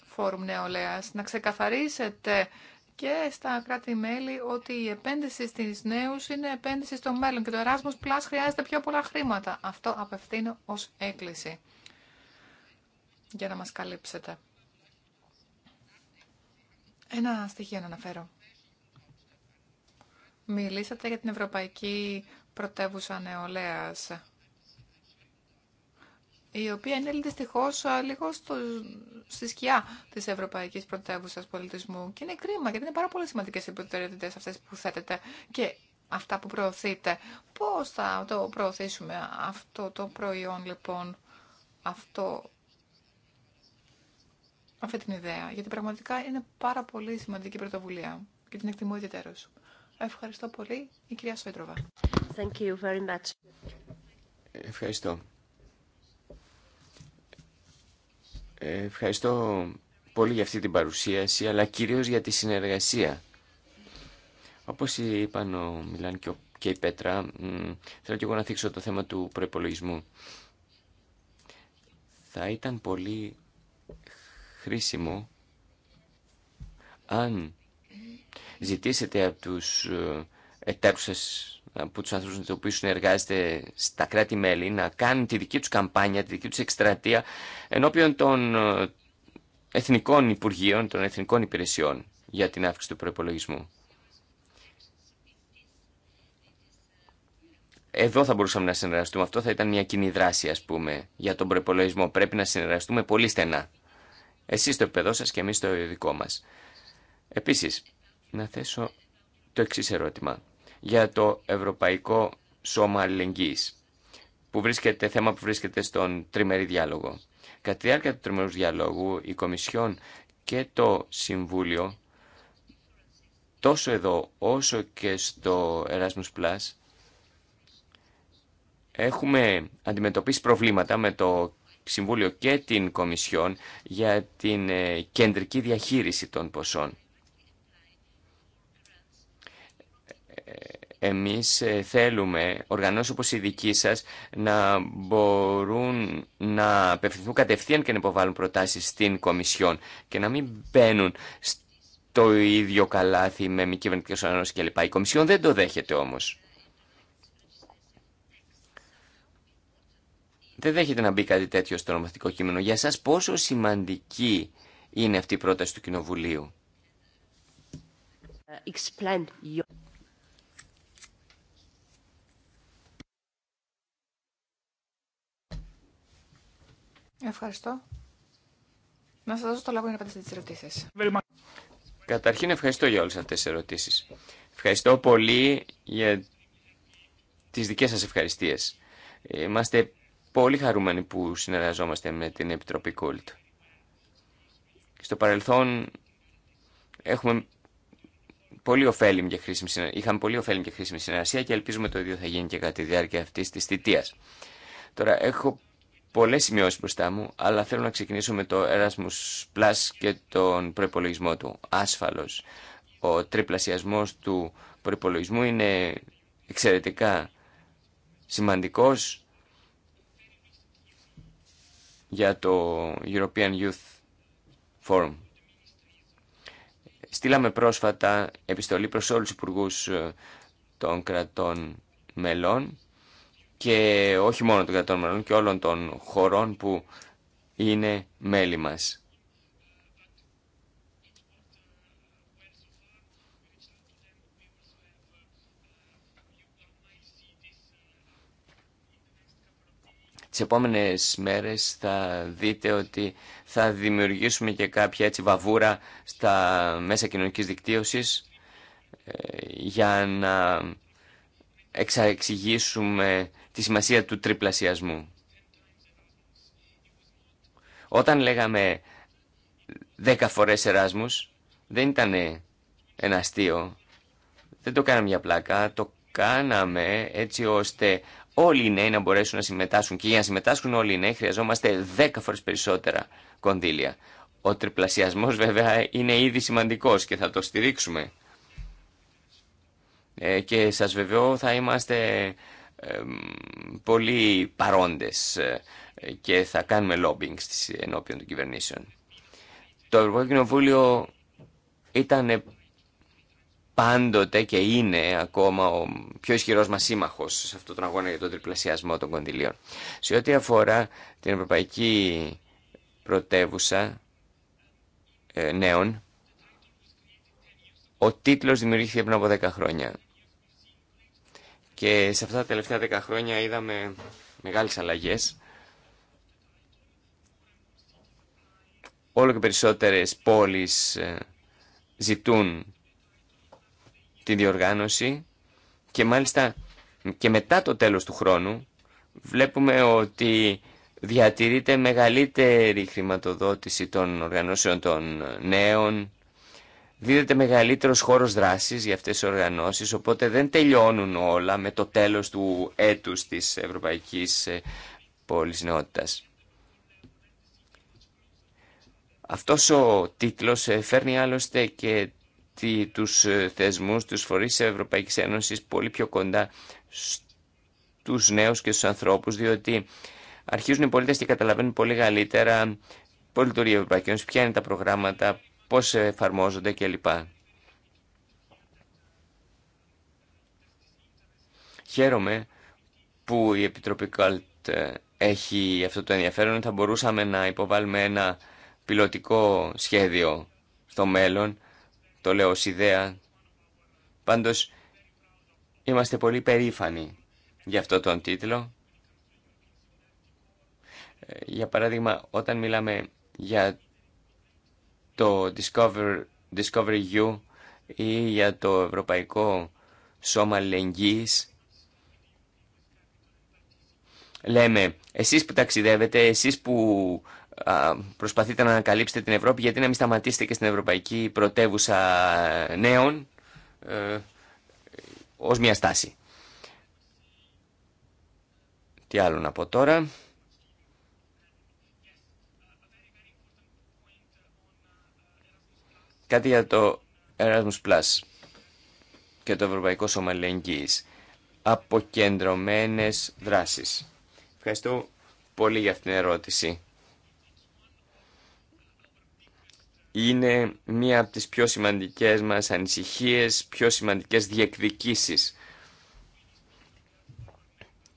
Φόρουμ Νεολαία, να ξεκαθαρίσετε και στα κράτη-μέλη ότι η επένδυση στις νέου είναι επένδυση στο μέλλον και το Erasmus Plus χρειάζεται πιο πολλά χρήματα. Αυτό απευθύνω ως έκκληση για να μας καλύψετε. Ένα στοιχείο να αναφέρω. Μιλήσατε για την Ευρωπαϊκή Πρωτεύουσα νεολαία η οποία είναι δυστυχώ λίγο στο, στη σκιά τη Ευρωπαϊκή Πρωτεύουσα Πολιτισμού. Και είναι κρίμα, γιατί είναι πάρα πολύ σημαντικέ οι προτεραιότητε αυτέ που θέτετε και αυτά που προωθείτε. Πώ θα το προωθήσουμε αυτό το προϊόν, λοιπόν, αυτό, αυτή την ιδέα, γιατί πραγματικά είναι πάρα πολύ σημαντική πρωτοβουλία και την εκτιμώ ιδιαίτερω. Ευχαριστώ πολύ, η κυρία Σόιτροβα. Thank you very much. Ευχαριστώ. Ε, ευχαριστώ πολύ για αυτή την παρουσίαση, αλλά κυρίως για τη συνεργασία. Όπως είπαν ο Μιλάν και η Πέτρα, θέλω και εγώ να θίξω το θέμα του προπολογισμού. Θα ήταν πολύ χρήσιμο αν ζητήσετε από τους ε, εταίρους σας από ε, του ανθρώπου με οποίου εργάζεται στα κράτη-μέλη να κάνουν τη δική τους καμπάνια, τη δική τους εκστρατεία ενώπιον των ε, εθνικών υπουργείων, των εθνικών υπηρεσιών για την αύξηση του προπολογισμού. Εδώ θα μπορούσαμε να συνεργαστούμε. Αυτό θα ήταν μια κοινή δράση, ας πούμε, για τον προπολογισμό. Πρέπει να συνεργαστούμε πολύ στενά. Εσεί στο επίπεδό σα και εμεί στο δικό μα. Επίση, να θέσω το εξή ερώτημα για το Ευρωπαϊκό Σώμα Αλληλεγγύης, που βρίσκεται, θέμα που βρίσκεται στον τριμερή διάλογο. Κατά τη διάρκεια του τριμερού διαλόγου, η Κομισιόν και το Συμβούλιο, τόσο εδώ όσο και στο Erasmus Plus, έχουμε αντιμετωπίσει προβλήματα με το Συμβούλιο και την Κομισιόν για την ε, κεντρική διαχείριση των ποσών. Ε, εμείς ε, θέλουμε οργανώσει όπως η δική σας να μπορούν να απευθυνθούν κατευθείαν και να υποβάλουν προτάσεις στην Κομισιόν και να μην μπαίνουν στο ίδιο καλάθι με μη κυβερνητικές οργανώσεις κλπ. Η Κομισιόν δεν το δέχεται όμως. Δεν δέχεται να μπει κάτι τέτοιο στο νομοθετικό κείμενο. Για σας πόσο σημαντική είναι αυτή η πρόταση του Κοινοβουλίου. Ε, explain. Ευχαριστώ. Να σα δώσω το λόγο για να απαντήσετε τις ερωτήσεις. Καταρχήν ευχαριστώ για όλε αυτέ τι ερωτήσει. Ευχαριστώ πολύ για τι δικέ σα ευχαριστίες. Είμαστε πολύ χαρούμενοι που συνεργαζόμαστε με την Επιτροπή Κόλτ. Στο παρελθόν έχουμε πολύ ωφέλιμη και χρήσιμη, είχαμε πολύ ωφέλιμη και χρήσιμη συνεργασία και ελπίζουμε το ίδιο θα γίνει και κατά τη διάρκεια αυτή τη θητεία. Τώρα έχω Πολλέ σημειώσει μπροστά μου, αλλά θέλω να ξεκινήσω με το Erasmus Plus και τον προπολογισμό του. Άσφαλος, ο τριπλασιασμός του προπολογισμού είναι εξαιρετικά σημαντικός για το European Youth Forum. Στείλαμε πρόσφατα επιστολή προς όλους τους υπουργούς ε, των κρατών μελών και όχι μόνο των κρατών και όλων των χωρών που είναι μέλη μας. Τις επόμενες μέρες θα δείτε ότι θα δημιουργήσουμε και κάποια έτσι βαβούρα στα μέσα κοινωνικής δικτύωσης ε, για να εξαεξηγήσουμε τη σημασία του τριπλασιασμού. Όταν λέγαμε δέκα φορές Εράσμους, δεν ήταν ένα αστείο. Δεν το κάναμε για πλάκα, το κάναμε έτσι ώστε όλοι οι νέοι να μπορέσουν να συμμετάσχουν. Και για να συμμετάσχουν όλοι οι νέοι χρειαζόμαστε δέκα φορές περισσότερα κονδύλια. Ο τριπλασιασμός βέβαια είναι ήδη σημαντικός και θα το στηρίξουμε. Ε, και σας βεβαιώ θα είμαστε πολύ παρόντες ε, και θα κάνουμε lobbying στις ενώπιον των κυβερνήσεων. Το Ευρωπαϊκό Κοινοβούλιο ήταν πάντοτε και είναι ακόμα ο πιο ισχυρό μας σύμμαχος σε αυτόν τον αγώνα για τον τριπλασιασμό των κονδυλίων. Σε ό,τι αφορά την Ευρωπαϊκή Πρωτεύουσα ε, Νέων, ο τίτλος δημιουργήθηκε πριν από 10 χρόνια. Και σε αυτά τα τελευταία δέκα χρόνια είδαμε μεγάλες αλλαγές. Όλο και περισσότερες πόλεις ε, ζητούν τη διοργάνωση και μάλιστα και μετά το τέλος του χρόνου βλέπουμε ότι διατηρείται μεγαλύτερη χρηματοδότηση των οργανώσεων των νέων δίδεται μεγαλύτερος χώρος δράσης για αυτές τις οργανώσεις, οπότε δεν τελειώνουν όλα με το τέλος του έτους της Ευρωπαϊκής ε, Πόλης Νεότητας. Αυτός ο τίτλος ε, φέρνει άλλωστε και τους ε, θεσμούς, τους φορείς της Ευρωπαϊκής Ένωσης πολύ πιο κοντά στους νέους και στους ανθρώπους, διότι αρχίζουν οι πολίτες και καταλαβαίνουν πολύ καλύτερα πολύ Ευρωπαϊκή Ένωση, ποια είναι τα προγράμματα πώς εφαρμόζονται κλπ. Χαίρομαι που η Επιτροπή Καλτ ε, έχει αυτό το ενδιαφέρον θα μπορούσαμε να υποβάλουμε ένα πιλωτικό σχέδιο στο μέλλον, το λέω ως ιδέα. Πάντως, είμαστε πολύ περήφανοι για αυτό τον τίτλο. Ε, για παράδειγμα, όταν μιλάμε για το Discover, Discover You ή για το Ευρωπαϊκό Σώμα Λεγγύης. Λέμε, εσείς που ταξιδεύετε, εσείς που προσπαθείτε να ανακαλύψετε την Ευρώπη, γιατί να μην σταματήσετε και στην Ευρωπαϊκή Πρωτεύουσα Νέων ε, ως μια στάση. Τι άλλο να πω τώρα... Κάτι για το Erasmus Plus και το Ευρωπαϊκό Σώμα αποκεντρωμένε Αποκεντρωμένες δράσεις. Ευχαριστώ πολύ για αυτήν την ερώτηση. Είναι μία από τις πιο σημαντικές μας ανησυχίες, πιο σημαντικές διεκδικήσεις.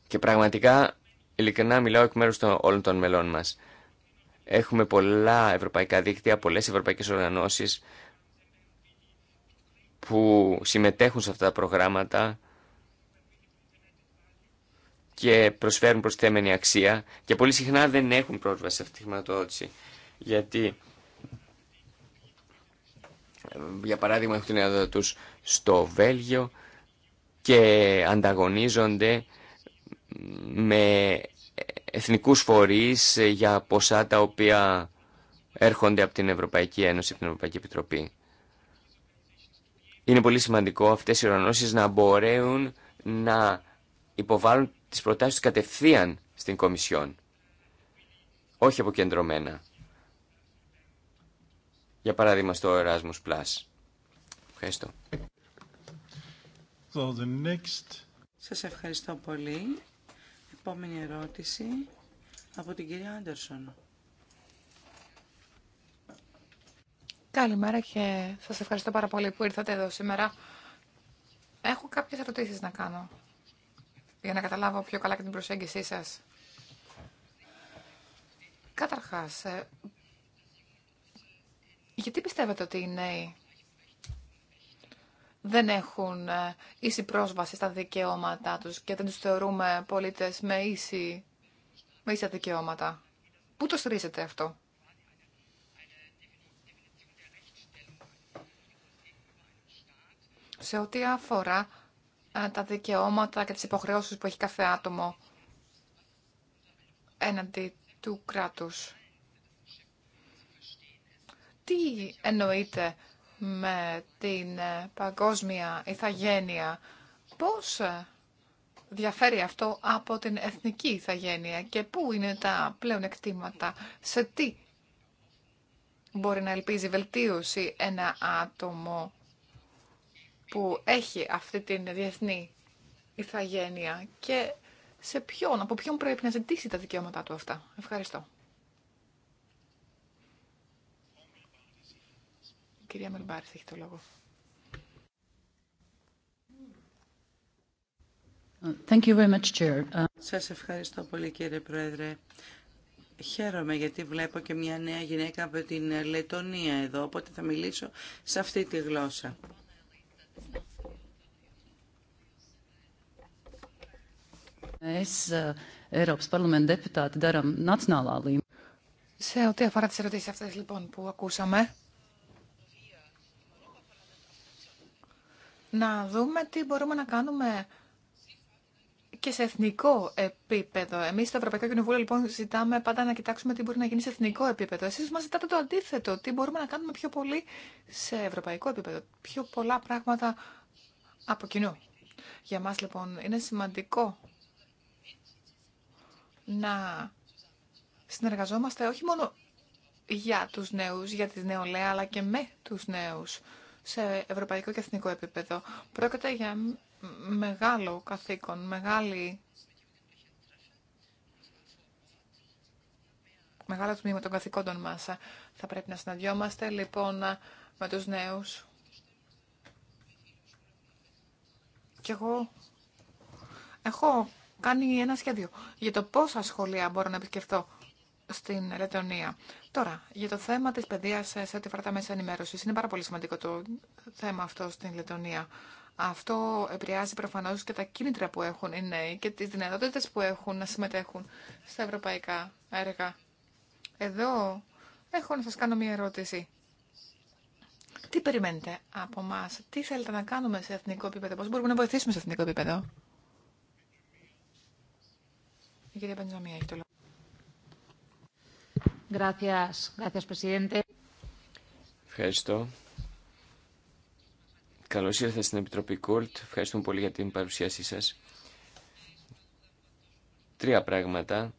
Και πραγματικά, ειλικρινά μιλάω εκ μέρους των, όλων των μελών μας. Έχουμε πολλά ευρωπαϊκά δίκτυα, πολλές ευρωπαϊκές οργανώσεις που συμμετέχουν σε αυτά τα προγράμματα και προσφέρουν προσθέμενη αξία και πολύ συχνά δεν έχουν πρόσβαση σε αυτή τη χρηματοδότηση. Γιατί, για παράδειγμα, έχουν την έδρα τους στο Βέλγιο και ανταγωνίζονται με εθνικούς φορείς ε, για ποσά τα οποία έρχονται από την Ευρωπαϊκή Ένωση, από την Ευρωπαϊκή Επιτροπή. Είναι πολύ σημαντικό αυτές οι οργανώσεις να μπορέουν να υποβάλουν τις προτάσεις κατευθείαν στην Κομισιόν. Όχι αποκεντρωμένα. Για παράδειγμα στο Erasmus Plus. Ευχαριστώ. So Σας ευχαριστώ πολύ. Επόμενη ερώτηση από την κυρία Άντερσον. Καλημέρα και σας ευχαριστώ πάρα πολύ που ήρθατε εδώ σήμερα. Έχω κάποιες ερωτήσεις να κάνω για να καταλάβω πιο καλά και την προσέγγισή σας. Καταρχάς, ε, γιατί πιστεύετε ότι οι νέοι δεν έχουν ε, ίση πρόσβαση στα δικαιώματά τους και δεν τους θεωρούμε πολίτες με, ίση, με ίσα δικαιώματα. Πού το στηρίζεται αυτό. Σε ό,τι αφορά ε, τα δικαιώματα και τις υποχρεώσεις που έχει κάθε άτομο έναντι του κράτους. Τι εννοείται με την ε, παγκόσμια ηθαγένεια. Πώς ε, διαφέρει αυτό από την εθνική ηθαγένεια και πού είναι τα πλέον εκτίματα, σε τι μπορεί να ελπίζει βελτίωση ένα άτομο που έχει αυτή την διεθνή ηθαγένεια και σε ποιον, από ποιον πρέπει να ζητήσει τα δικαιώματά του αυτά. Ευχαριστώ. Κυρία Μελμπάρης, έχει το λόγο. Σας ευχαριστώ πολύ κύριε Πρόεδρε. Χαίρομαι γιατί βλέπω και μια νέα γυναίκα από την Λετωνία εδώ, οπότε θα μιλήσω σε αυτή τη γλώσσα. Ε, σε ό,τι αφορά τις ερωτήσεις αυτές λοιπόν που ακούσαμε, να δούμε τι μπορούμε να κάνουμε και σε εθνικό επίπεδο. Εμεί στο Ευρωπαϊκό Κοινοβούλιο, λοιπόν, ζητάμε πάντα να κοιτάξουμε τι μπορεί να γίνει σε εθνικό επίπεδο. Εσεί μα ζητάτε το αντίθετο. Τι μπορούμε να κάνουμε πιο πολύ σε ευρωπαϊκό επίπεδο. Πιο πολλά πράγματα από κοινού. Για μας λοιπόν είναι σημαντικό να συνεργαζόμαστε όχι μόνο για τους νέους, για τη νεολαία, αλλά και με τους νέους σε ευρωπαϊκό και εθνικό επίπεδο. Πρόκειται για μεγάλο καθήκον, μεγάλη... μεγάλο τμήμα των καθηκόντων μας. Θα πρέπει να συναντιόμαστε λοιπόν με τους νέους. Και εγώ έχω κάνει ένα σχέδιο για το πόσα σχολεία μπορώ να επισκεφτώ στην Λετωνία. Τώρα, για το θέμα της παιδείας ε, σε ό,τι αφορά τα μέσα ενημέρωσης, είναι πάρα πολύ σημαντικό το θέμα αυτό στην Λετωνία. Αυτό επηρεάζει προφανώς και τα κίνητρα που έχουν οι νέοι και τις δυνατότητες που έχουν να συμμετέχουν στα ευρωπαϊκά έργα. Εδώ έχω να σας κάνω μία ερώτηση. Τι περιμένετε από εμά, τι θέλετε να κάνουμε σε εθνικό επίπεδο, πώς μπορούμε να βοηθήσουμε σε εθνικό επίπεδο. Η κυρία Πεντζαμία έχει το λόγο. Gracias, Ευχαριστώ. Καλώ ήρθατε στην Επιτροπή Κούλτ. Ευχαριστούμε πολύ για την παρουσίασή σα. Τρία πράγματα.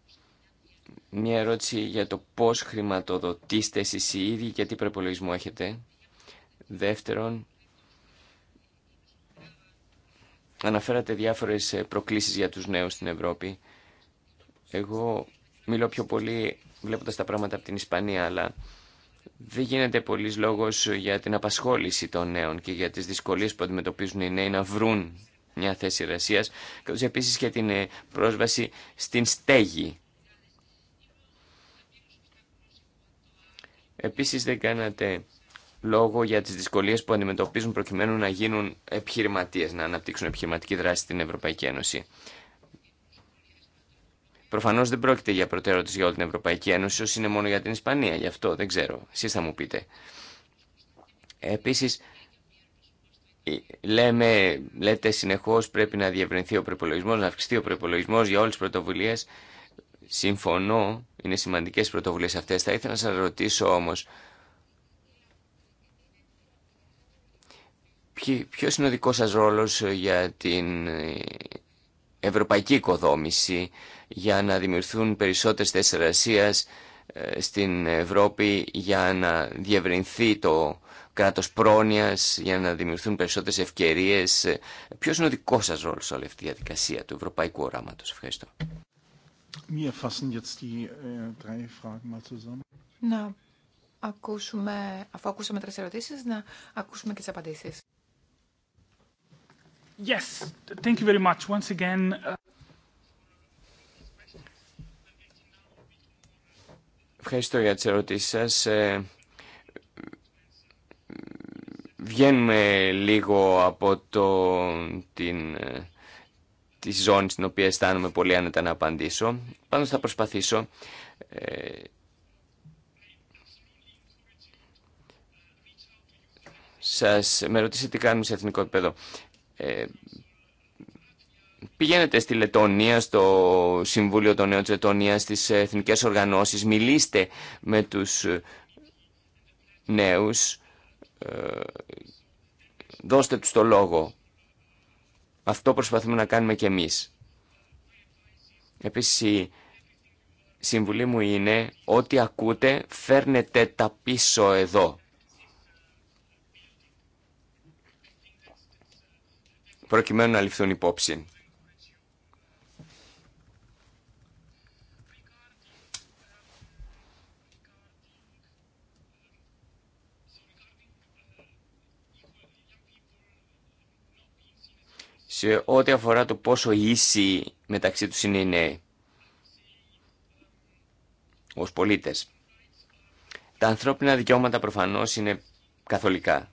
Μια ερώτηση για το πώ χρηματοδοτήσετε εσεί οι ίδιοι και τι προπολογισμό έχετε. Δεύτερον, αναφέρατε διάφορε προκλήσει για τους νέου στην Ευρώπη. Εγώ Μιλώ πιο πολύ βλέποντας τα πράγματα από την Ισπανία, αλλά δεν γίνεται πολλής λόγος για την απασχόληση των νέων και για τις δυσκολίες που αντιμετωπίζουν οι νέοι να βρουν μια θέση εργασία, καθώς επίσης και την ε, πρόσβαση στην στέγη. Επίσης δεν κάνατε λόγο για τις δυσκολίες που αντιμετωπίζουν προκειμένου να γίνουν επιχειρηματίες, να αναπτύξουν επιχειρηματική δράση στην Ευρωπαϊκή Ένωση. Προφανώ δεν πρόκειται για προτεραιότητε για όλη την Ευρωπαϊκή Ένωση, όσο είναι μόνο για την Ισπανία. Γι' αυτό δεν ξέρω. Εσεί θα μου πείτε. Επίση, ε, λέμε, λέτε συνεχώ πρέπει να διευρυνθεί ο προπολογισμό, να αυξηθεί ο προπολογισμό για όλε τι πρωτοβουλίε. Συμφωνώ, είναι σημαντικέ οι πρωτοβουλίε αυτέ. Θα ήθελα να σα ρωτήσω όμω, ποιος είναι ο δικός σας ρόλος για την ευρωπαϊκή οικοδόμηση για να δημιουργηθούν περισσότερες θέσεις εργασίας ε, στην Ευρώπη για να διευρυνθεί το κράτος πρόνοιας, για να δημιουργηθούν περισσότερες ευκαιρίες. Ε, ποιος είναι ο δικός σας ρόλος σε όλη αυτή τη διαδικασία του ευρωπαϊκού οράματος. Ευχαριστώ. Äh, να ακούσουμε, αφού ακούσαμε τρεις ερωτήσεις, να ακούσουμε και τις απαντήσεις. Yes, thank you very much once again. Uh, Ευχαριστώ για τις ερωτήσεις σας. Ε, βγαίνουμε λίγο από το, την, ε, τη ζώνη στην οποία αισθάνομαι πολύ άνετα να απαντήσω. Πάνω θα προσπαθήσω. Ε, σας με ρωτήσετε τι κάνουμε σε εθνικό επίπεδο. Ε, πηγαίνετε στη Λετωνία, στο Συμβούλιο των Νέων της Λετωνίας, στις εθνικές οργανώσεις, μιλήστε με τους ε, νέους, ε, δώστε τους το λόγο. Αυτό προσπαθούμε να κάνουμε και εμείς. Επίσης η συμβουλή μου είναι ότι ακούτε φέρνετε τα πίσω εδώ. προκειμένου να ληφθούν υπόψη. σε ό,τι αφορά το πόσο ίσοι μεταξύ τους είναι οι νέοι ως πολίτες. Τα ανθρώπινα δικαιώματα προφανώς είναι καθολικά.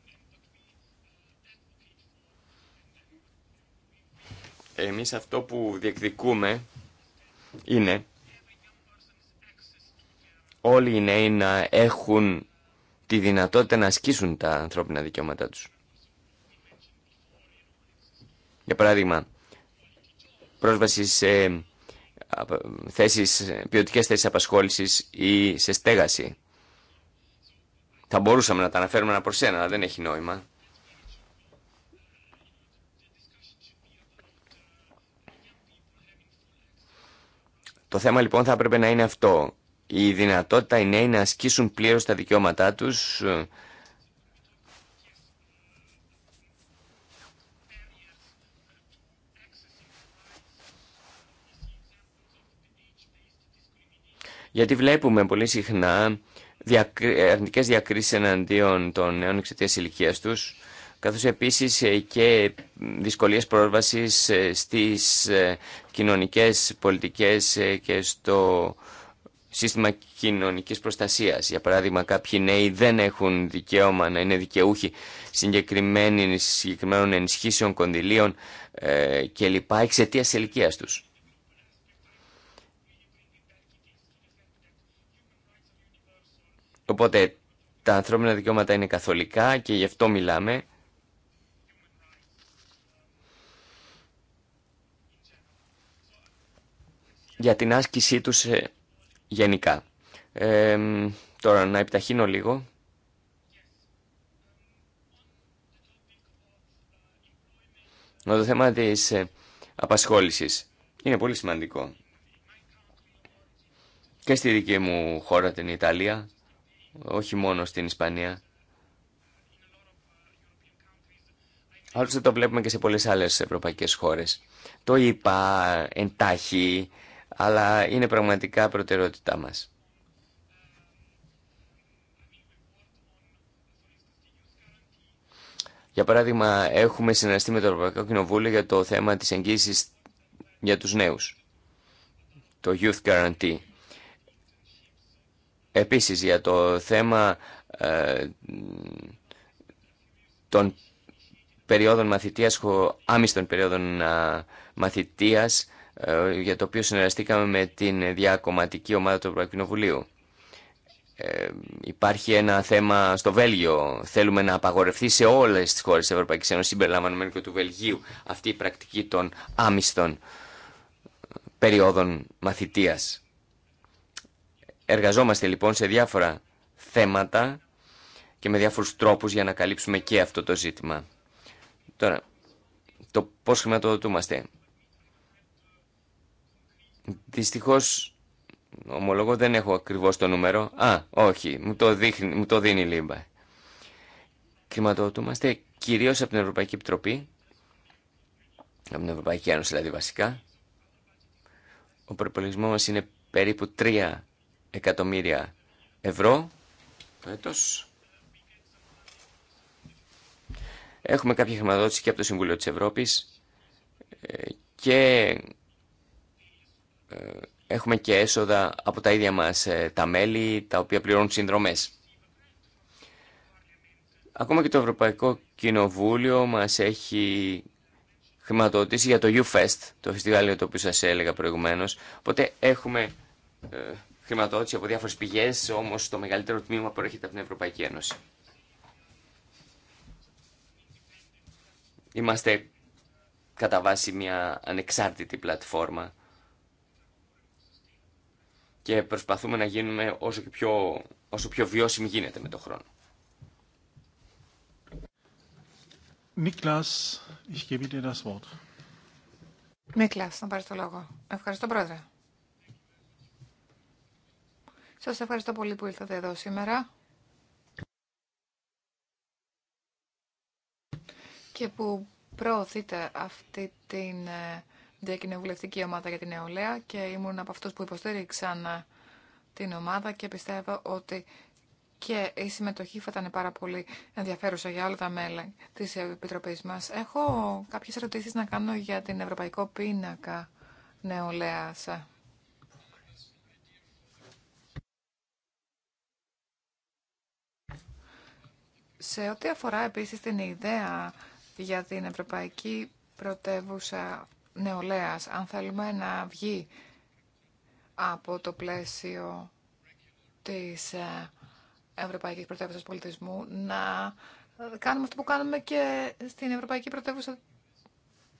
Εμείς αυτό που διεκδικούμε είναι όλοι οι νέοι να έχουν τη δυνατότητα να ασκήσουν τα ανθρώπινα δικαιώματά τους. Για παράδειγμα, πρόσβαση σε θέσεις, ποιοτικές θέσεις απασχόλησης ή σε στέγαση. Θα μπορούσαμε να τα αναφέρουμε ένα προς ένα, αλλά δεν έχει νόημα. Το θέμα λοιπόν θα έπρεπε να είναι αυτό. Η δυνατότητα οι νέοι να ασκήσουν πλήρως τα δικαιώματά τους ε, Γιατί βλέπουμε πολύ συχνά αρνητικές διακρίσεις εναντίον των νέων εξαιτία ηλικία τους καθώς επίσης ε, και δυσκολίες πρόσβασης ε, στις ε, κοινωνικές πολιτικές και στο σύστημα κοινωνικής προστασίας. Για παράδειγμα, κάποιοι νέοι δεν έχουν δικαίωμα να είναι δικαιούχοι συγκεκριμένων ενισχύσεων, κονδυλίων ε, κλπ. εξαιτίας ηλικία τους. Οπότε τα ανθρώπινα δικαιώματα είναι καθολικά και γι' αυτό μιλάμε. για την άσκησή τους ε, γενικά. τώρα να επιταχύνω λίγο. Το θέμα της ε, απασχόλησης είναι πολύ σημαντικό. Και στη δική μου χώρα, την Ιταλία, όχι μόνο στην Ισπανία. Άλλωστε το βλέπουμε και σε πολλές άλλες ευρωπαϊκές χώρες. Το είπα εντάχει αλλά είναι πραγματικά προτεραιότητά μας. Για παράδειγμα, έχουμε συνεργαστεί με το Ευρωπαϊκό Κοινοβούλιο για το θέμα της εγγύησης για τους νέους, το Youth Guarantee. Επίσης, για το θέμα ε, των περιόδων μαθητείας, άμυστων περιόδων ε, μαθητείας, ε, για το οποίο συνεργαστήκαμε με την διακομματική ομάδα του Ευρωκοινοβουλίου. Ε, υπάρχει ένα θέμα στο Βέλγιο. Θέλουμε να απαγορευτεί σε όλε τι χώρε τη Ευρωπαϊκή Ένωση, συμπεριλαμβανομένου και του Βελγίου, αυτή η πρακτική των άμυστων ε, περιόδων μαθητεία. Εργαζόμαστε λοιπόν σε διάφορα θέματα και με διάφορους τρόπους για να καλύψουμε και αυτό το ζήτημα. Τώρα, το πώς χρηματοδοτούμαστε. Δυστυχώς, ομολόγω δεν έχω ακριβώς το νούμερο. Α, όχι, μου το, δείχνει, μου το δίνει η Λίμπα. Χρηματοδοτούμαστε κυρίως από την Ευρωπαϊκή Επιτροπή, από την Ευρωπαϊκή Ένωση δηλαδή βασικά. Ο προπολογισμό μας είναι περίπου 3 εκατομμύρια ευρώ το έτος. Έχουμε κάποια χρηματοδότηση και από το Συμβούλιο της Ευρώπης ε, και ε, έχουμε και έσοδα από τα ίδια μας ε, τα μέλη, τα οποία πληρώνουν συνδρομές. Ακόμα και το Ευρωπαϊκό Κοινοβούλιο μας έχει χρηματοδοτήσει για το UFEST, το φεστιβάλ το οποίο σας έλεγα προηγουμένως. Οπότε έχουμε ε, χρηματοδότηση από διάφορες πηγές, όμως το μεγαλύτερο τμήμα προέρχεται από την Ευρωπαϊκή Ένωση. Είμαστε κατά βάση μια ανεξάρτητη πλατφόρμα και προσπαθούμε να γίνουμε όσο, πιο, όσο πιο βιώσιμοι γίνεται με τον χρόνο. Νίκλας, ich gebe dir das Wort. Νίκλας, να πάρεις το λόγο. Ευχαριστώ, Πρόεδρε. Σας ευχαριστώ πολύ που ήρθατε εδώ σήμερα. Και που προωθείτε αυτή την ε, διακοινοβουλευτική ομάδα για την νεολαία και ήμουν από αυτούς που υποστήριξαν ε, την ομάδα και πιστεύω ότι και η συμμετοχή θα ήταν πάρα πολύ ενδιαφέρουσα για όλα τα μέλη της Επιτροπής μας. Έχω κάποιες ερωτήσεις να κάνω για την Ευρωπαϊκό Πίνακα Νεολαίας. Σε ό,τι αφορά επίσης την ιδέα για την Ευρωπαϊκή Πρωτεύουσα αν θέλουμε να βγει από το πλαίσιο της ε, Ευρωπαϊκής Πρωτεύουσας Πολιτισμού, να ε, κάνουμε αυτό που κάνουμε και στην Ευρωπαϊκή Πρωτεύουσα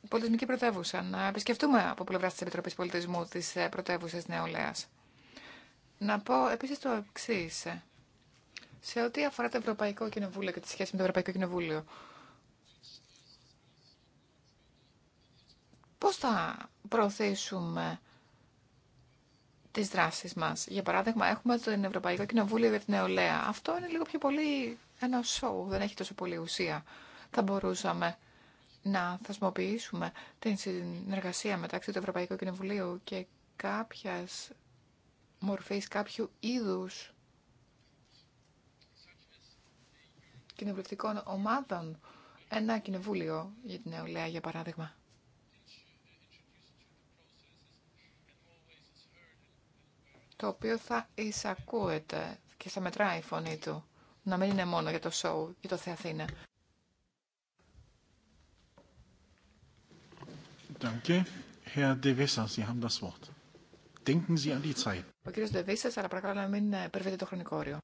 Πολιτισμική Πρωτεύουσα, να επισκεφτούμε από πλευρά της Επιτροπής Πολιτισμού της ε, Πρωτεύουσας Νεολαίας. Να πω επίσης το εξή. Σε ό,τι αφορά το Ευρωπαϊκό Κοινοβούλιο και τη σχέση με το Ευρωπαϊκό Κοινοβούλιο, πώς θα προωθήσουμε τις δράσεις μας. Για παράδειγμα, έχουμε το Ευρωπαϊκό Κοινοβούλιο για την Νεολαία. Αυτό είναι λίγο πιο πολύ ένα σοου, δεν έχει τόσο πολύ ουσία. Θα μπορούσαμε να θεσμοποιήσουμε την συνεργασία μεταξύ του Ευρωπαϊκού Κοινοβουλίου και κάποιας μορφής, κάποιου είδους κοινοβουλευτικών ομάδων ένα κοινοβούλιο για την νεολαία, για παράδειγμα. το οποίο θα εισακούεται και θα μετράει η φωνή του. Να μην είναι μόνο για το σοου ή το Θεαθήνα. Danke. Herr Sie haben Ο κύριος αλλά παρακαλώ να μην ε, υπερβείτε το χρονικό όριο.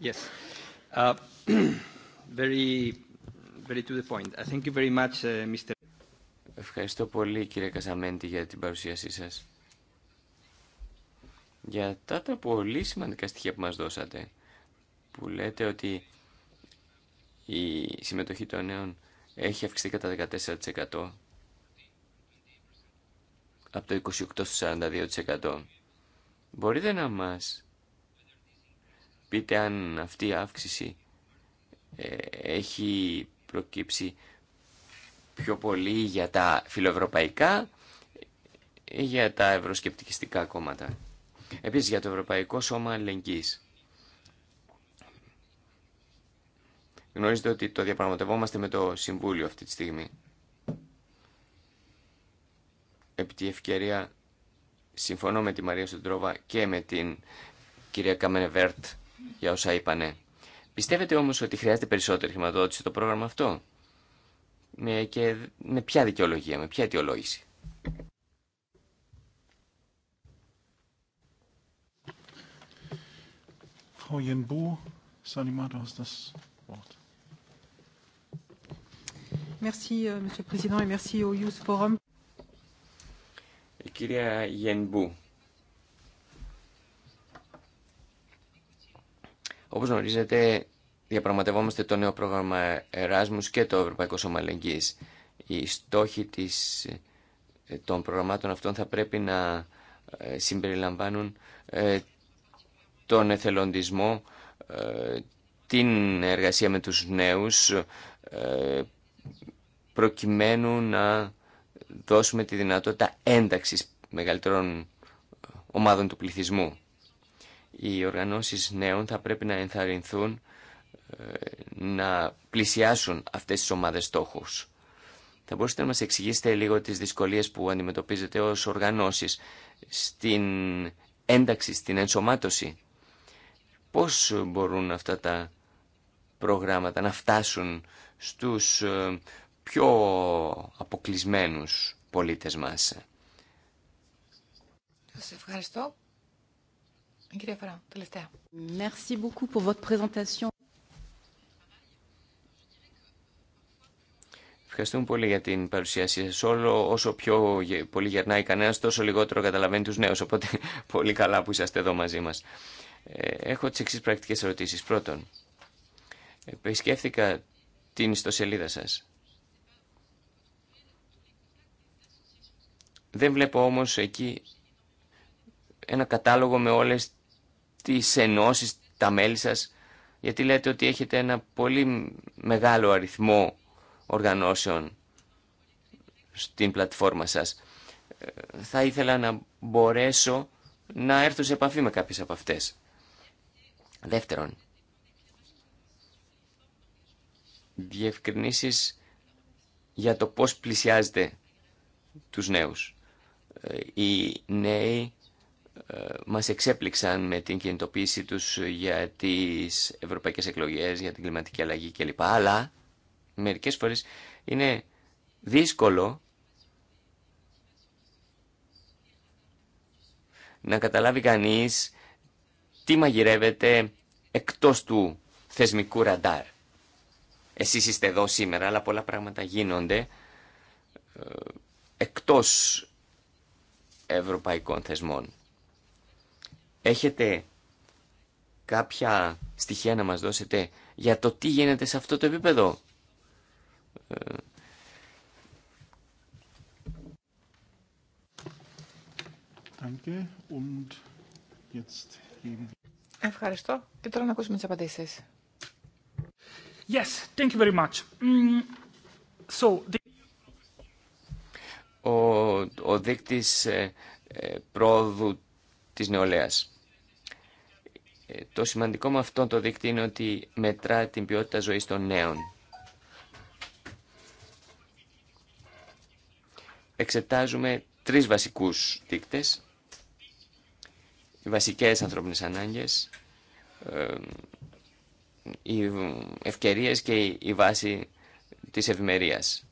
yes. Uh, very Ευχαριστώ πολύ κύριε Κασαμέντη για την παρουσίασή σας. Για τα πολύ σημαντικά στοιχεία που μας δώσατε, που λέτε ότι η συμμετοχή των νέων έχει αυξηθεί κατά 14%, από το 28% στο 42%. Μπορείτε να μας πείτε αν αυτή η αύξηση ε, έχει προκύψει πιο πολύ για τα φιλοευρωπαϊκά ή για τα ευρωσκεπτικιστικά κόμματα. Επίσης για το Ευρωπαϊκό Σώμα Αλληλεγγύης. Γνωρίζετε ότι το διαπραγματευόμαστε με το Συμβούλιο αυτή τη στιγμή. Επί τη ευκαιρία συμφωνώ με τη Μαρία Σεντρόβα και με την κυρία Καμενεβέρτ για όσα είπανε. Πιστεύετε όμως ότι χρειάζεται περισσότερη χρηματοδότηση το πρόγραμμα αυτό. Με, και με ποια δικαιολογία, με ποια αιτιολόγηση. Η euh, κυρία Γενμπού, Όπως γνωρίζετε, διαπραγματευόμαστε το νέο πρόγραμμα Εράσμους και το Ευρωπαϊκό Σώμα Αλληλεγγύης. Οι στόχοι της, ε, των προγραμμάτων αυτών θα πρέπει να ε, συμπεριλαμβάνουν ε, τον εθελοντισμό, την εργασία με τους νέους, προκειμένου να δώσουμε τη δυνατότητα ένταξης μεγαλύτερων ομάδων του πληθυσμού οι οργανώσεις νέων θα πρέπει να ενθαρρυνθούν ε, να πλησιάσουν αυτές τις ομάδες στόχους. Θα μπορούσατε να μας εξηγήσετε λίγο τις δυσκολίες που αντιμετωπίζετε ως οργανώσεις στην ένταξη, στην ενσωμάτωση. Πώς μπορούν αυτά τα προγράμματα να φτάσουν στους ε, πιο αποκλεισμένους πολίτες μας. Σας ευχαριστώ. Ευχαριστούμε πολύ για την παρουσίασή σα. Όλο όσο πιο πολύ γερνάει κανένα, τόσο λιγότερο καταλαβαίνει του νέου. Οπότε πολύ καλά που είσαστε εδώ μαζί μα. Ε, έχω τι εξή πρακτικέ ερωτήσει. Πρώτον, επισκέφθηκα την ιστοσελίδα σα. Δεν βλέπω όμω εκεί ένα κατάλογο με όλες τις ενώσεις, τα μέλη σας, γιατί λέτε ότι έχετε ένα πολύ μεγάλο αριθμό οργανώσεων στην πλατφόρμα σας. Θα ήθελα να μπορέσω να έρθω σε επαφή με κάποιες από αυτές. Δεύτερον, διευκρινήσεις για το πώς πλησιάζετε τους νέους. Ε, οι νέοι ε, μας εξέπληξαν με την κινητοποίησή τους για τις ευρωπαϊκές εκλογές, για την κλιματική αλλαγή κλπ. Αλλά μερικές φορές είναι δύσκολο να καταλάβει κανείς τι μαγειρεύεται εκτός του θεσμικού ραντάρ. Εσείς είστε εδώ σήμερα, αλλά πολλά πράγματα γίνονται ε, εκτός ευρωπαϊκών θεσμών. Έχετε κάποια στοιχεία να μας δώσετε για το τι γίνεται σε αυτό το επίπεδο. Ευχαριστώ. Και τώρα να ακούσουμε τι απαντήσεις. Yes, thank you very much. Mm, so, the... ο, ο δείκτης ε, ε, πρόοδου της νεολαίας. Το σημαντικό με αυτό το δίκτυο είναι ότι μετρά την ποιότητα ζωής των νέων. Εξετάζουμε τρεις βασικούς δείκτες. Οι βασικές ανθρώπινες ανάγκες, ε, οι ευκαιρίες και η βάση της ευημερίας.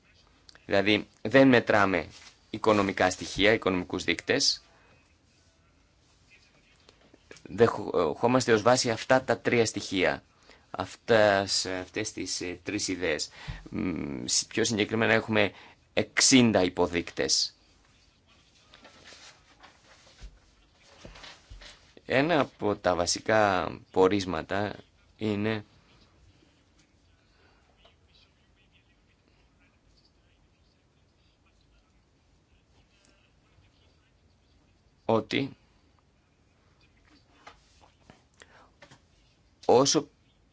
Δηλαδή δεν μετράμε οικονομικά στοιχεία, οικονομικούς δείκτες, δεχόμαστε ως βάση αυτά τα τρία στοιχεία, αυτές, αυτές τις ε, τρεις ιδέες. Πιο συγκεκριμένα έχουμε 60 υποδείκτες. Ένα από τα βασικά πορίσματα είναι ότι όσο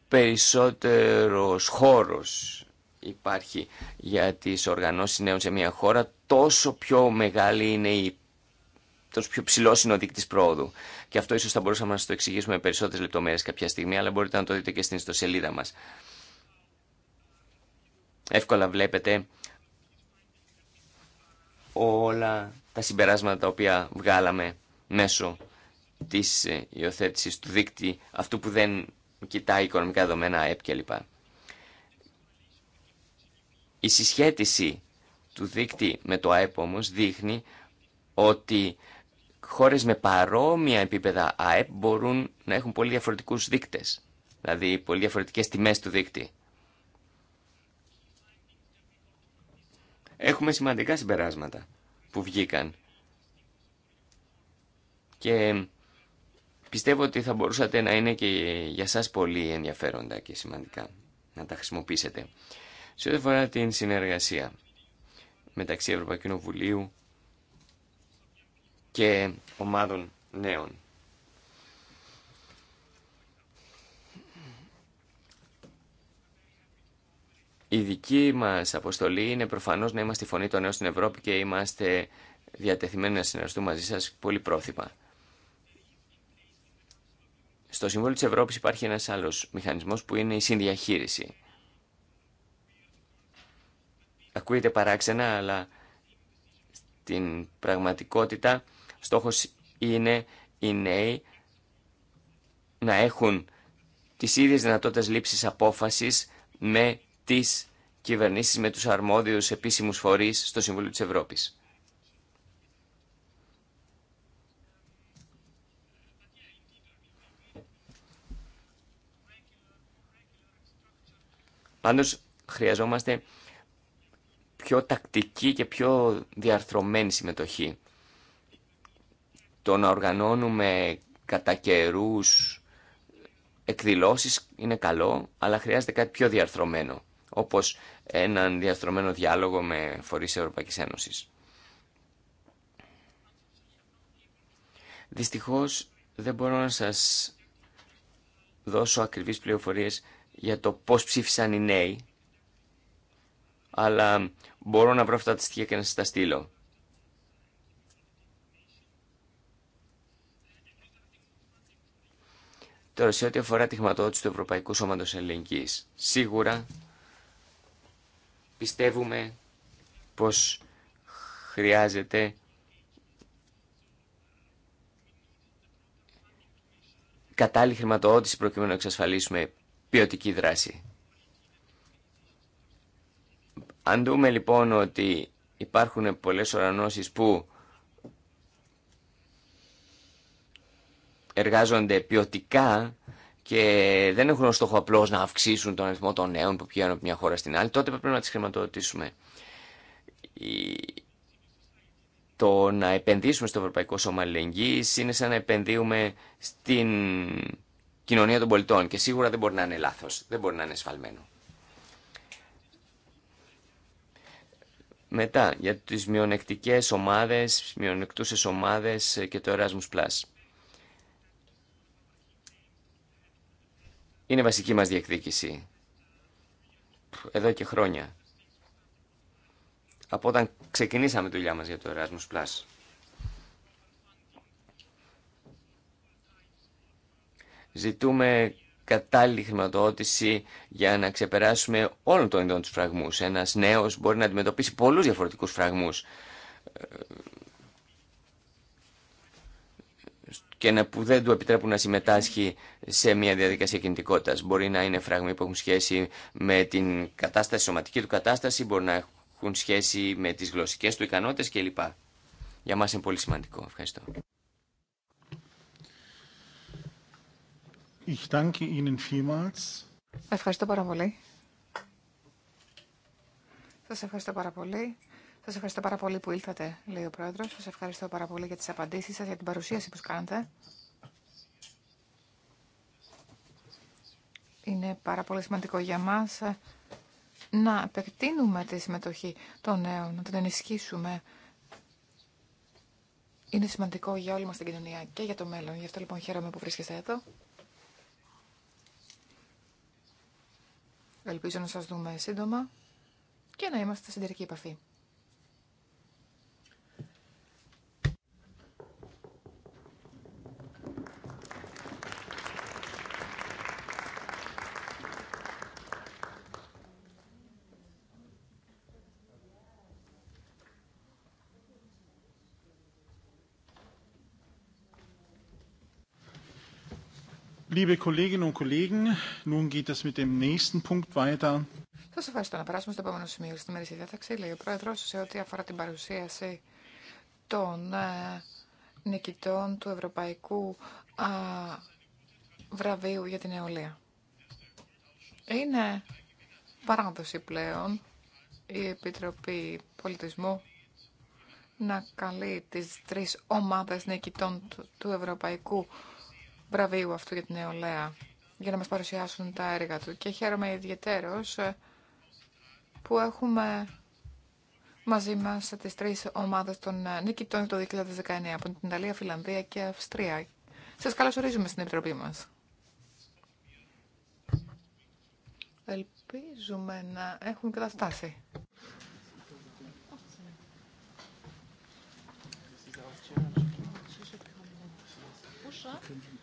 περισσότερος χώρος υπάρχει για τις οργανώσεις νέων σε μια χώρα, τόσο πιο μεγάλη είναι η τόσο πιο ψηλό είναι ο δείκτης πρόοδου. Και αυτό ίσως θα μπορούσαμε να σας το εξηγήσουμε με περισσότερε λεπτομέρειε κάποια στιγμή, αλλά μπορείτε να το δείτε και στην ιστοσελίδα μας. Εύκολα βλέπετε όλα τα συμπεράσματα τα οποία βγάλαμε μέσω της ε, υιοθέτηση του δείκτη αυτού που δεν κοιτάει οικονομικά δεδομένα, ΑΕΠ κλπ. Η συσχέτιση του δείκτη με το ΑΕΠ όμως δείχνει ότι χώρες με παρόμοια επίπεδα ΑΕΠ μπορούν να έχουν πολύ διαφορετικούς δείκτες, δηλαδή πολύ διαφορετικές τιμές του δείκτη. Έχουμε σημαντικά συμπεράσματα που βγήκαν και Πιστεύω ότι θα μπορούσατε να είναι και για σας πολύ ενδιαφέροντα και σημαντικά να τα χρησιμοποιήσετε. Σε ό,τι αφορά την συνεργασία μεταξύ Ευρωπαϊκού Κοινοβουλίου και ομάδων νέων. Η δική μας αποστολή είναι προφανώς να είμαστε η φωνή των νέων στην Ευρώπη και είμαστε διατεθειμένοι να συνεργαστούμε μαζί σας πολύ πρόθυμα. Στο Συμβούλιο της Ευρώπης υπάρχει ένας άλλος μηχανισμός που είναι η συνδιαχείριση. Ακούγεται παράξενα, αλλά στην πραγματικότητα στόχος είναι οι νέοι να έχουν τις ίδιες δυνατότητες λήψης απόφασης με τις κυβερνήσεις, με τους αρμόδιους επίσημους φορείς στο Συμβούλιο της Ευρώπης. Πάντως χρειαζόμαστε πιο τακτική και πιο διαρθρωμένη συμμετοχή. Το να οργανώνουμε κατά καιρού εκδηλώσεις είναι καλό, αλλά χρειάζεται κάτι πιο διαρθρωμένο, όπως έναν διαρθρωμένο διάλογο με φορείς Ευρωπαϊκής Ένωσης. Δυστυχώς δεν μπορώ να σας δώσω ακριβείς πληροφορίες για το πώς ψήφισαν οι νέοι, αλλά μπορώ να βρω αυτά τα στοιχεία και να σας τα στείλω. Τώρα, σε ό,τι αφορά τη χρηματοδότηση του Ευρωπαϊκού Σώματος Ελληνικής, σίγουρα πιστεύουμε πως χρειάζεται κατάλληλη χρηματοδότηση προκειμένου να εξασφαλίσουμε ποιοτική δράση. Αν δούμε λοιπόν ότι υπάρχουν πολλές ορανώσεις που εργάζονται ποιοτικά και δεν έχουν ως στόχο απλώς να αυξήσουν τον αριθμό των νέων που πηγαίνουν από μια χώρα στην άλλη, τότε πρέπει να τις χρηματοδοτήσουμε. Το να επενδύσουμε στο Ευρωπαϊκό Σώμα Αλληλεγγύης είναι σαν να επενδύουμε στην κοινωνία των πολιτών και σίγουρα δεν μπορεί να είναι λάθος, δεν μπορεί να είναι σφαλμένο. Μετά, για τις μειονεκτικές ομάδες, μειονεκτούσες ομάδες και το Erasmus+. Plus. Είναι βασική μας διεκδίκηση. Εδώ και χρόνια. Από όταν ξεκινήσαμε τη δουλειά μας για το Erasmus+. Plus. Ζητούμε κατάλληλη χρηματοδότηση για να ξεπεράσουμε όλων των ειδών τους φραγμούς. Ένας νέος μπορεί να αντιμετωπίσει πολλούς διαφορετικούς φραγμούς και να, που δεν του επιτρέπουν να συμμετάσχει σε μια διαδικασία κινητικότητας. Μπορεί να είναι φραγμοί που έχουν σχέση με την κατάσταση, σωματική του κατάσταση, μπορεί να έχουν σχέση με τις γλωσσικές του ικανότητες κλπ. Για μας είναι πολύ σημαντικό. Ευχαριστώ. Ευχαριστώ πάρα πολύ. Σα ευχαριστώ πάρα πολύ. Σας ευχαριστώ πάρα πολύ που ήλθατε, λέει ο Πρόεδρος. Σας ευχαριστώ πάρα πολύ για τις απαντήσεις σα για την παρουσίαση που κάνετε. Είναι πάρα πολύ σημαντικό για μας να επεκτείνουμε τη συμμετοχή των νέων, να την ενισχύσουμε. Είναι σημαντικό για όλη μας την κοινωνία και για το μέλλον. Γι' αυτό λοιπόν χαίρομαι που βρίσκεστε εδώ. Ελπίζω να σας δούμε σύντομα και να είμαστε σε τερική επαφή. Liebe Kolleginnen und Kollegen, nun geht es mit dem nächsten Punkt weiter. ευχαριστώ να περάσουμε στο επόμενο σημείο στη μερική διάταξη, λέει ο Πρόεδρος, σε ό,τι αφορά την παρουσίαση των ε, νικητών του Ευρωπαϊκού α, Βραβείου για την Εωλία. Είναι παράδοση πλέον η Επιτροπή Πολιτισμού να καλεί τις τρεις ομάδες νικητών του, του Ευρωπαϊκού βραβείου αυτού για την νεολαία για να μας παρουσιάσουν τα έργα του και χαίρομαι ιδιαίτερος ε, που έχουμε μαζί μας τις τρεις ομάδες των ε, νικητών το 2019 από την Ιταλία, Φιλανδία και Αυστρία. Σας καλωσορίζουμε στην Επιτροπή μας. Ελπίζουμε να έχουν καταστάσει. you.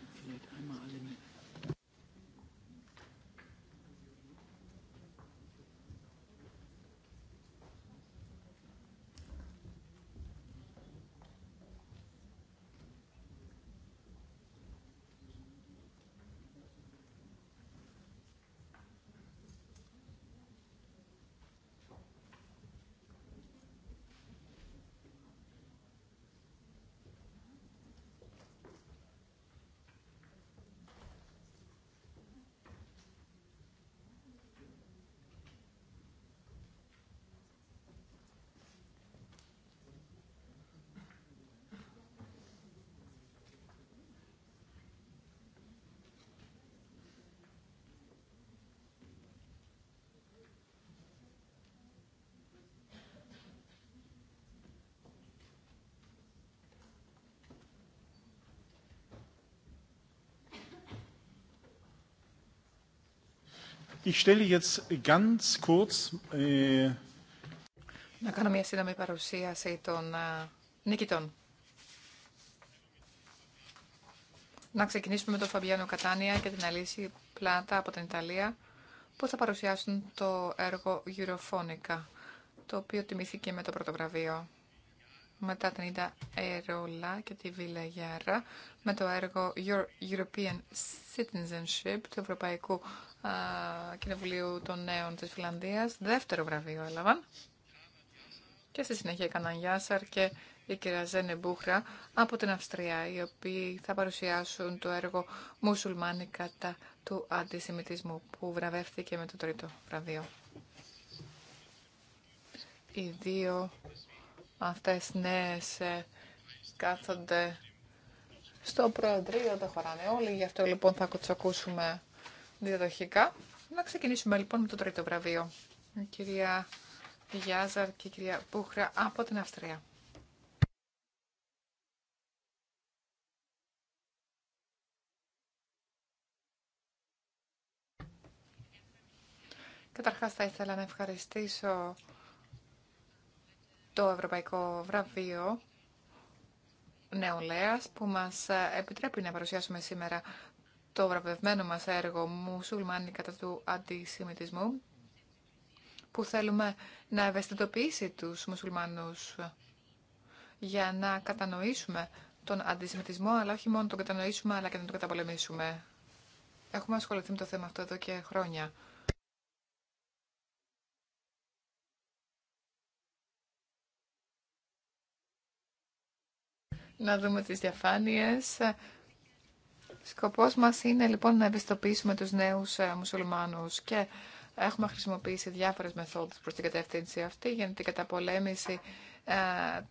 Ich stelle jetzt ganz kurz... Äh, Να κάνω μια σύντομη παρουσίαση των ε, νικητών. Να ξεκινήσουμε με τον Φαμπιάνο Κατάνια και την Αλύση Πλάτα από την Ιταλία που θα παρουσιάσουν το έργο Eurofonica, το οποίο τιμήθηκε με το πρώτο βραβείο μετά την Ιντα Αερόλα και τη Βίλα Γιάρα με το έργο European Citizenship του Ευρωπαϊκού α, Κοινοβουλίου των Νέων της Φιλανδίας. Δεύτερο βραβείο έλαβαν. Και στη συνέχεια έκαναν Γιάσαρ και η κυρία Ζένε Μπούχρα από την Αυστρία, οι οποίοι θα παρουσιάσουν το έργο «Μουσουλμάνοι κατά του αντισημιτισμού» που βραβεύτηκε με το τρίτο βραβείο. Οι δύο αυτές νέες ε, κάθονται στο Προεδρείο, δεν χωράνε όλοι, γι' αυτό λοιπόν θα τους διαδοχικά. Να ξεκινήσουμε λοιπόν με το τρίτο βραβείο. Η κυρία Γιάζαρ και η κυρία Πούχρα από την Αυστρία. Καταρχάς θα ήθελα να ευχαριστήσω το Ευρωπαϊκό Βραβείο Νεολαία που μας ε, επιτρέπει να παρουσιάσουμε σήμερα το βραβευμένο μας έργο «Μουσουλμάνοι κατά του αντισημιτισμού» που θέλουμε να ευαισθητοποιήσει τους μουσουλμάνους για να κατανοήσουμε τον αντισημιτισμό, αλλά όχι μόνο τον κατανοήσουμε, αλλά και να τον καταπολεμήσουμε. Έχουμε ασχοληθεί με το θέμα αυτό εδώ και χρόνια. να δούμε τις διαφάνειες. Σκοπός μας είναι λοιπόν να ευαισθητοποιήσουμε τους νέους ε, μουσουλμάνους και έχουμε χρησιμοποιήσει διάφορες μεθόδους προς την κατεύθυνση αυτή για την καταπολέμηση ε,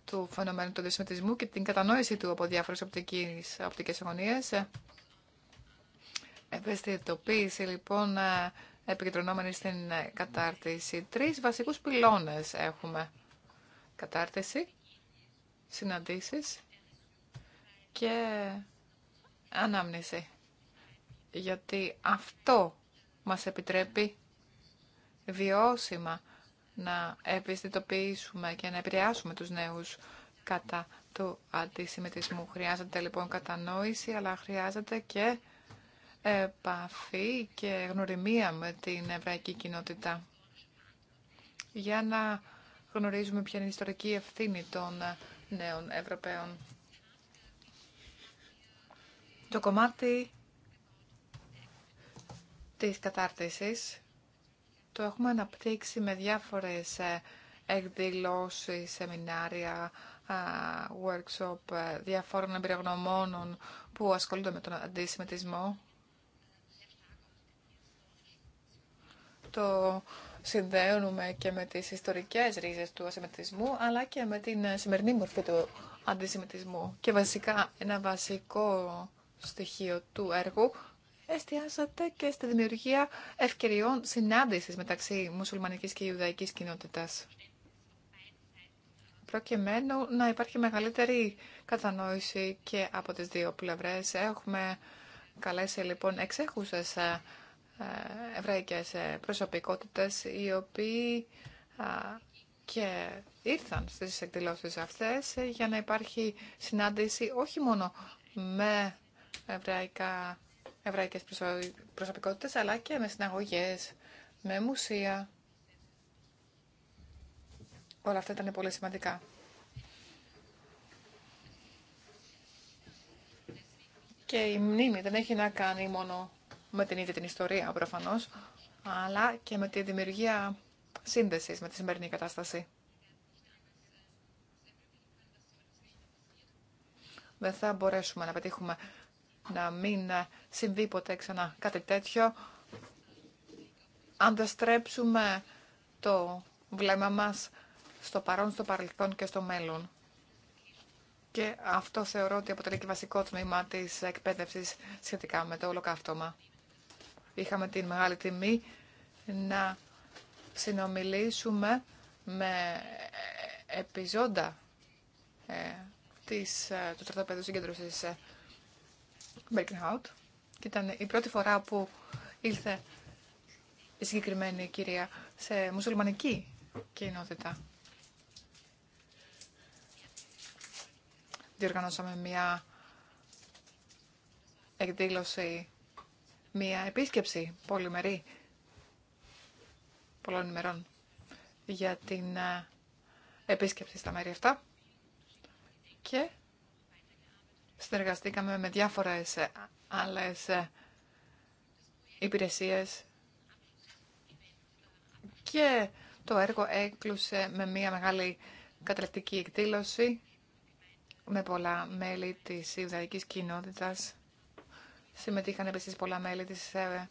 του φαινομένου του δεσμετισμού και την κατανόηση του από διάφορες οπτικές, οπτικές γωνίες. Ευαισθητοποίηση λοιπόν ε, επικεντρωνόμενη στην κατάρτιση. Τρεις βασικούς πυλώνες έχουμε. Κατάρτιση, συναντήσεις και ανάμνηση. Γιατί αυτό μας επιτρέπει βιώσιμα να επιστητοποιήσουμε και να επηρεάσουμε τους νέους κατά του αντισημιτισμού. Χρειάζεται λοιπόν κατανόηση, αλλά χρειάζεται και επαφή και γνωριμία με την εβραϊκή κοινότητα. Για να γνωρίζουμε ποια είναι η ιστορική ευθύνη των νέων Ευρωπαίων το κομμάτι της κατάρτισης το έχουμε αναπτύξει με διάφορες ε, εκδηλώσεις, σεμινάρια, ε, workshop ε, διαφόρων εμπειρογνωμόνων που ασχολούνται με τον αντισημιτισμό. Το συνδέουμε και με τις ιστορικές ρίζες του ασημιτισμού, αλλά και με την σημερινή μορφή του αντισημιτισμού. Και βασικά ένα βασικό στοιχείο του έργου εστιάσατε και στη δημιουργία ευκαιριών συνάντησης μεταξύ μουσουλμανικής και ιουδαϊκής κοινότητας. Προκειμένου να υπάρχει μεγαλύτερη κατανόηση και από τις δύο πλευρές. Έχουμε καλέσει λοιπόν εξέχουσες ε, εβραϊκές ε, προσωπικότητες οι οποίοι και ήρθαν στις εκδηλώσεις αυτές για να υπάρχει συνάντηση όχι μόνο με εβραϊκά, εβραϊκές προσωπικότητες, αλλά και με συναγωγές, με μουσεία. Όλα αυτά ήταν πολύ σημαντικά. Και η μνήμη δεν έχει να κάνει μόνο με την ίδια την ιστορία προφανώς, αλλά και με τη δημιουργία σύνδεσης με τη σημερινή κατάσταση. Δεν θα μπορέσουμε να πετύχουμε να μην ε, συμβεί ποτέ ξανά κάτι τέτοιο. Ανταστρέψουμε το βλέμμα μας στο παρόν, στο παρελθόν και στο μέλλον. Και αυτό θεωρώ ότι αποτελεί και βασικό τμήμα της εκπαίδευσης σχετικά με το ολοκαύτωμα. Είχαμε την μεγάλη τιμή να συνομιλήσουμε με επιζώντα ε, της, ε, του στρατοπέδου συγκέντρωσης και ήταν η πρώτη φορά που ήλθε η συγκεκριμένη κυρία σε μουσουλμανική κοινότητα. Διοργανώσαμε μια εκδήλωση, μια επίσκεψη πολυμερή πολλών ημερών για την ε, επίσκεψη στα μέρη αυτά και συνεργαστήκαμε με διάφορες άλλες υπηρεσίες και το έργο έκλουσε με μια μεγάλη καταληκτική εκδήλωση με πολλά μέλη της Ιουδαϊκής κοινότητας. Συμμετείχαν επίσης πολλά μέλη της ε,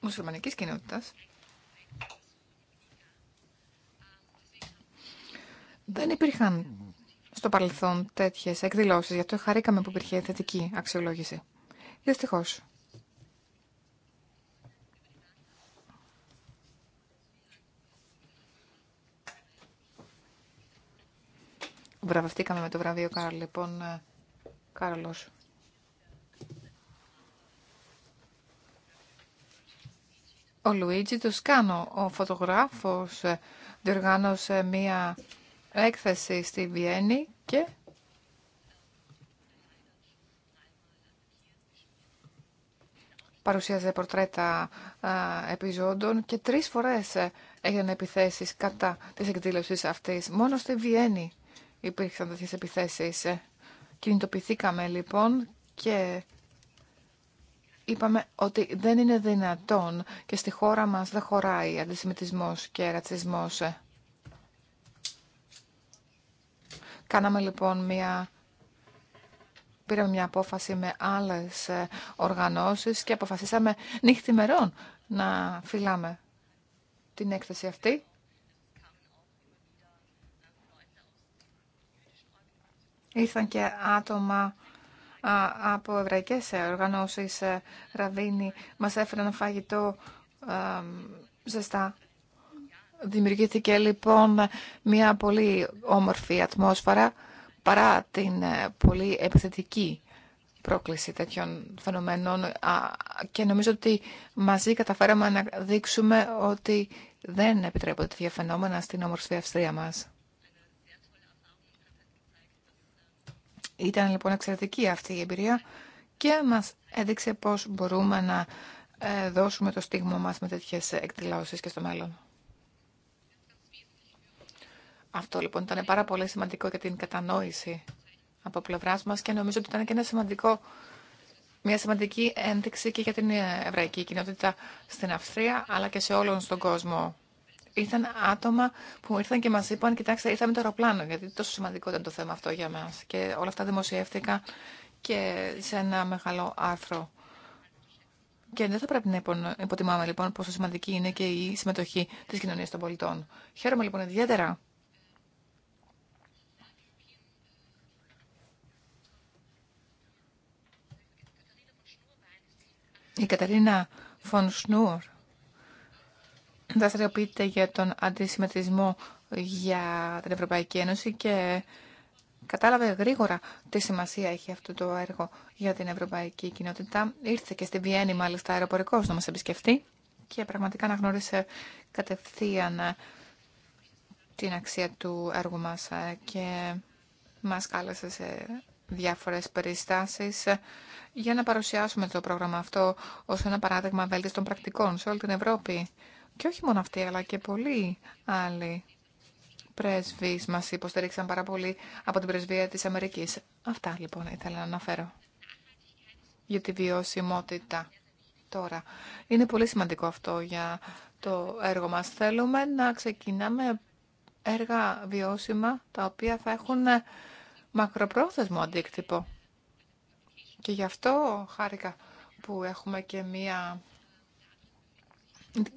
μουσουλμανικής κοινότητας. Δεν υπήρχαν στο παρελθόν τέτοιε εκδηλώσει. Γι' αυτό χαρήκαμε που υπήρχε θετική αξιολόγηση. Δυστυχώ. Βραβευτήκαμε με το βραβείο Κάρλ, λοιπόν, ε, Κάρλος. Ο Λουίτζι Τοσκάνο, ο φωτογράφος, ε, διοργάνωσε μία έκθεση στη Βιέννη και παρουσίαζε πορτρέτα α, επιζώντων και τρεις φορές έγιναν επιθέσεις κατά της εκδήλωσης αυτής. Μόνο στη Βιέννη υπήρξαν τέτοιε επιθέσεις. Κινητοποιηθήκαμε λοιπόν και είπαμε ότι δεν είναι δυνατόν και στη χώρα μας δεν χωράει αντισημιτισμός και ρατσισμός. Κάναμε λοιπόν μια... Πήραμε μια απόφαση με άλλες ε, οργανώσεις και αποφασίσαμε νύχτη μερών να φυλάμε την έκθεση αυτή. Ήρθαν και άτομα από εβραϊκές ε, οργανώσεις, ε, ραβίνοι, μας έφεραν φαγητό ζεστά Δημιουργήθηκε λοιπόν μια πολύ όμορφη ατμόσφαιρα παρά την ε, πολύ επιθετική πρόκληση τέτοιων φαινομένων και νομίζω ότι μαζί καταφέραμε να δείξουμε ότι δεν επιτρέπονται τέτοια φαινόμενα στην όμορφη Αυστρία μας. Ήταν λοιπόν εξαιρετική αυτή η εμπειρία και μας έδειξε πώς μπορούμε να ε, δώσουμε το στίγμα μας με τέτοιες εκδηλώσεις και στο μέλλον. Αυτό λοιπόν ήταν πάρα πολύ σημαντικό για την κατανόηση από πλευρά μα και νομίζω ότι ήταν και ένα σημαντικό, μια σημαντική ένδειξη και για την εβραϊκή κοινότητα στην Αυστρία αλλά και σε όλον τον κόσμο. Ήταν άτομα που ήρθαν και μα είπαν: Κοιτάξτε, ήρθαμε το αεροπλάνο, γιατί τόσο σημαντικό ήταν το θέμα αυτό για μα. Και όλα αυτά δημοσιεύτηκαν και σε ένα μεγάλο άρθρο. Και δεν θα πρέπει να υποτιμάμε λοιπόν πόσο σημαντική είναι και η συμμετοχή τη κοινωνία των πολιτών. Χαίρομαι λοιπόν ιδιαίτερα Η Καταρίνα Φων Σνούρ δραστηριοποιείται για τον αντισημετρισμό για την Ευρωπαϊκή Ένωση και κατάλαβε γρήγορα τι σημασία έχει αυτό το έργο για την Ευρωπαϊκή Κοινότητα. Ήρθε και στη Βιέννη μάλιστα αεροπορικός να μας επισκεφτεί και πραγματικά αναγνώρισε κατευθείαν την αξία του έργου μας και μας κάλεσε σε διάφορες περιστάσεις ε, για να παρουσιάσουμε το πρόγραμμα αυτό ως ένα παράδειγμα βέλτιστων πρακτικών σε όλη την Ευρώπη. Και όχι μόνο αυτοί, αλλά και πολλοί άλλοι πρέσβεις μας υποστηρίξαν πάρα πολύ από την πρεσβεία της Αμερικής. Αυτά λοιπόν ήθελα να αναφέρω για τη βιωσιμότητα τώρα. Είναι πολύ σημαντικό αυτό για το έργο μας. Θέλουμε να ξεκινάμε έργα βιώσιμα, τα οποία θα έχουν μακροπρόθεσμο αντίκτυπο. Και γι' αυτό χάρηκα που έχουμε και μία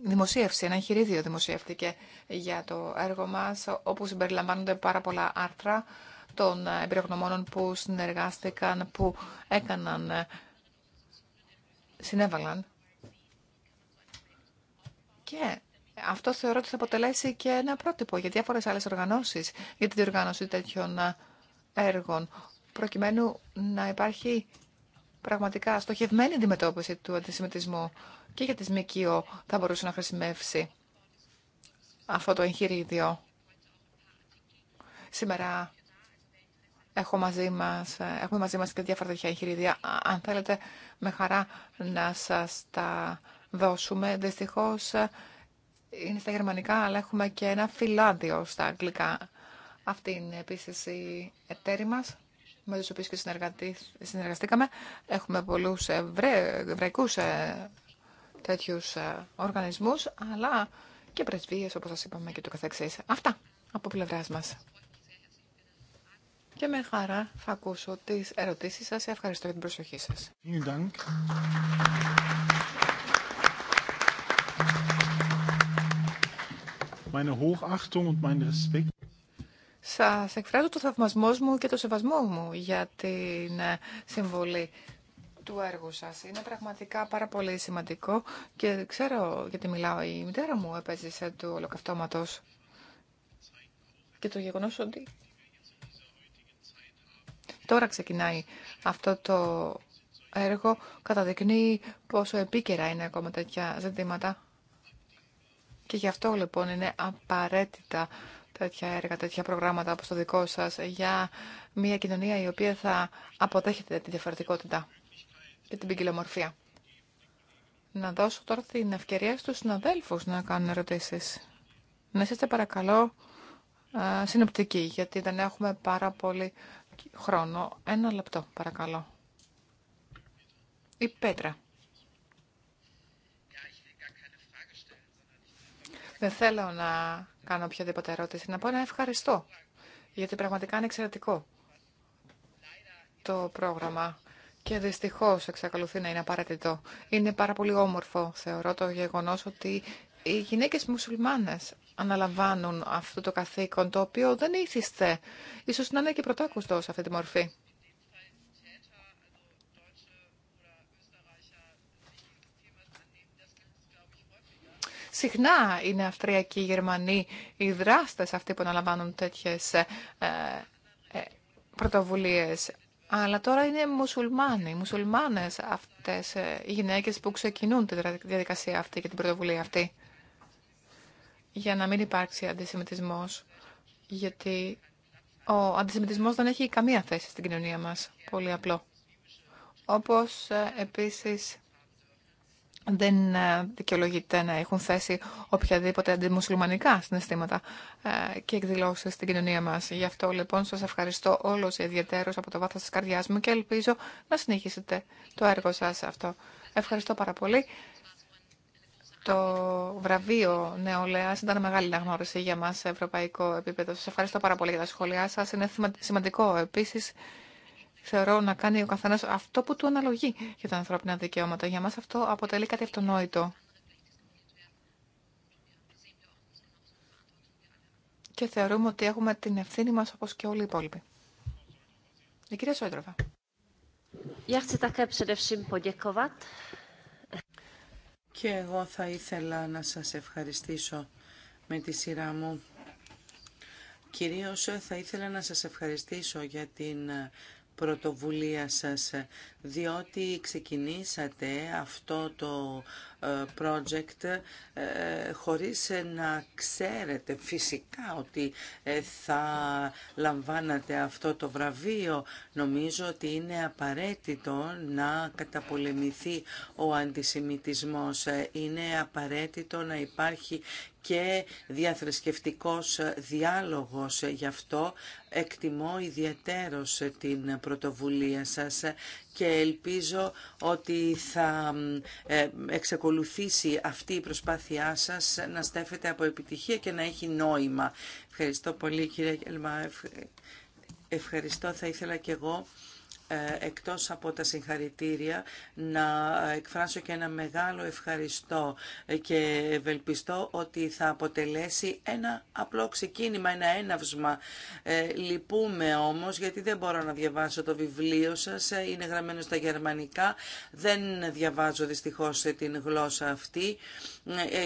δημοσίευση, ένα εγχειρίδιο δημοσιεύτηκε για το έργο μας, όπου συμπεριλαμβάνονται πάρα πολλά άρθρα των εμπειρογνωμόνων που συνεργάστηκαν, που έκαναν, συνέβαλαν. Και αυτό θεωρώ ότι θα αποτελέσει και ένα πρότυπο για διάφορες άλλες οργανώσεις, για την διοργάνωση τέτοιων έργων, προκειμένου να υπάρχει πραγματικά στοχευμένη αντιμετώπιση του αντισημιτισμού και για τις ΜΚΟ θα μπορούσε να χρησιμεύσει αυτό το εγχειρίδιο. Σήμερα έχω μαζί μας, έχουμε μαζί μας και διάφορα τέτοια εγχειρίδια. Αν θέλετε, με χαρά να σας τα δώσουμε. Δυστυχώς ε, είναι στα γερμανικά, αλλά έχουμε και ένα φυλάδιο στα αγγλικά. Αυτή είναι επίσης η εταίρη μα με τους οποίους και συνεργαστήκαμε. Έχουμε πολλούς εβραϊκούς ε, τέτοιους ε, οργανισμούς, αλλά και πρεσβείες, όπως σας είπαμε, και το καθεξής. Αυτά από πλευράς μας. Και με χαρά θα ακούσω τις ερωτήσεις σας. Ευχαριστώ για την προσοχή σας. Meine Hochachtung und mein Respekt. Σας εκφράζω το θαυμασμό μου και το σεβασμό μου για την ε, συμβολή του έργου σας. Είναι πραγματικά πάρα πολύ σημαντικό και ξέρω γιατί μιλάω. Η μητέρα μου επέζησε του ολοκαυτώματος και το γεγονό ότι τώρα ξεκινάει αυτό το έργο καταδεικνύει πόσο επίκαιρα είναι ακόμα τέτοια ζητήματα. Και γι' αυτό λοιπόν είναι απαραίτητα τέτοια έργα, τέτοια προγράμματα όπως το δικό σας για μια κοινωνία η οποία θα αποτέχεται τη διαφορετικότητα και την ποικιλομορφία. Να δώσω τώρα την ευκαιρία στους συναδέλφους να κάνουν ερωτήσεις. Να είστε παρακαλώ συνοπτικοί, γιατί δεν έχουμε πάρα πολύ χρόνο. Ένα λεπτό, παρακαλώ. Η Πέτρα. Δεν θέλω να κάνω οποιαδήποτε ερώτηση. Να πω ένα ευχαριστώ, γιατί πραγματικά είναι εξαιρετικό το πρόγραμμα και δυστυχώς εξακολουθεί να είναι απαραίτητο. Είναι πάρα πολύ όμορφο, θεωρώ, το γεγονός ότι οι γυναίκες μουσουλμάνες αναλαμβάνουν αυτό το καθήκον, το οποίο δεν ήθιστε. Ίσως να είναι και πρωτάκουστο σε αυτή τη μορφή. Συχνά είναι Αυστριακοί, Γερμανοί οι δράστες αυτοί που αναλαμβάνουν τέτοιες ε, ε πρωτοβουλίες. Αλλά τώρα είναι μουσουλμάνοι, μουσουλμάνες αυτές ε, οι γυναίκες που ξεκινούν τη διαδικασία αυτή και την πρωτοβουλία αυτή. Για να μην υπάρξει αντισημιτισμός. Γιατί ο αντισημιτισμός δεν έχει καμία θέση στην κοινωνία μας. Πολύ απλό. Όπως ε, επίσης δεν ε, δικαιολογείται να έχουν θέσει οποιαδήποτε αντιμουσουλμανικά συναισθήματα ε, και εκδηλώσει στην κοινωνία μα. Γι' αυτό λοιπόν σα ευχαριστώ όλου ιδιαίτερω από το βάθο τη καρδιά μου και ελπίζω να συνεχίσετε το έργο σα αυτό. Ευχαριστώ πάρα πολύ. Το βραβείο Νεολαία ήταν μεγάλη αναγνώριση για μα σε ευρωπαϊκό επίπεδο. Σα ευχαριστώ πάρα πολύ για τα σχόλιά σα. Είναι σημαντικό επίση θεωρώ να κάνει ο καθένα αυτό που του αναλογεί για τα ανθρώπινα δικαιώματα. Για μα αυτό αποτελεί κάτι αυτονόητο. Και θεωρούμε ότι έχουμε την ευθύνη μας όπως και όλοι οι υπόλοιποι. Η κυρία Σόντροβα. Και εγώ θα ήθελα να σας ευχαριστήσω με τη σειρά μου. Κυρίως θα ήθελα να σας ευχαριστήσω για την πρωτοβουλία σας διότι ξεκινήσατε αυτό το ε, project ε, χωρίς να ξέρετε φυσικά ότι ε, θα λαμβάνατε αυτό το βραβείο. Νομίζω ότι είναι απαραίτητο να καταπολεμηθεί ο αντισημιτισμός. Είναι απαραίτητο να υπάρχει και διαθρεσκευτικός διάλογος. Γι' αυτό εκτιμώ ιδιαίτερος την πρωτοβουλία σας και ελπίζω ότι θα ε, εξεκολουθήσει αυτή η προσπάθειά σας να στέφεται από επιτυχία και να έχει νόημα. Ευχαριστώ πολύ κύριε Γελμα. Ευχαριστώ. Θα ήθελα κι εγώ ε, εκτός από τα συγχαρητήρια να εκφράσω και ένα μεγάλο ευχαριστώ και ευελπιστώ ότι θα αποτελέσει ένα απλό ξεκίνημα, ένα έναυσμα. Ε, λυπούμε όμως γιατί δεν μπορώ να διαβάσω το βιβλίο σας, ε, είναι γραμμένο στα γερμανικά, δεν διαβάζω δυστυχώς την γλώσσα αυτή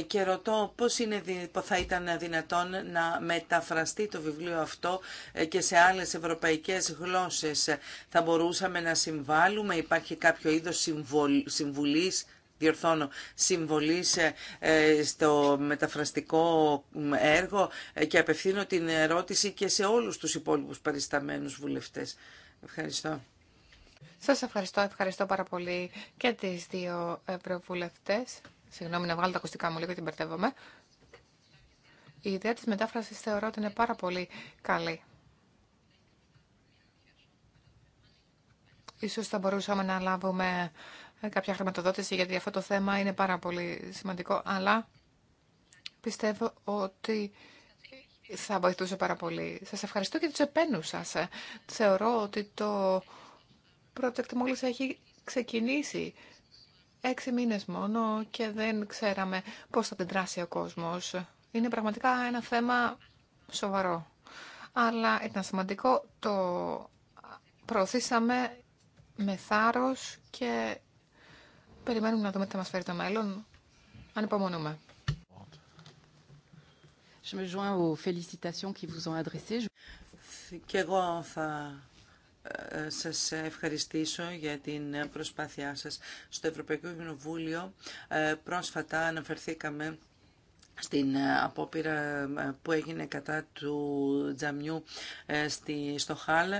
και ρωτώ πώς είναι, θα ήταν δυνατόν να μεταφραστεί το βιβλίο αυτό και σε άλλες ευρωπαϊκές γλώσσες. Θα μπορούμε μπορούσαμε να συμβάλλουμε, υπάρχει κάποιο είδος συμβουλής, διορθώνω, συμβολής ε, ε, στο μεταφραστικό έργο ε, και απευθύνω την ερώτηση και σε όλους τους υπόλοιπους παρισταμένους βουλευτές. Ευχαριστώ. Σας ευχαριστώ, ευχαριστώ πάρα πολύ και τις δύο προβουλευτές. Συγγνώμη να βγάλω τα ακουστικά μου λίγο, την μπερδεύομαι. Η ιδέα της μετάφρασης θεωρώ ότι είναι πάρα πολύ καλή. Ίσως θα μπορούσαμε να λάβουμε ε, κάποια χρηματοδότηση, γιατί αυτό το θέμα είναι πάρα πολύ σημαντικό, αλλά πιστεύω ότι θα βοηθούσε πάρα πολύ. Σας ευχαριστώ και τους επένους σας. Ε, θεωρώ ότι το project μόλις έχει ξεκινήσει έξι μήνες μόνο και δεν ξέραμε πώς θα την δράσει ο κόσμος. Είναι πραγματικά ένα θέμα σοβαρό. Αλλά ήταν σημαντικό, το προωθήσαμε με θάρρος και περιμένουμε να δούμε τι θα μας φέρει το μέλλον. Αν Και εγώ θα ε, σας ευχαριστήσω για την προσπάθειά σας. Στο Ευρωπαϊκό Κοινοβούλιο ε, πρόσφατα αναφερθήκαμε στην ε, απόπειρα που έγινε κατά του τζαμιού στο Χάλ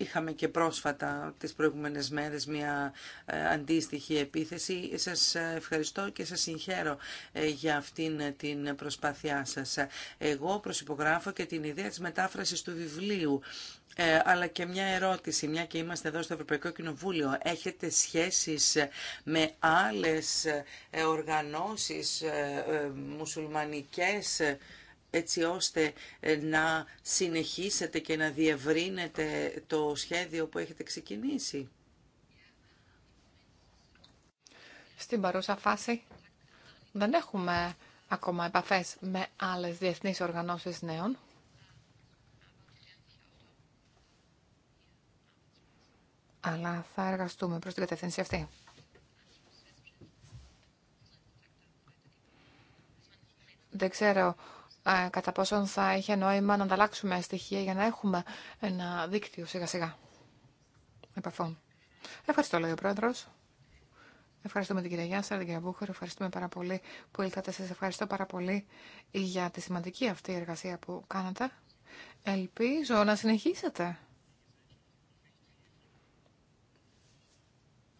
Είχαμε και πρόσφατα τις προηγούμενες μέρες μια ε, αντίστοιχη επίθεση. Σας ε, ευχαριστώ και σας συγχαίρω ε, για αυτήν την προσπάθειά σας. Εγώ προσυπογράφω και την ιδέα της μετάφρασης του βιβλίου. αλλά και μια ερώτηση, μια και είμαστε εδώ στο Ευρωπαϊκό Κοινοβούλιο. Έχετε σχέσεις με άλλες οργανώσεις μουσουλμανικές έτσι ώστε ε, να συνεχίσετε και να διευρύνετε το σχέδιο που έχετε ξεκινήσει. Στην παρούσα φάση δεν έχουμε ακόμα επαφές με άλλες διεθνείς οργανώσεις νέων. Αλλά θα εργαστούμε προς την κατεύθυνση αυτή. Δεν ξέρω κατά πόσον θα είχε νόημα να ανταλλάξουμε στοιχεία για να έχουμε ένα δίκτυο σιγά σιγά επαφών. Ευχαριστώ, λέει ο πρόεδρο. Ευχαριστούμε την κυρία Γιάννη, την κυρία Μπούχερ, ευχαριστούμε πάρα πολύ που ήλθατε. Σα ευχαριστώ πάρα πολύ για τη σημαντική αυτή εργασία που κάνατε. Ελπίζω να συνεχίσετε.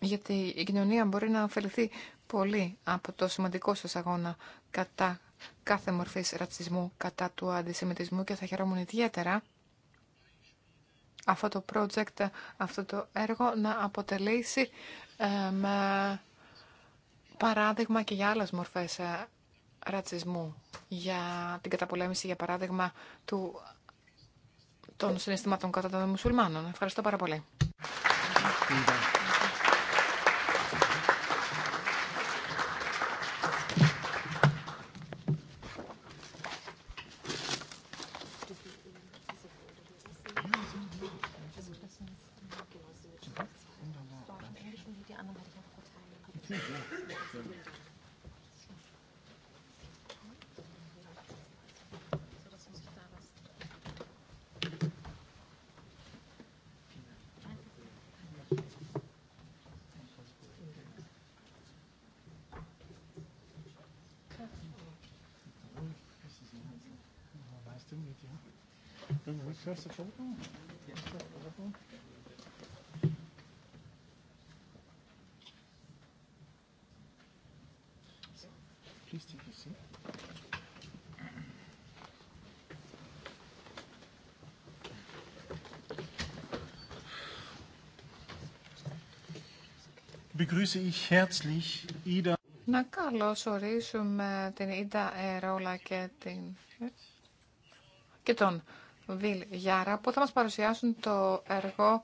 Γιατί η κοινωνία μπορεί να ωφεληθεί πολύ από το σημαντικό σας αγώνα κατά κάθε μορφή ρατσισμού κατά του αντισημιτισμού και θα χαιρόμουν ιδιαίτερα αυτό το project, αυτό το έργο να αποτελέσει παράδειγμα και για άλλες μορφές ε, ρατσισμού, για την καταπολέμηση, για παράδειγμα, του, των συναισθημάτων κατά των μουσουλμάνων. Ευχαριστώ πάρα πολύ. Να take ορίσουμε Begrüße ich herzlich την Ιντα Ερόλα και, την... και τον Βιλ Γιάρα που θα μας παρουσιάσουν το έργο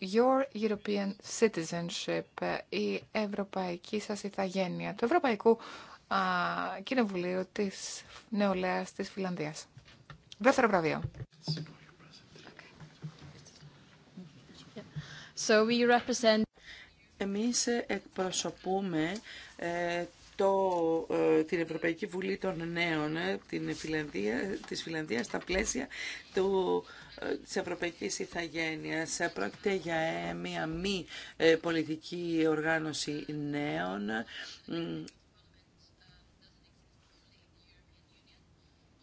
Your European Citizenship, η ευρωπαϊκή σας ηθαγένεια, του Ευρωπαϊκού α, Κοινοβουλίου της Νεολαίας της Φιλανδίας. Δεύτερο βραβείο. So Εμείς εκπροσωπούμε ε, το, ε, την Ευρωπαϊκή Βουλή των Νέων ε, την Φιλανδία, της Φιλανδίας στα πλαίσια του, ε, της Ευρωπαϊκής Ιθαγένειας. Πρόκειται για μια μη πολιτική οργάνωση νέων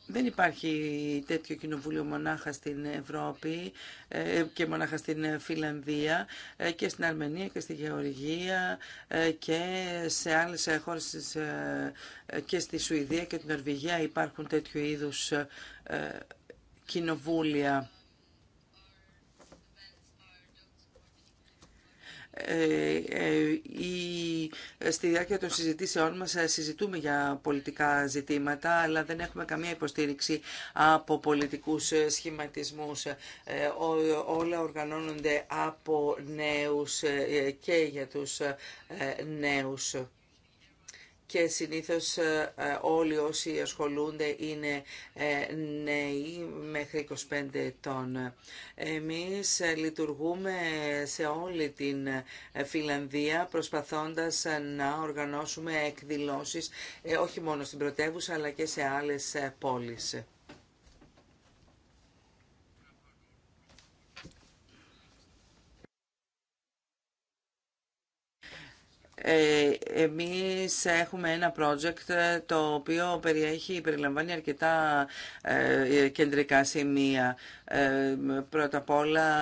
Δεν υπάρχει τέτοιο κοινοβούλιο μονάχα στην Ευρώπη ε, και μονάχα στην Φιλανδία ε, και στην Αρμενία και στη Γεωργία ε, και σε άλλες χώρες και στη Σουηδία και την Νορβηγία υπάρχουν τέτοιου είδους κοινοβούλια. Ε, ε, στη διάρκεια των συζητήσεών μας ε, συζητούμε για πολιτικά ζητήματα, αλλά δεν έχουμε καμία υποστήριξη από πολιτικούς σχηματισμούς. Όλα οργανώνονται από νέους και για τους νέους και συνήθως ε, ε, όλοι όσοι ασχολούνται είναι ε, νέοι μέχρι 25 ετών. Εμείς λειτουργούμε σε όλη την Φιλανδία προσπαθώντας να οργανώσουμε εκδηλώσεις όχι μόνο στην πρωτεύουσα αλλά και σε άλλες πόλεις. Ε, εμείς έχουμε ένα project το οποίο περιέχει, περιλαμβάνει αρκετά ε, κεντρικά σημεία. Ε, πρώτα απ' όλα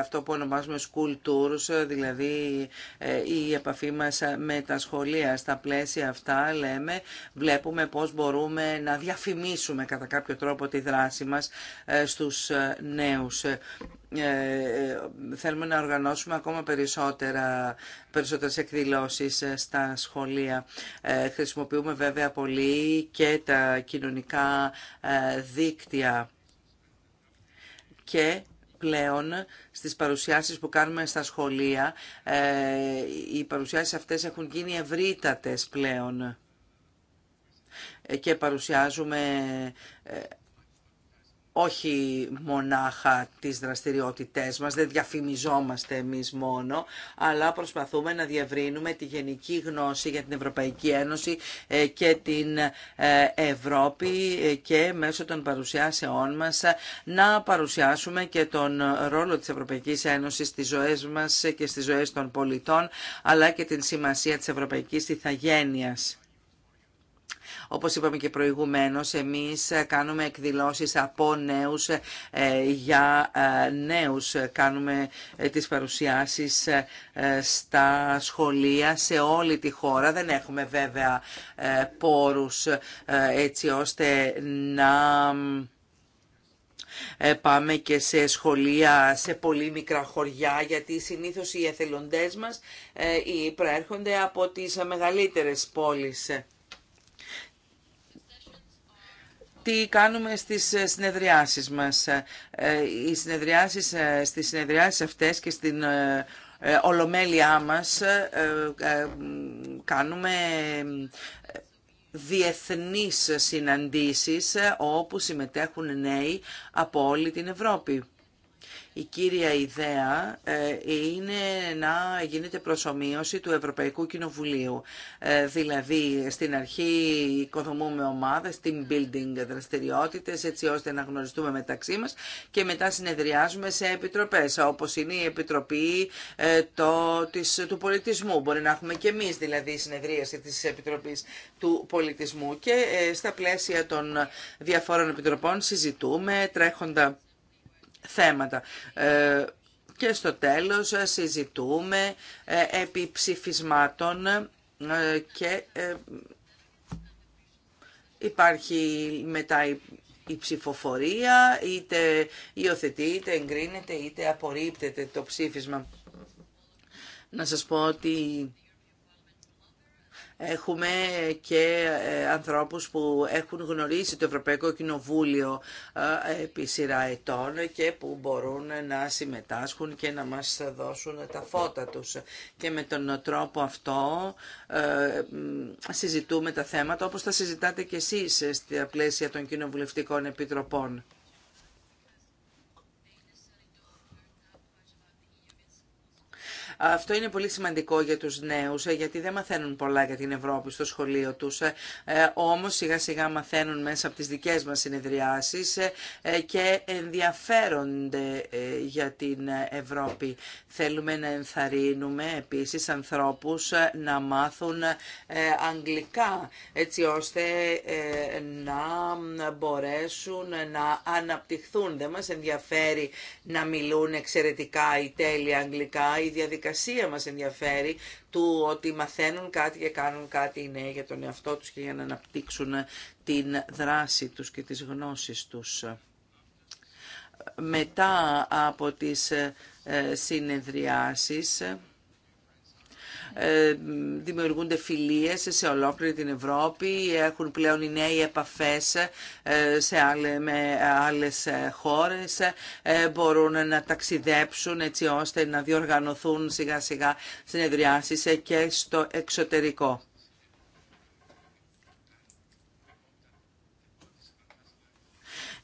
αυτό που ονομάζουμε school tours, δηλαδή η επαφή μας με τα σχολεία. Στα πλαίσια αυτά λέμε, βλέπουμε πώς μπορούμε να διαφημίσουμε κατά κάποιο τρόπο τη δράση μας στους νέους. Ε, ε, θέλουμε να οργανώσουμε ακόμα περισσότερα, περισσότερες εκδηλώσεις ε, στα σχολεία. χρησιμοποιούμε βέβαια πολύ και τα κοινωνικά δίκτυα και πλέον στις παρουσιάσεις που κάνουμε στα σχολεία, οι παρουσιάσεις αυτές έχουν γίνει ευρύτατες πλέον και παρουσιάζουμε όχι μονάχα τις δραστηριότητές μας, δεν διαφημιζόμαστε εμείς μόνο, αλλά προσπαθούμε να διευρύνουμε τη γενική γνώση για την Ευρωπαϊκή Ένωση ε, και την ε, Ευρώπη ε, και μέσω των παρουσιάσεών μας να παρουσιάσουμε και τον ρόλο της Ευρωπαϊκής Ένωσης στις ζωές μας και στις ζωές των πολιτών, αλλά και την σημασία της Ευρωπαϊκής Ιθαγένειας. Όπως είπαμε και προηγουμένως, εμείς κάνουμε εκδηλώσεις από νέους ε, για ε, νέους. Κάνουμε ε, τις παρουσιάσεις στα σχολεία σε όλη τη χώρα. Δεν έχουμε βέβαια πόρους έτσι ώστε να πάμε και σε σχολεία, σε πολύ μικρά χωριά, γιατί συνήθως οι εθελοντές μας προέρχονται από τις μεγαλύτερες πόλεις. τι κάνουμε στις ε, συνεδριάσεις μας. Ε, ε, οι συνεδριάσεις, στις συνεδριάσεις αυτές και στην ολομέλειά μας κάνουμε διεθνείς συναντήσεις όπου συμμετέχουν νέοι από όλη την Ευρώπη η κύρια ιδέα ε, είναι να γίνεται προσωμείωση του Ευρωπαϊκού Κοινοβουλίου. Ε, δηλαδή, στην αρχή οικοδομούμε ομάδες, team building δραστηριότητες, έτσι ώστε να γνωριστούμε μεταξύ μας και μετά συνεδριάζουμε σε επιτροπές, όπως είναι η Επιτροπή ε, το, της, του Πολιτισμού. Μπορεί να έχουμε και εμείς, δηλαδή, συνεδρίαση της Επιτροπής του Πολιτισμού και στα πλαίσια των διαφόρων επιτροπών συζητούμε τρέχοντα θέματα. Ε, και στο τέλος ε, συζητούμε ε, επί ψηφισμάτων και υπάρχει μετά η ψηφοφορία, είτε υιοθετεί, είτε εγκρίνεται, είτε απορρίπτεται το ψήφισμα. Να σας πω ότι Έχουμε και ε, ανθρώπους που έχουν γνωρίσει το Ευρωπαϊκό Κοινοβούλιο ε, επί σειρά ετών και που μπορούν να συμμετάσχουν και να μας δώσουν τα φώτα τους. Και με τον τρόπο αυτό ε, συζητούμε τα θέματα όπως τα συζητάτε και εσείς στη πλαίσια των κοινοβουλευτικών επιτροπών. Αυτό είναι πολύ σημαντικό για τους νέους, ε, γιατί δεν μαθαίνουν πολλά για την Ευρώπη στο σχολείο τους, ε, ε, όμως σιγά σιγά μαθαίνουν μέσα από τις δικές μας συνεδριάσεις και ενδιαφέρονται για την Ευρώπη. Θέλουμε να ενθαρρύνουμε επίσης ανθρώπους να μάθουν αγγλικά, έτσι ώστε να μπορέσουν να αναπτυχθούν. Δεν μας ενδιαφέρει να μιλούν εξαιρετικά ή τέλεια αγγλικά, η διαδικασία διαδικασία μας ενδιαφέρει του ότι μαθαίνουν κάτι και κάνουν κάτι οι νέοι για τον εαυτό τους και για να αναπτύξουν την δράση τους και τις γνώσεις τους. Μετά από τις ε, συνεδριάσεις ε, δημιουργούνται φιλίες σε ολόκληρη την Ευρώπη, έχουν πλέον οι νέοι επαφές ε, σε με άλλες ε, χώρες, μπορούν να ταξιδέψουν έτσι ώστε να διοργανωθούν σιγά σιγά συνεδριάσεις και στο εξωτερικό.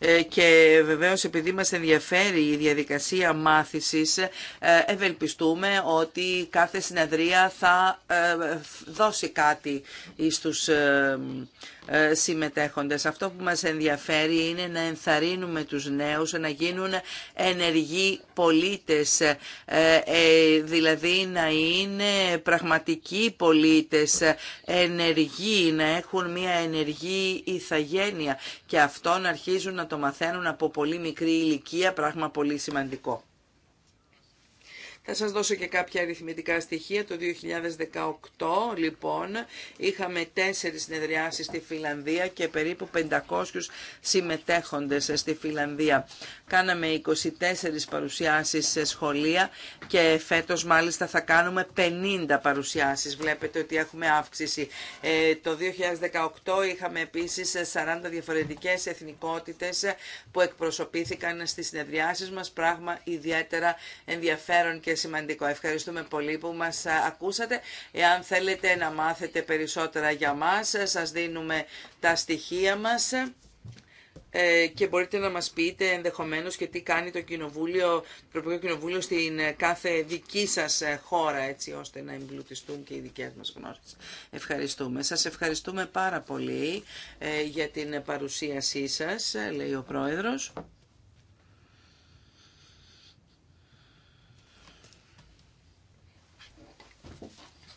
Ε, και βεβαίως επειδή μας ενδιαφέρει η διαδικασία μάθησης ε, ευελπιστούμε ότι κάθε συνεδρία θα ε, δώσει κάτι στους ε, συμμετέχοντες. Αυτό που μας ενδιαφέρει είναι να ενθαρρύνουμε τους νέους να γίνουν ενεργοί πολίτες, ε, ε, δηλαδή να είναι πραγματικοί πολίτες, ενεργοί, να έχουν μια ενεργή ηθαγένεια και αυτό να αρχίζουν να το μαθαίνουν από πολύ μικρή ηλικία, πράγμα πολύ σημαντικό. Θα σας δώσω και κάποια αριθμητικά στοιχεία. Το 2018, λοιπόν, είχαμε τέσσερις συνεδριάσεις στη Φιλανδία και περίπου 500 συμμετέχοντες στη Φιλανδία. Κάναμε 24 παρουσιάσεις σε σχολεία και φέτος, μάλιστα, θα κάνουμε 50 παρουσιάσεις. Βλέπετε ότι έχουμε αύξηση. Ε, το 2018 είχαμε επίσης 40 διαφορετικές εθνικότητες που εκπροσωπήθηκαν στις συνεδριάσεις μας, πράγμα ιδιαίτερα ενδιαφέρον και σημαντικό. Ευχαριστούμε πολύ που μας ακούσατε. Εάν θέλετε να μάθετε περισσότερα για μας, σας δίνουμε τα στοιχεία μας ε, και μπορείτε να μας πείτε ενδεχομένως και τι κάνει το Κοινοβούλιο, το Ευρωπαϊκό Κοινοβούλιο στην ε, κάθε δική σας ε, χώρα, έτσι ώστε να εμπλουτιστούν και οι δικές μας γνώσεις. Ευχαριστούμε. Σας ευχαριστούμε πάρα πολύ για την παρουσίασή σας, λέει ο Πρόεδρος.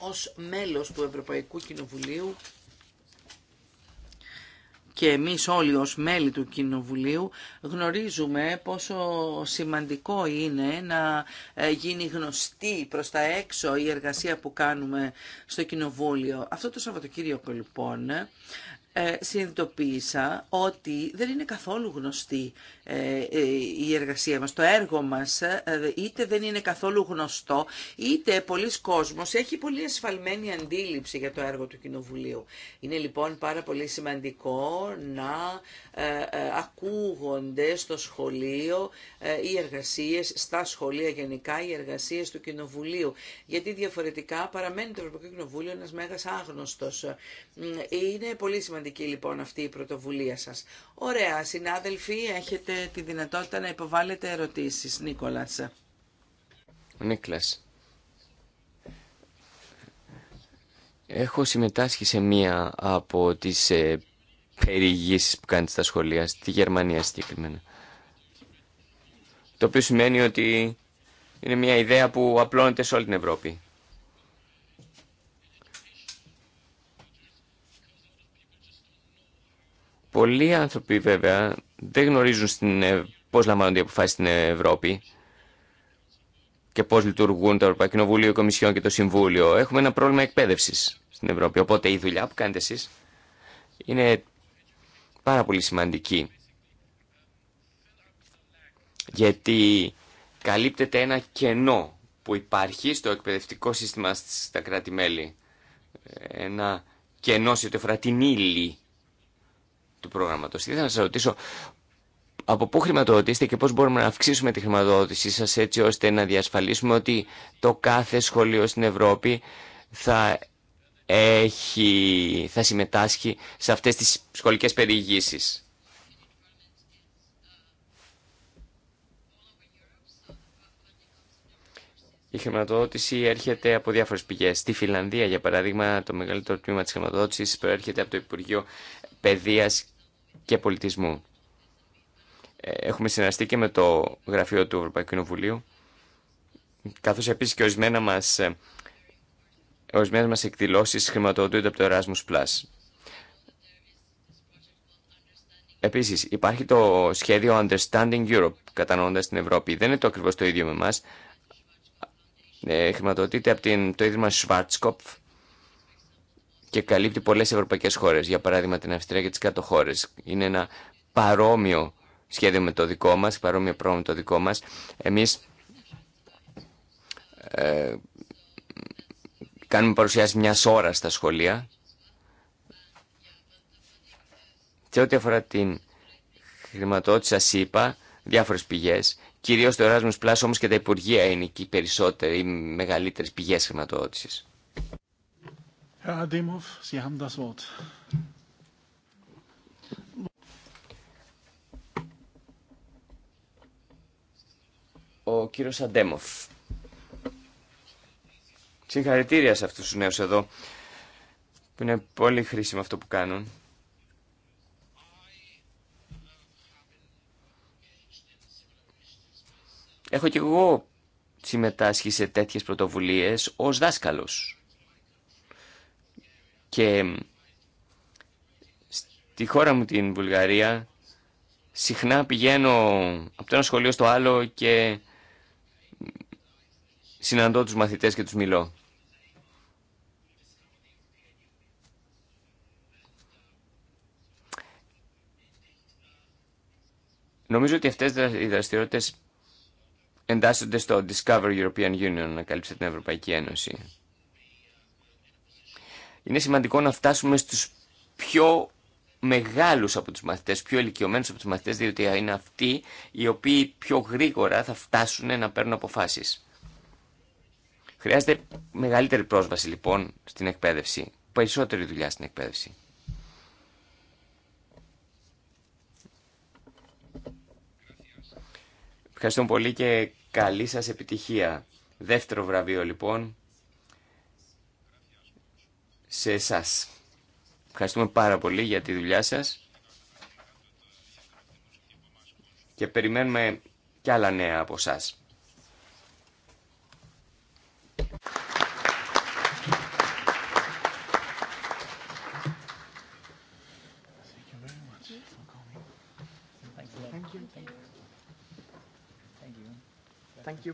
ως μέλος του Ευρωπαϊκού Κοινοβουλίου και εμείς όλοι ως μέλη του Κοινοβουλίου γνωρίζουμε πόσο σημαντικό είναι να ε, γίνει γνωστή προς τα έξω η εργασία που κάνουμε στο Κοινοβούλιο. Αυτό το Σαββατοκύριακο λοιπόν ε, συνειδητοποίησα ότι δεν είναι καθόλου γνωστή ε, ε, η εργασία μας. Το έργο μας είτε δεν είναι καθόλου γνωστό, είτε πολλοί κόσμος έχει πολύ ασφαλμένη αντίληψη για το έργο του Κοινοβουλίου. Είναι λοιπόν πάρα πολύ σημαντικό να ακούγονται στο σχολείο οι εργασίες, στα σχολεία γενικά οι εργασίες του Κοινοβουλίου, γιατί διαφορετικά παραμένει το Ευρωπαϊκό Κοινοβούλιο ένας μέγας άγνωστος. Είναι πολύ σημαντικό σημαντική λοιπόν αυτή η πρωτοβουλία σας. Ωραία, συνάδελφοι, έχετε τη δυνατότητα να υποβάλλετε ερωτήσεις. Νίκολας. Ο Νίκλας. Έχω συμμετάσχει σε μία από τις ε, περιηγήσεις που κάνετε στα σχολεία, στη Γερμανία συγκεκριμένα. Το οποίο σημαίνει ότι είναι μια ιδέα που απλώνεται σε όλη την Ευρώπη. Πολλοί άνθρωποι βέβαια δεν γνωρίζουν στην, ε, πώς λαμβάνονται οι αποφάσεις στην ε, Ευρώπη και πώς λειτουργούν το Ευρωπαϊκό Κοινοβούλιο, η Κομισιόν και το Συμβούλιο. Έχουμε ένα πρόβλημα εκπαίδευσης στην Ευρώπη. Οπότε η δουλειά που κάνετε εσείς είναι πάρα πολύ σημαντική. Γιατί καλύπτεται ένα κενό που υπάρχει στο εκπαιδευτικό σύστημα στα κράτη-μέλη. Ένα κενό σε ό,τι την ύλη του προγράμματος. Ήθελα να σα ρωτήσω από πού χρηματοδοτήσετε και πώ μπορούμε να αυξήσουμε τη χρηματοδότησή σα έτσι ώστε να διασφαλίσουμε ότι το κάθε σχολείο στην Ευρώπη θα, έχει, θα συμμετάσχει σε αυτές τις σχολικές περιηγήσεις. Η χρηματοδότηση έρχεται από διάφορε πηγέ. Στη Φιλανδία, για παράδειγμα, το μεγαλύτερο τμήμα τη χρηματοδότηση προέρχεται από το Υπουργείο Παιδεία και πολιτισμού. Ε, έχουμε συνεργαστεί και με το γραφείο του Ευρωπαϊκού Κοινοβουλίου, καθώς επίσης και ορισμένα μας, εκδηλώσει μας εκδηλώσεις χρηματοδοτούνται από το Erasmus+. Επίσης, υπάρχει το σχέδιο Understanding Europe, κατανοώντας την Ευρώπη. Δεν είναι το ακριβώς το ίδιο με εμάς. Ε, χρηματοδοτείται από την, το Ίδρυμα Schwarzkopf, και καλύπτει πολλές ευρωπαϊκές χώρες, για παράδειγμα την Αυστρία και τις κάτω χώρες. Είναι ένα παρόμοιο σχέδιο με το δικό μας, παρόμοιο πρόγραμμα με το δικό μας. Εμείς ε, κάνουμε παρουσιάσεις μια ώρα στα σχολεία. Και ό,τι αφορά την χρηματοδότηση, σα είπα διάφορε πηγέ. Κυρίω το Erasmus Plus όμω και τα Υπουργεία είναι οι περισσότεροι, οι μεγαλύτερε πηγέ χρηματοδότηση. Ο κύριος Αντέμοφ. Συγχαρητήρια σε αυτούς τους νέους εδώ, που είναι πολύ χρήσιμο αυτό που κάνουν. Έχω κι εγώ συμμετάσχει σε τέτοιες πρωτοβουλίες ως δάσκαλος. Και στη χώρα μου την Βουλγαρία συχνά πηγαίνω από το ένα σχολείο στο άλλο και συναντώ τους μαθητές και τους μιλώ. Νομίζω ότι αυτές οι δραστηριότητες εντάσσονται στο Discover European Union, να καλύψει την Ευρωπαϊκή Ένωση είναι σημαντικό να φτάσουμε στους πιο μεγάλους από τους μαθητές, πιο ηλικιωμένους από τους μαθητές, διότι είναι αυτοί οι οποίοι πιο γρήγορα θα φτάσουν να παίρνουν αποφάσεις. Χρειάζεται μεγαλύτερη πρόσβαση λοιπόν στην εκπαίδευση, περισσότερη δουλειά στην εκπαίδευση. Ευχαριστώ πολύ και καλή σας επιτυχία. Δεύτερο βραβείο λοιπόν σε εσάς. Ευχαριστούμε πάρα πολύ για τη δουλειά σας και περιμένουμε κι άλλα νέα από εσάς. Thank you.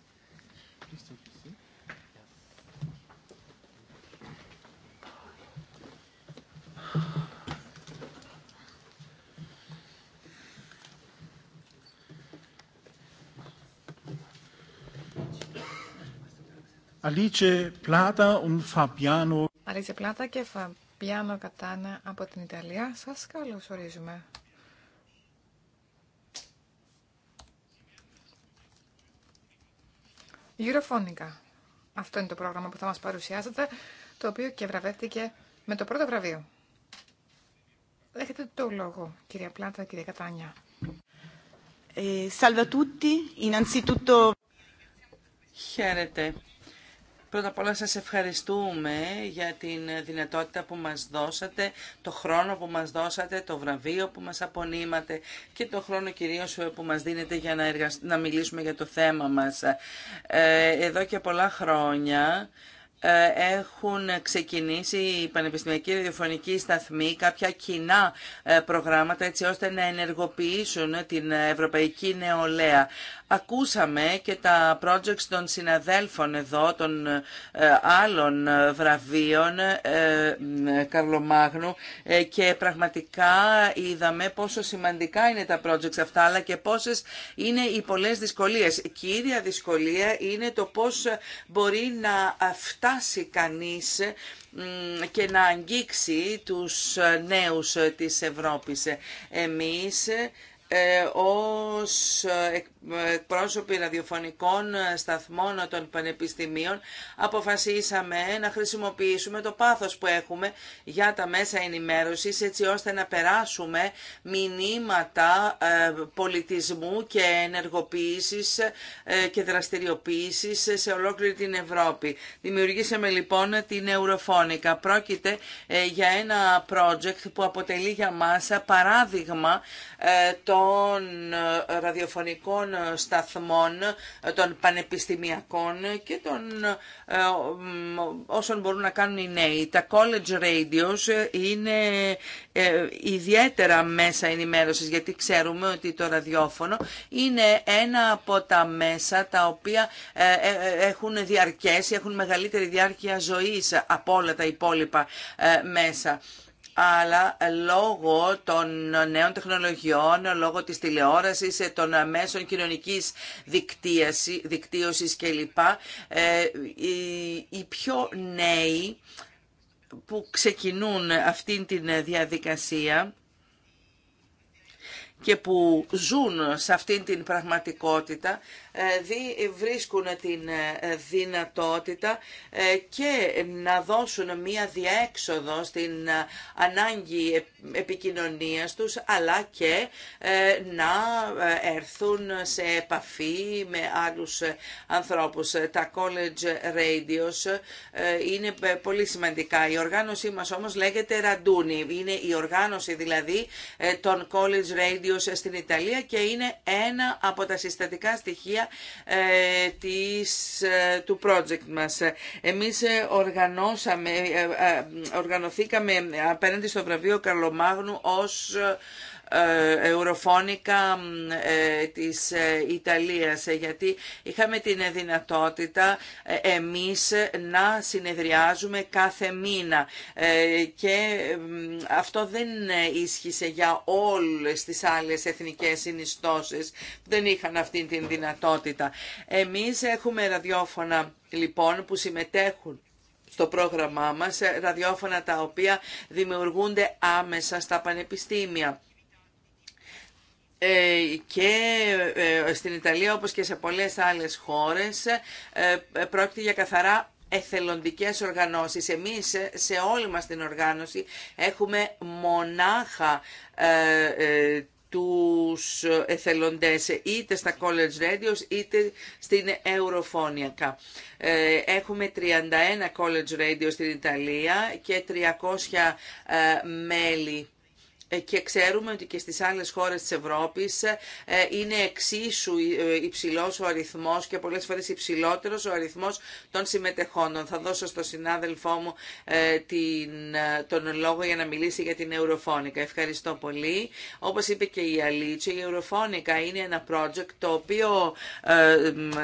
Αλίτσε Πλάτα και Φαμπιάνο Κατάνα από την Ιταλία. Σας καλωσορίζουμε. Γυροφώνικα. Αυτό είναι το πρόγραμμα που θα μας παρουσιάσετε, το οποίο και βραβεύτηκε με το πρώτο βραβείο. Έχετε το λόγο, κυρία Πλάτα, κυρία Κατάνια. Ε, Χαίρετε. Πρώτα απ' όλα σας ευχαριστούμε για την δυνατότητα που μας δώσατε, το χρόνο που μας δώσατε, το βραβείο που μας απονείματε και το χρόνο κυρίως που μας δίνετε για να, να μιλήσουμε για το θέμα μας. Ε, εδώ και πολλά χρόνια ε, έχουν ξεκινήσει οι πανεπιστημιακοί ραδιοφωνικοί σταθμοί κάποια κοινά ε, προγράμματα έτσι ώστε να ενεργοποιήσουν την ευρωπαϊκή νεολαία. Ακούσαμε και τα projects των συναδέλφων εδώ, των ε, άλλων βραβείων ε, ε, Καρλομάγνου και πραγματικά είδαμε πόσο σημαντικά είναι τα projects αυτά, αλλά και πόσες είναι οι πολλές δυσκολίες. Κύρια δυσκολία είναι το πώς μπορεί να φτάσει κανείς και να αγγίξει τους νέους της Ευρώπης. Εμείς ως ε, εκπρόσωποι ραδιοφωνικών ε, σταθμών των πανεπιστημίων αποφασίσαμε να χρησιμοποιήσουμε το πάθος που έχουμε για τα μέσα ενημέρωσης έτσι ώστε να περάσουμε μηνύματα ε, πολιτισμού και ενεργοποίησης και δραστηριοποίησης σε ολόκληρη την Ευρώπη. Δημιουργήσαμε λοιπόν την Eurofónica. Πρόκειται για ένα project που αποτελεί για μας παράδειγμα των ραδιοφωνικών των σταθμών, των πανεπιστημιακών και των ε, όσων μπορούν να κάνουν οι νέοι. Τα college radios είναι ε, ιδιαίτερα μέσα ενημέρωσης γιατί ξέρουμε ότι το ραδιόφωνο είναι ένα από τα μέσα τα οποία ε, έχουν διαρκές, έχουν μεγαλύτερη διάρκεια ζωής από όλα τα υπόλοιπα μέσα αλλά λόγω των νέων τεχνολογιών, λόγω της τηλεόρασης, ε, των μέσων κοινωνικής δικτύωσης κλπ, ε, οι πιο νέοι που ξεκινούν αυτήν την διαδικασία και που ζουν σε αυτήν την πραγματικότητα ε, βρίσκουν την ε, δυνατότητα ε, και να δώσουν μία διέξοδο στην ανάγκη επικοινωνίας τους, αλλά και να έρθουν σε επαφή με άλλους ανθρώπους. Τα college radios είναι πολύ σημαντικά. Η οργάνωσή μας όμως λέγεται Ραντούνι. Είναι η οργάνωση δηλαδή των college radios στην Ιταλία και είναι ένα από τα συστατικά στοιχεία ε, της, ε, του project μας. Εμείς ε, οργανώσαμε, οργανωθήκαμε απέναντι στο βραβείο Καρλομάγνου ως ε, Ευρωφώνικα ε, της ε, Ιταλίας γιατί είχαμε την δυνατότητα εμείς να συνεδριάζουμε κάθε μήνα και αυτό δεν ίσχυσε για όλες τις άλλες εθνικές συνιστώσεις που δεν είχαν αυτήν την δυνατότητα. Εμείς έχουμε ραδιόφωνα λοιπόν που συμμετέχουν στο πρόγραμμά μας, ραδιόφωνα τα οποία δημιουργούνται άμεσα στα πανεπιστήμια. Ε, και ε, στην Ιταλία όπως και σε πολλές άλλες χώρες ε, πρόκειται για καθαρά εθελοντικές οργανώσεις. Εμείς σε όλη μας την οργάνωση έχουμε μονάχα τους εθελοντές είτε στα College Radios είτε στην ευρωφωνιακά. Έχουμε 31 College radios στην Ιταλία και 300 μέλη ε, και ξέρουμε ότι και στις άλλες χώρες της Ευρώπης ε, είναι εξίσου ε, υψηλός ο αριθμός και πολλές φορές υψηλότερος ο αριθμός των συμμετεχόντων. Θα δώσω στον συνάδελφό μου τον λόγο για να μιλήσει για την Ευρωφώνικα. Ευχαριστώ πολύ. Όπως είπε και η Αλίτσο, η Ευρωφώνικα είναι ένα project το οποίο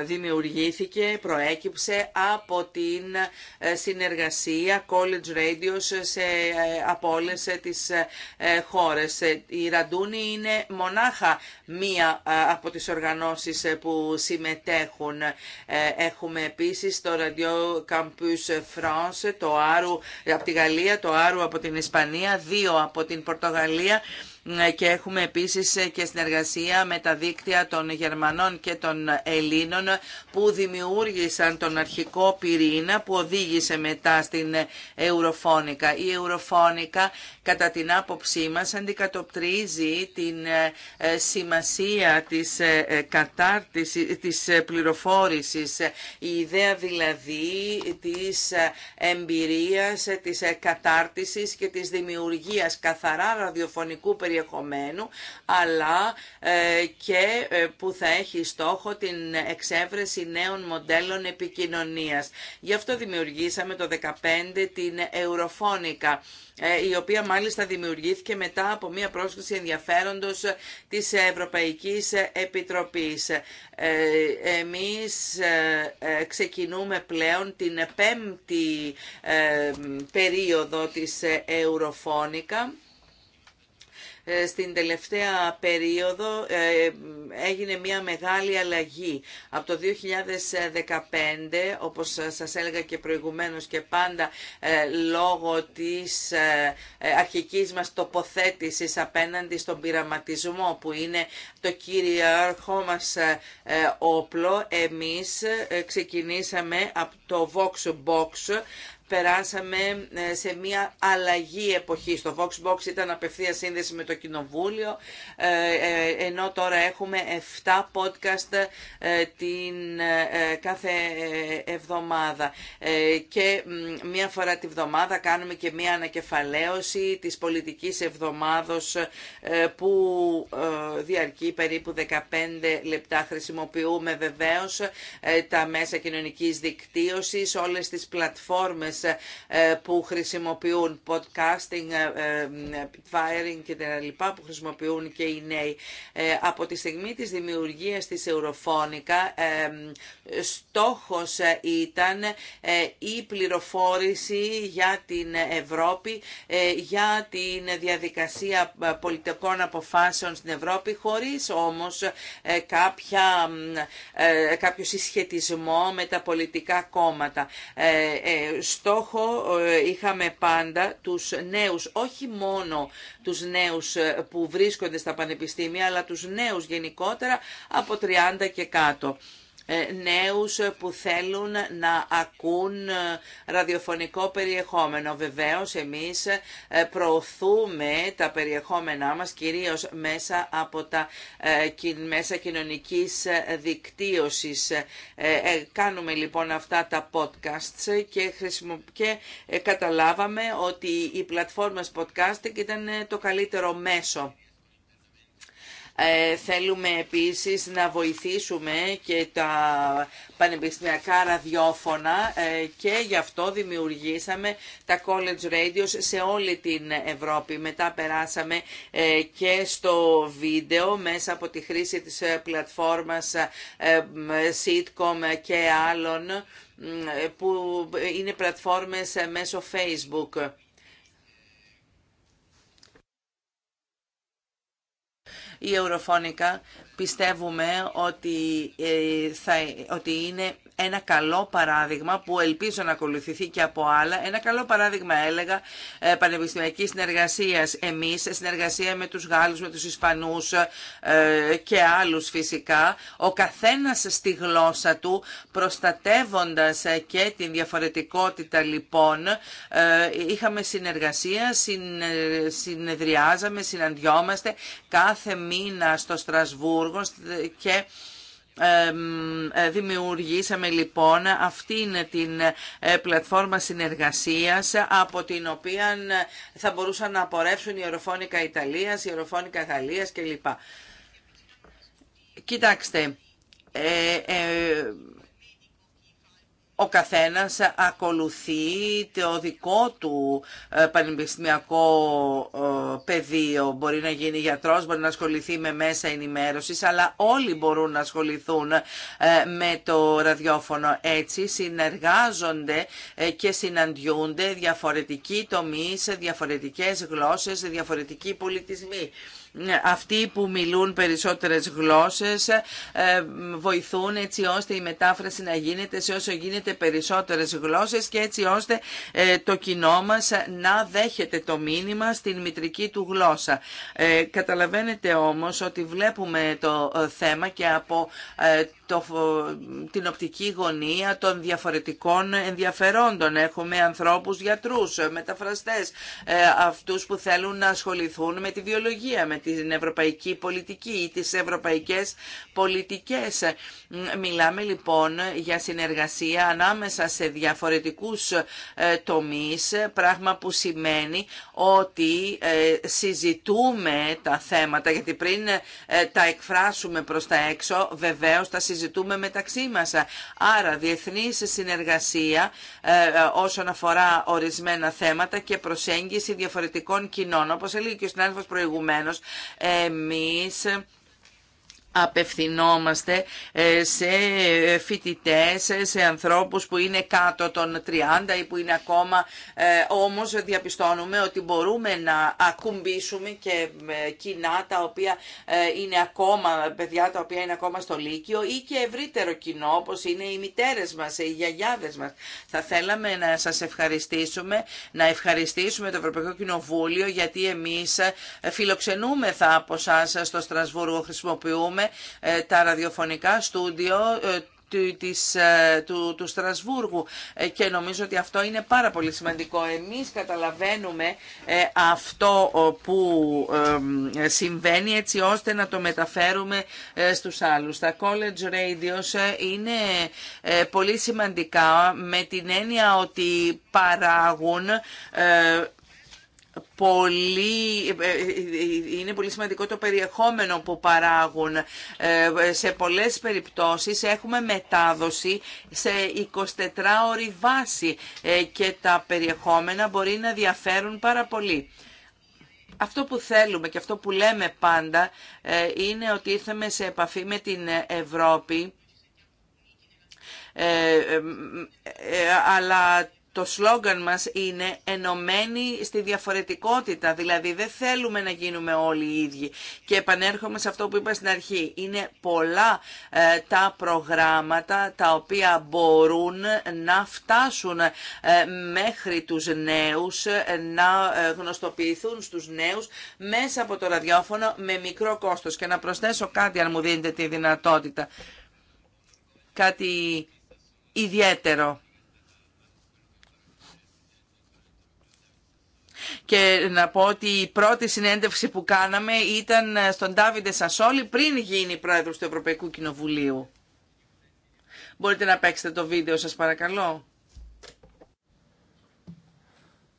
δημιουργήθηκε, προέκυψε από την συνεργασία College Radios σε, από όλες τις χώρες χώρες. Ε, η Ραντούνη είναι μονάχα μία ε, από τις οργανώσεις ε, που συμμετέχουν. Έχουμε επίσης το Radio Campus France, το Άρου από τη Γαλλία, το Άρου από την Ισπανία, δύο από την Πορτογαλία ναι, και έχουμε επίσης ε, και συνεργασία με τα δίκτυα των Γερμανών και των Ελλήνων που δημιούργησαν τον αρχικό πυρήνα που οδήγησε μετά στην ε, Ευρωφώνικα. Η Ευρωφώνικα κατά την άποψή μας αντικατοπτρίζει την ε, σημασία της κατάρτισης, της πληροφόρησης, η ιδέα δηλαδή της εμπειρίας, της κατάρτισης και της δημιουργίας καθαρά ραδιοφωνικού περιεχομένου περιεχομένου, αλλά ε, και ε, που θα έχει στόχο την εξέβρεση νέων μοντέλων επικοινωνίας. Γι' αυτό δημιουργήσαμε το 2015 την Eurofónica, ε, η οποία μάλιστα δημιουργήθηκε μετά από μία πρόσκληση ενδιαφέροντος της Ευρωπαϊκής Επιτροπής. Εμείς ξεκινούμε πλέον την πέμπτη περίοδο της Eurofónica ε, στην τελευταία περίοδο ε, έγινε μια μεγάλη αλλαγή. Από το 2015, όπως σας έλεγα και προηγουμένως και πάντα ε, λόγω της αρχικής μας τοποθέτησης απέναντι στον πειραματισμό που είναι το κυριαρχό μας όπλο, εμείς ξεκινήσαμε από το Vox Box περάσαμε ε, σε μια αλλαγή εποχή. Το Vox Box ήταν απευθεία σύνδεση με το Κοινοβούλιο, ε, ε, ενώ τώρα έχουμε 7 podcast την κάθε εβδομάδα. Και μια φορά τη βδομάδα κάνουμε και μια ανακεφαλαίωση της πολιτικής εβδομάδος που διαρκεί περίπου 15 λεπτά. Χρησιμοποιούμε βεβαίως τα μέσα κοινωνικής δικτύωσης, όλες τις πλατφόρμες ε, που χρησιμοποιούν podcasting, firing ε, ε, και τα λοιπά που χρησιμοποιούν και οι νέοι. Από τη στιγμή της δημιουργίας της ευρωφώνικα. στόχος ήταν η πληροφόρηση για την Ευρώπη, για την διαδικασία πολιτικών αποφάσεων στην Ευρώπη, χωρίς όμως κάποια, κάποιο συσχετισμό με τα πολιτικά κόμματα στόχο ε, είχαμε πάντα τους νέους, όχι μόνο τους νέους ε, που βρίσκονται στα πανεπιστήμια, αλλά τους νέους γενικότερα από 30 και κάτω. Ε, νέους που θέλουν να ακούν ε, ραδιοφωνικό περιεχόμενο. Βεβαίως εμείς ε, προωθούμε τα περιεχόμενά μας κυρίως μέσα από τα μέσα κοινωνικής δικτύωσης. Κάνουμε λοιπόν αυτά τα podcasts και, καταλάβαμε ότι οι πλατφόρμες podcasting ήταν το καλύτερο μέσο ε, θέλουμε επίσης να βοηθήσουμε και τα πανεπιστημιακά ραδιόφωνα ε, και γι' αυτό δημιουργήσαμε τα college radios σε όλη την Ευρώπη. Μετά περάσαμε ε, και στο βίντεο μέσα από τη χρήση της πλατφόρμας sitcom και άλλων που είναι πλατφόρμες μέσω Facebook. η Ευρωφώνικα πιστεύουμε ότι, ε, θα, ότι είναι ένα καλό παράδειγμα που ελπίζω να ακολουθηθεί και από άλλα, ένα καλό παράδειγμα έλεγα ε, πανεπιστημιακής συνεργασίας εμείς, συνεργασία με τους Γάλλους, με τους Ισπανούς ε, και άλλους φυσικά, ο καθένα στη γλώσσα του προστατεύοντας ε, και την διαφορετικότητα λοιπόν, είχαμε συνεργασία, συνεδριάζαμε, συναντιόμαστε κάθε μήνα στο Στρασβούργο και ε, δημιουργήσαμε λοιπόν αυτήν την ε, πλατφόρμα συνεργασίας από την οποία ε, θα μπορούσαν να απορρεύσουν η οροφόνικα Ιταλίας, η οροφόνικα Γαλλίας κλπ. Κοιτάξτε, ε, ο καθένας ακολουθεί το δικό του ε, πανεπιστημιακό ε, πεδίο. Μπορεί να γίνει γιατρός, μπορεί να ασχοληθεί με μέσα ενημέρωσης, αλλά όλοι μπορούν να ασχοληθούν ε, με το ραδιόφωνο. Έτσι συνεργάζονται και συναντιούνται διαφορετικοί τομείς, διαφορετικές γλώσσες, διαφορετικοί πολιτισμοί αυτοί που μιλούν περισσότερες γλώσσες ε, βοηθούν έτσι ώστε η μετάφραση να γίνεται σε όσο γίνεται περισσότερες γλώσσες και έτσι ώστε ε, το κοινό μας να δέχεται το μήνυμα στην μητρική του γλώσσα. Ε, καταλαβαίνετε όμως ότι βλέπουμε το θέμα και από το, την οπτική γωνία των διαφορετικών ενδιαφερόντων. Έχουμε ανθρώπους γιατρούς, μεταφραστές, ε, αυτούς που θέλουν να ασχοληθούν με τη βιολογία, με την ευρωπαϊκή πολιτική ή τις ευρωπαϊκές πολιτικές. Μιλάμε λοιπόν για συνεργασία ανάμεσα σε διαφορετικούς ε, τομείς, πράγμα που σημαίνει ότι ε, συζητούμε τα θέματα, γιατί πριν τα εκφράσουμε προς τα έξω, βεβαίως τα συζητούμε συζητούμε μεταξύ μας. Άρα διεθνή συνεργασία ε, ε, όσον αφορά ορισμένα θέματα και προσέγγιση διαφορετικών κοινών. Όπως έλεγε και ο συνάδελφος προηγουμένως, εμείς απευθυνόμαστε ε, σε φοιτητέ, σε ανθρώπους που είναι κάτω των 30 ή που είναι ακόμα, ε, όμως διαπιστώνουμε ότι μπορούμε να ακουμπήσουμε και ε, κοινά τα οποία είναι ακόμα, παιδιά τα οποία είναι ακόμα στο Λύκειο ή και ευρύτερο κοινό όπως είναι οι μητέρες μας, οι γιαγιάδες μας. Θα θέλαμε να σας ευχαριστήσουμε, να ευχαριστήσουμε το Ευρωπαϊκό Κοινοβούλιο γιατί εμείς φιλοξενούμεθα από εσά στο Στρασβούργο, χρησιμοποιούμε ε, τα ραδιοφωνικά στούντιο ε, της, ε, του, του Στρασβούργου και νομίζω ότι αυτό είναι πάρα πολύ σημαντικό. Εμείς καταλαβαίνουμε αυτό που συμβαίνει έτσι ώστε να το μεταφέρουμε στους άλλους. Τα college radios είναι πολύ σημαντικά με την έννοια ότι παράγουν είναι πολύ σημαντικό το περιεχόμενο που παράγουν. Σε πολλές περιπτώσεις έχουμε μετάδοση σε 24ωρη βάση και τα περιεχόμενα μπορεί να διαφέρουν πάρα πολύ. Αυτό που θέλουμε και αυτό που λέμε πάντα είναι ότι ήρθαμε σε επαφή με την Ευρώπη αλλά το σλόγγαν μας είναι ενωμένοι στη διαφορετικότητα, δηλαδή δεν θέλουμε να γίνουμε όλοι οι ίδιοι. Και επανέρχομαι σε αυτό που είπα στην αρχή, είναι πολλά ε, τα προγράμματα τα οποία μπορούν να φτάσουν ε, μέχρι τους νέους, ε, να γνωστοποιηθούν στους νέους μέσα από το ραδιόφωνο με μικρό κόστος. Και να προσθέσω κάτι αν μου δίνετε τη δυνατότητα, κάτι ιδιαίτερο και να πω ότι η πρώτη συνέντευξη που κάναμε ήταν στον Ντάβιντε Σασόλη πριν γίνει πρόεδρος του Ευρωπαϊκού Κοινοβουλίου. Μπορείτε να παίξετε το βίντεο σας παρακαλώ.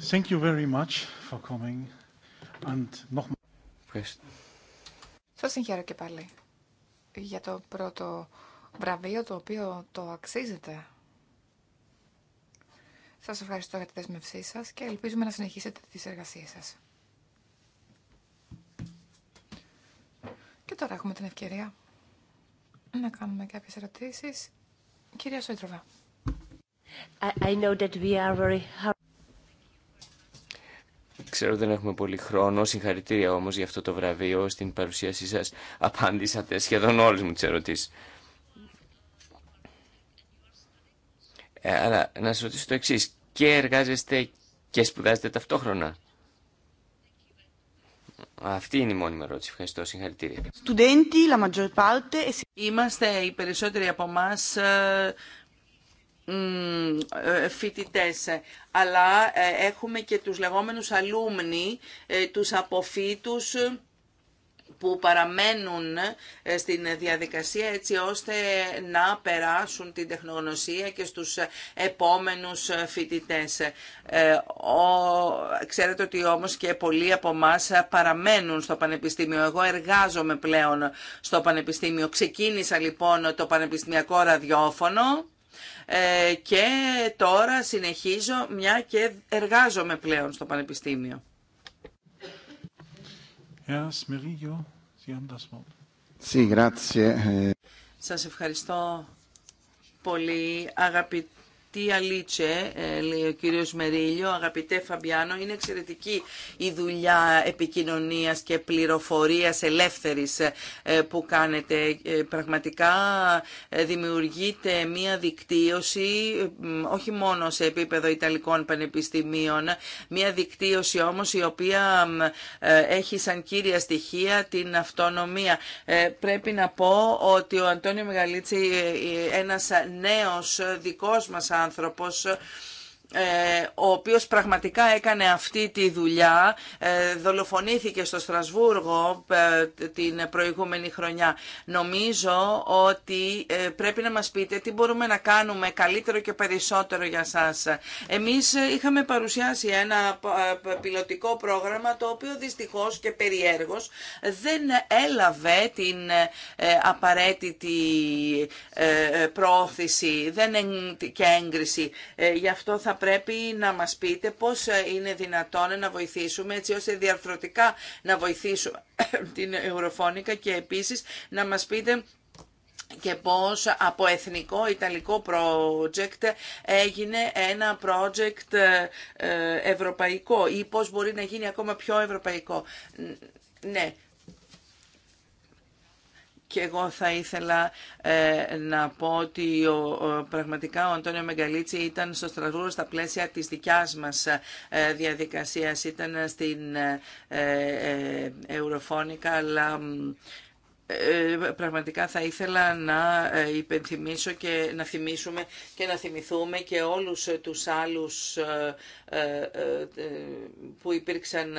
Thank you very much for coming. And... Ευχαριστώ. Σας συγχαίρω και πάλι για το πρώτο βραβείο το οποίο το αξίζετε. Σας ευχαριστώ για τη δεσμευσή σας και ελπίζουμε να συνεχίσετε τις εργασίες σας. Και τώρα έχουμε την ευκαιρία να κάνουμε κάποιες ερωτήσεις. Κυρία Σόιτροβα. I, I know that we are very... Ξέρω δεν έχουμε πολύ χρόνο, συγχαρητήρια όμως για αυτό το βραβείο. Στην παρουσίασή σας απάντησατε σχεδόν όλες μου τις ερωτήσεις. Ε, αλλά να σα ρωτήσω το εξή Και εργάζεστε και σπουδάζετε ταυτόχρονα. Αυτή είναι η μόνιμη ερώτηση. Ευχαριστώ. Συγχαρητήρια. E Είμαστε οι περισσότεροι από εμά ε, ε, φοιτητές, αλλά ε, έχουμε και τους λεγόμενους αλούμνοι, ε, τους αποφύτους που παραμένουν στην διαδικασία έτσι ώστε να περάσουν την τεχνογνωσία και στους επόμενους φοιτητές. Ξέρετε ότι όμως και πολλοί από εμά παραμένουν στο Πανεπιστήμιο. Εγώ εργάζομαι πλέον στο Πανεπιστήμιο. Ξεκίνησα λοιπόν το Πανεπιστημιακό Ραδιόφωνο ε, και τώρα συνεχίζω μια και εργάζομαι πλέον στο Πανεπιστήμιο. Eh. Σας ευχαριστώ πολύ αγαπητοί αγαπητή Αλίτσε, ε, λέει ο κύριο Μερίλιο, αγαπητέ Φαμπιάνο, είναι εξαιρετική η δουλειά επικοινωνίας και πληροφορίας ελεύθερης ε, που κάνετε. Ε, πραγματικά δημιουργείται μία δικτύωση, όχι μόνο σε επίπεδο Ιταλικών Πανεπιστημίων, μία δικτύωση όμως η οποία έχει σαν κύρια στοιχεία την αυτονομία. Πρέπει να πω ότι ο Αντώνιο Μεγαλίτσι, ένα νέο δικό μα άνθρωπο άνθρωπος ε, ο οποίος πραγματικά έκανε αυτή τη δουλειά, ε, δολοφονήθηκε στο Στρασβούργο ε, την προηγούμενη χρονιά. Νομίζω ότι πρέπει να μας πείτε τι μπορούμε να κάνουμε καλύτερο και περισσότερο για σας. Εμείς είχαμε παρουσιάσει ένα πιλωτικό πρόγραμμα το οποίο δυστυχώς και περιέργως δεν έλαβε την απαραίτητη πρόθεση δεν και έγκριση. Γι' αυτό θα πρέπει να μας πείτε πώς είναι δυνατόν να βοηθήσουμε έτσι ώστε διαρθρωτικά να βοηθήσουμε την Ευρωφώνικα και επίσης να μας πείτε και πώς από εθνικό ιταλικό project έγινε ένα project ε, ευρωπαϊκό ή πώς μπορεί να γίνει ακόμα πιο ευρωπαϊκό. Ναι, και εγώ θα ήθελα ε, να πω ότι ο, πραγματικά ο Αντώνιο Μεγκαλίτσι ήταν στο Στρασβούργο στα πλαίσια της δικιάς μας ε, διαδικασίας. Ήταν στην ε, ε, ε Ευρωφώνικα, αλλά ε, πραγματικά θα ήθελα να ε, υπενθυμίσω και να θυμίσουμε και να θυμηθούμε και όλους τους άλλους ε, που υπήρξαν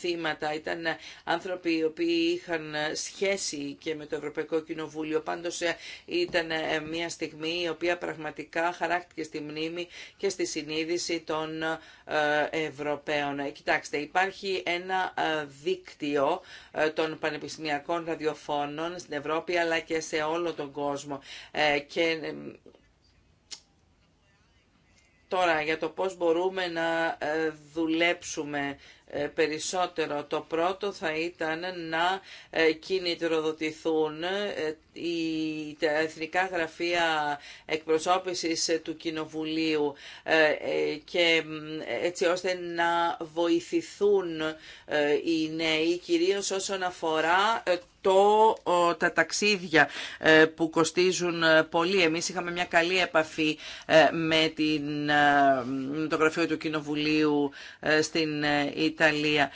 θύματα. Ήταν άνθρωποι οι οποίοι είχαν σχέση και με το Ευρωπαϊκό Κοινοβούλιο. Πάντως ήταν μια στιγμή η οποία πραγματικά χαράκτηκε στη μνήμη και στη συνείδηση των Ευρωπαίων. Κοιτάξτε, υπάρχει ένα δίκτυο των πανεπιστημιακών ραδιοφώνων στην Ευρώπη αλλά και σε όλο τον κόσμο. Ε, και ε, Τώρα, για το πώς μπορούμε να ε, δουλέψουμε περισσότερο. Το πρώτο θα ήταν να κινητροδοτηθούν τα εθνικά γραφεία εκπροσώπησης του Κοινοβουλίου και έτσι ώστε να βοηθηθούν οι νέοι, κυρίως όσον αφορά τα ταξίδια ε, που κοστίζουν ε, πολύ. Εμείς είχαμε μια καλή επαφή ε, με, την, με το γραφείο του Κοινοβουλίου στην Ιταλία.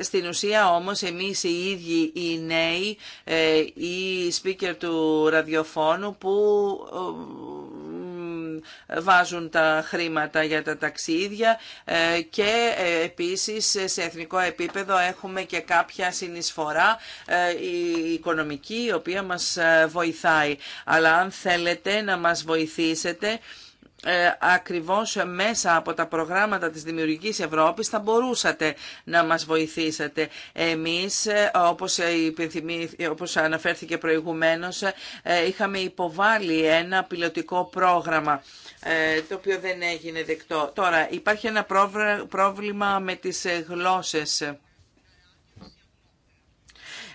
Στην ουσία όμως εμείς οι ίδιοι οι νέοι, οι speaker του ραδιοφώνου που βάζουν τα χρήματα για τα ταξίδια ε, και ε, επίσης σε εθνικό επίπεδο έχουμε και κάποια συνεισφορά ε, η οικονομική η οποία μας βοηθάει. Αλλά αν θέλετε να μας βοηθήσετε ε, ακριβώς μέσα από τα προγράμματα της Δημιουργικής Ευρώπης θα μπορούσατε να μας βοηθήσετε. Εμείς, ε, όπως, όπως αναφέρθηκε προηγουμένως, ε, είχαμε υποβάλει ένα πιλωτικό πρόγραμμα το οποίο δεν έγινε δεκτό. Τώρα, υπάρχει ένα πρόβλημα με τις γλώσσες.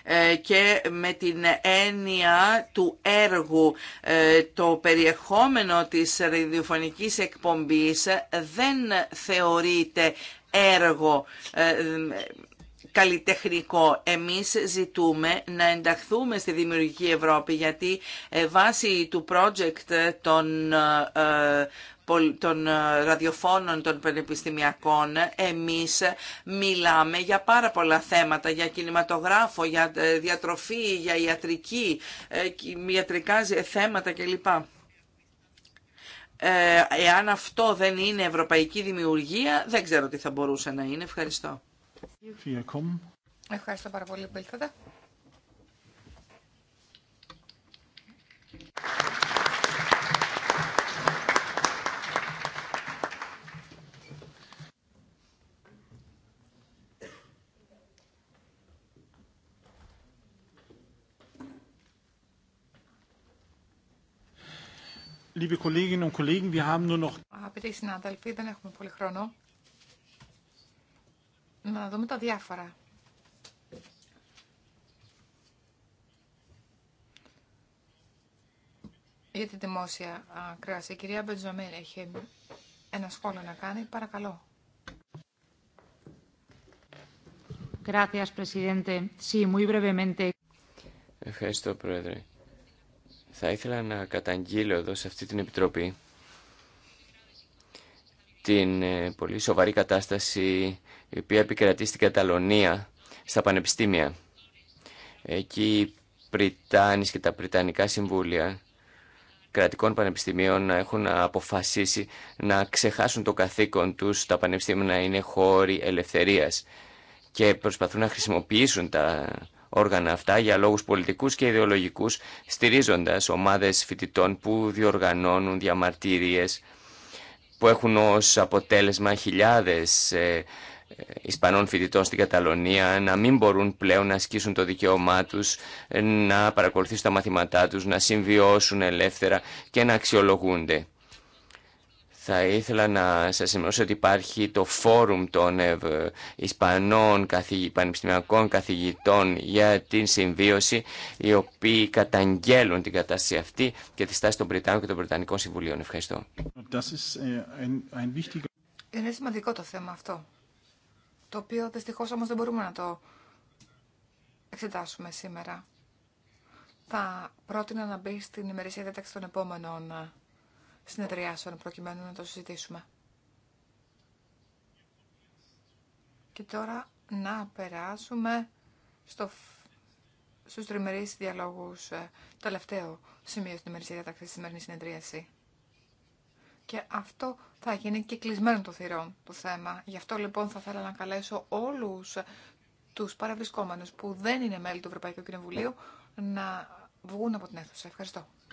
Ε, και με την έννοια του έργου ε, το περιεχόμενο της ραδιοφωνικής εκπομπής δεν θεωρείται έργο ε, καλλιτεχνικό. Εμείς ζητούμε να ενταχθούμε στη Δημιουργική Ευρώπη γιατί βάσει του project των των ε, ραδιοφώνων των πανεπιστημιακών εμείς μιλάμε για πάρα πολλά θέματα, για κινηματογράφο, για ε, διατροφή, για ιατρική, ε, ιατρικά θέματα κλπ. Εάν αυτό δεν είναι ευρωπαϊκή δημιουργία, δεν ξέρω τι θα μπορούσε να είναι. Ευχαριστώ. Ευχαριστώ πάρα πολύ που liebe Kolleginnen und Kollegen, wir haben nur noch... Αγαπητοί συνάδελφοι, δεν έχουμε πολύ χρόνο. Να δούμε τα διάφορα. Για τη δημόσια κρέαση, η κυρία Μπεντζομέρ έχει ένα σχόλιο να κάνει. Παρακαλώ. Gracias, presidente. Sí, muy brevemente. Ευχαριστώ, Πρόεδρε. Θα ήθελα να καταγγείλω εδώ σε αυτή την Επιτροπή την ε, πολύ σοβαρή κατάσταση η οποία επικρατεί στην Καταλωνία στα πανεπιστήμια. Εκεί οι Πριτάνης και τα Πριτανικά Συμβούλια κρατικών πανεπιστημίων έχουν αποφασίσει να ξεχάσουν το καθήκον τους τα πανεπιστήμια να είναι χώροι ελευθερίας και προσπαθούν να χρησιμοποιήσουν τα όργανα αυτά για λόγους πολιτικούς και ιδεολογικούς, στηρίζοντας ομάδες φοιτητών που διοργανώνουν διαμαρτύριες που έχουν ως αποτέλεσμα χιλιάδες ε, ε, Ισπανών φοιτητών στην Καταλωνία να μην μπορούν πλέον να ασκήσουν το δικαίωμά τους ε, να παρακολουθήσουν τα μαθήματά τους, να συμβιώσουν ελεύθερα και να αξιολογούνται. Θα ήθελα να σας ενημερώσω ότι υπάρχει το φόρουμ των Ισπανών πανεπιστημιακών καθηγητών για την συμβίωση, οι οποίοι καταγγέλουν την κατάσταση αυτή και τη στάση των Βρετάνων και των Βρετανικών Συμβουλίων. Ευχαριστώ. Äh, Είναι σημαντικό το θέμα αυτό, το οποίο δυστυχώς όμως δεν μπορούμε να το εξετάσουμε σήμερα. Θα πρότεινα να μπει στην ημερησία διάταξη των επόμενων συνεδριάσεων προκειμένου να το συζητήσουμε. Και τώρα να περάσουμε στο, στους τριμερείς διαλόγους, το ε, τελευταίο σημείο στην ημερησία διατάξη της σημερινής συνεδρίαση. Και αυτό θα γίνει και κλεισμένο το θηρόν το θέμα. Γι' αυτό λοιπόν θα ήθελα να καλέσω όλους τους παραβρισκόμενους που δεν είναι μέλη του Ευρωπαϊκού Κοινοβουλίου να βγουν από την αίθουσα. Ευχαριστώ.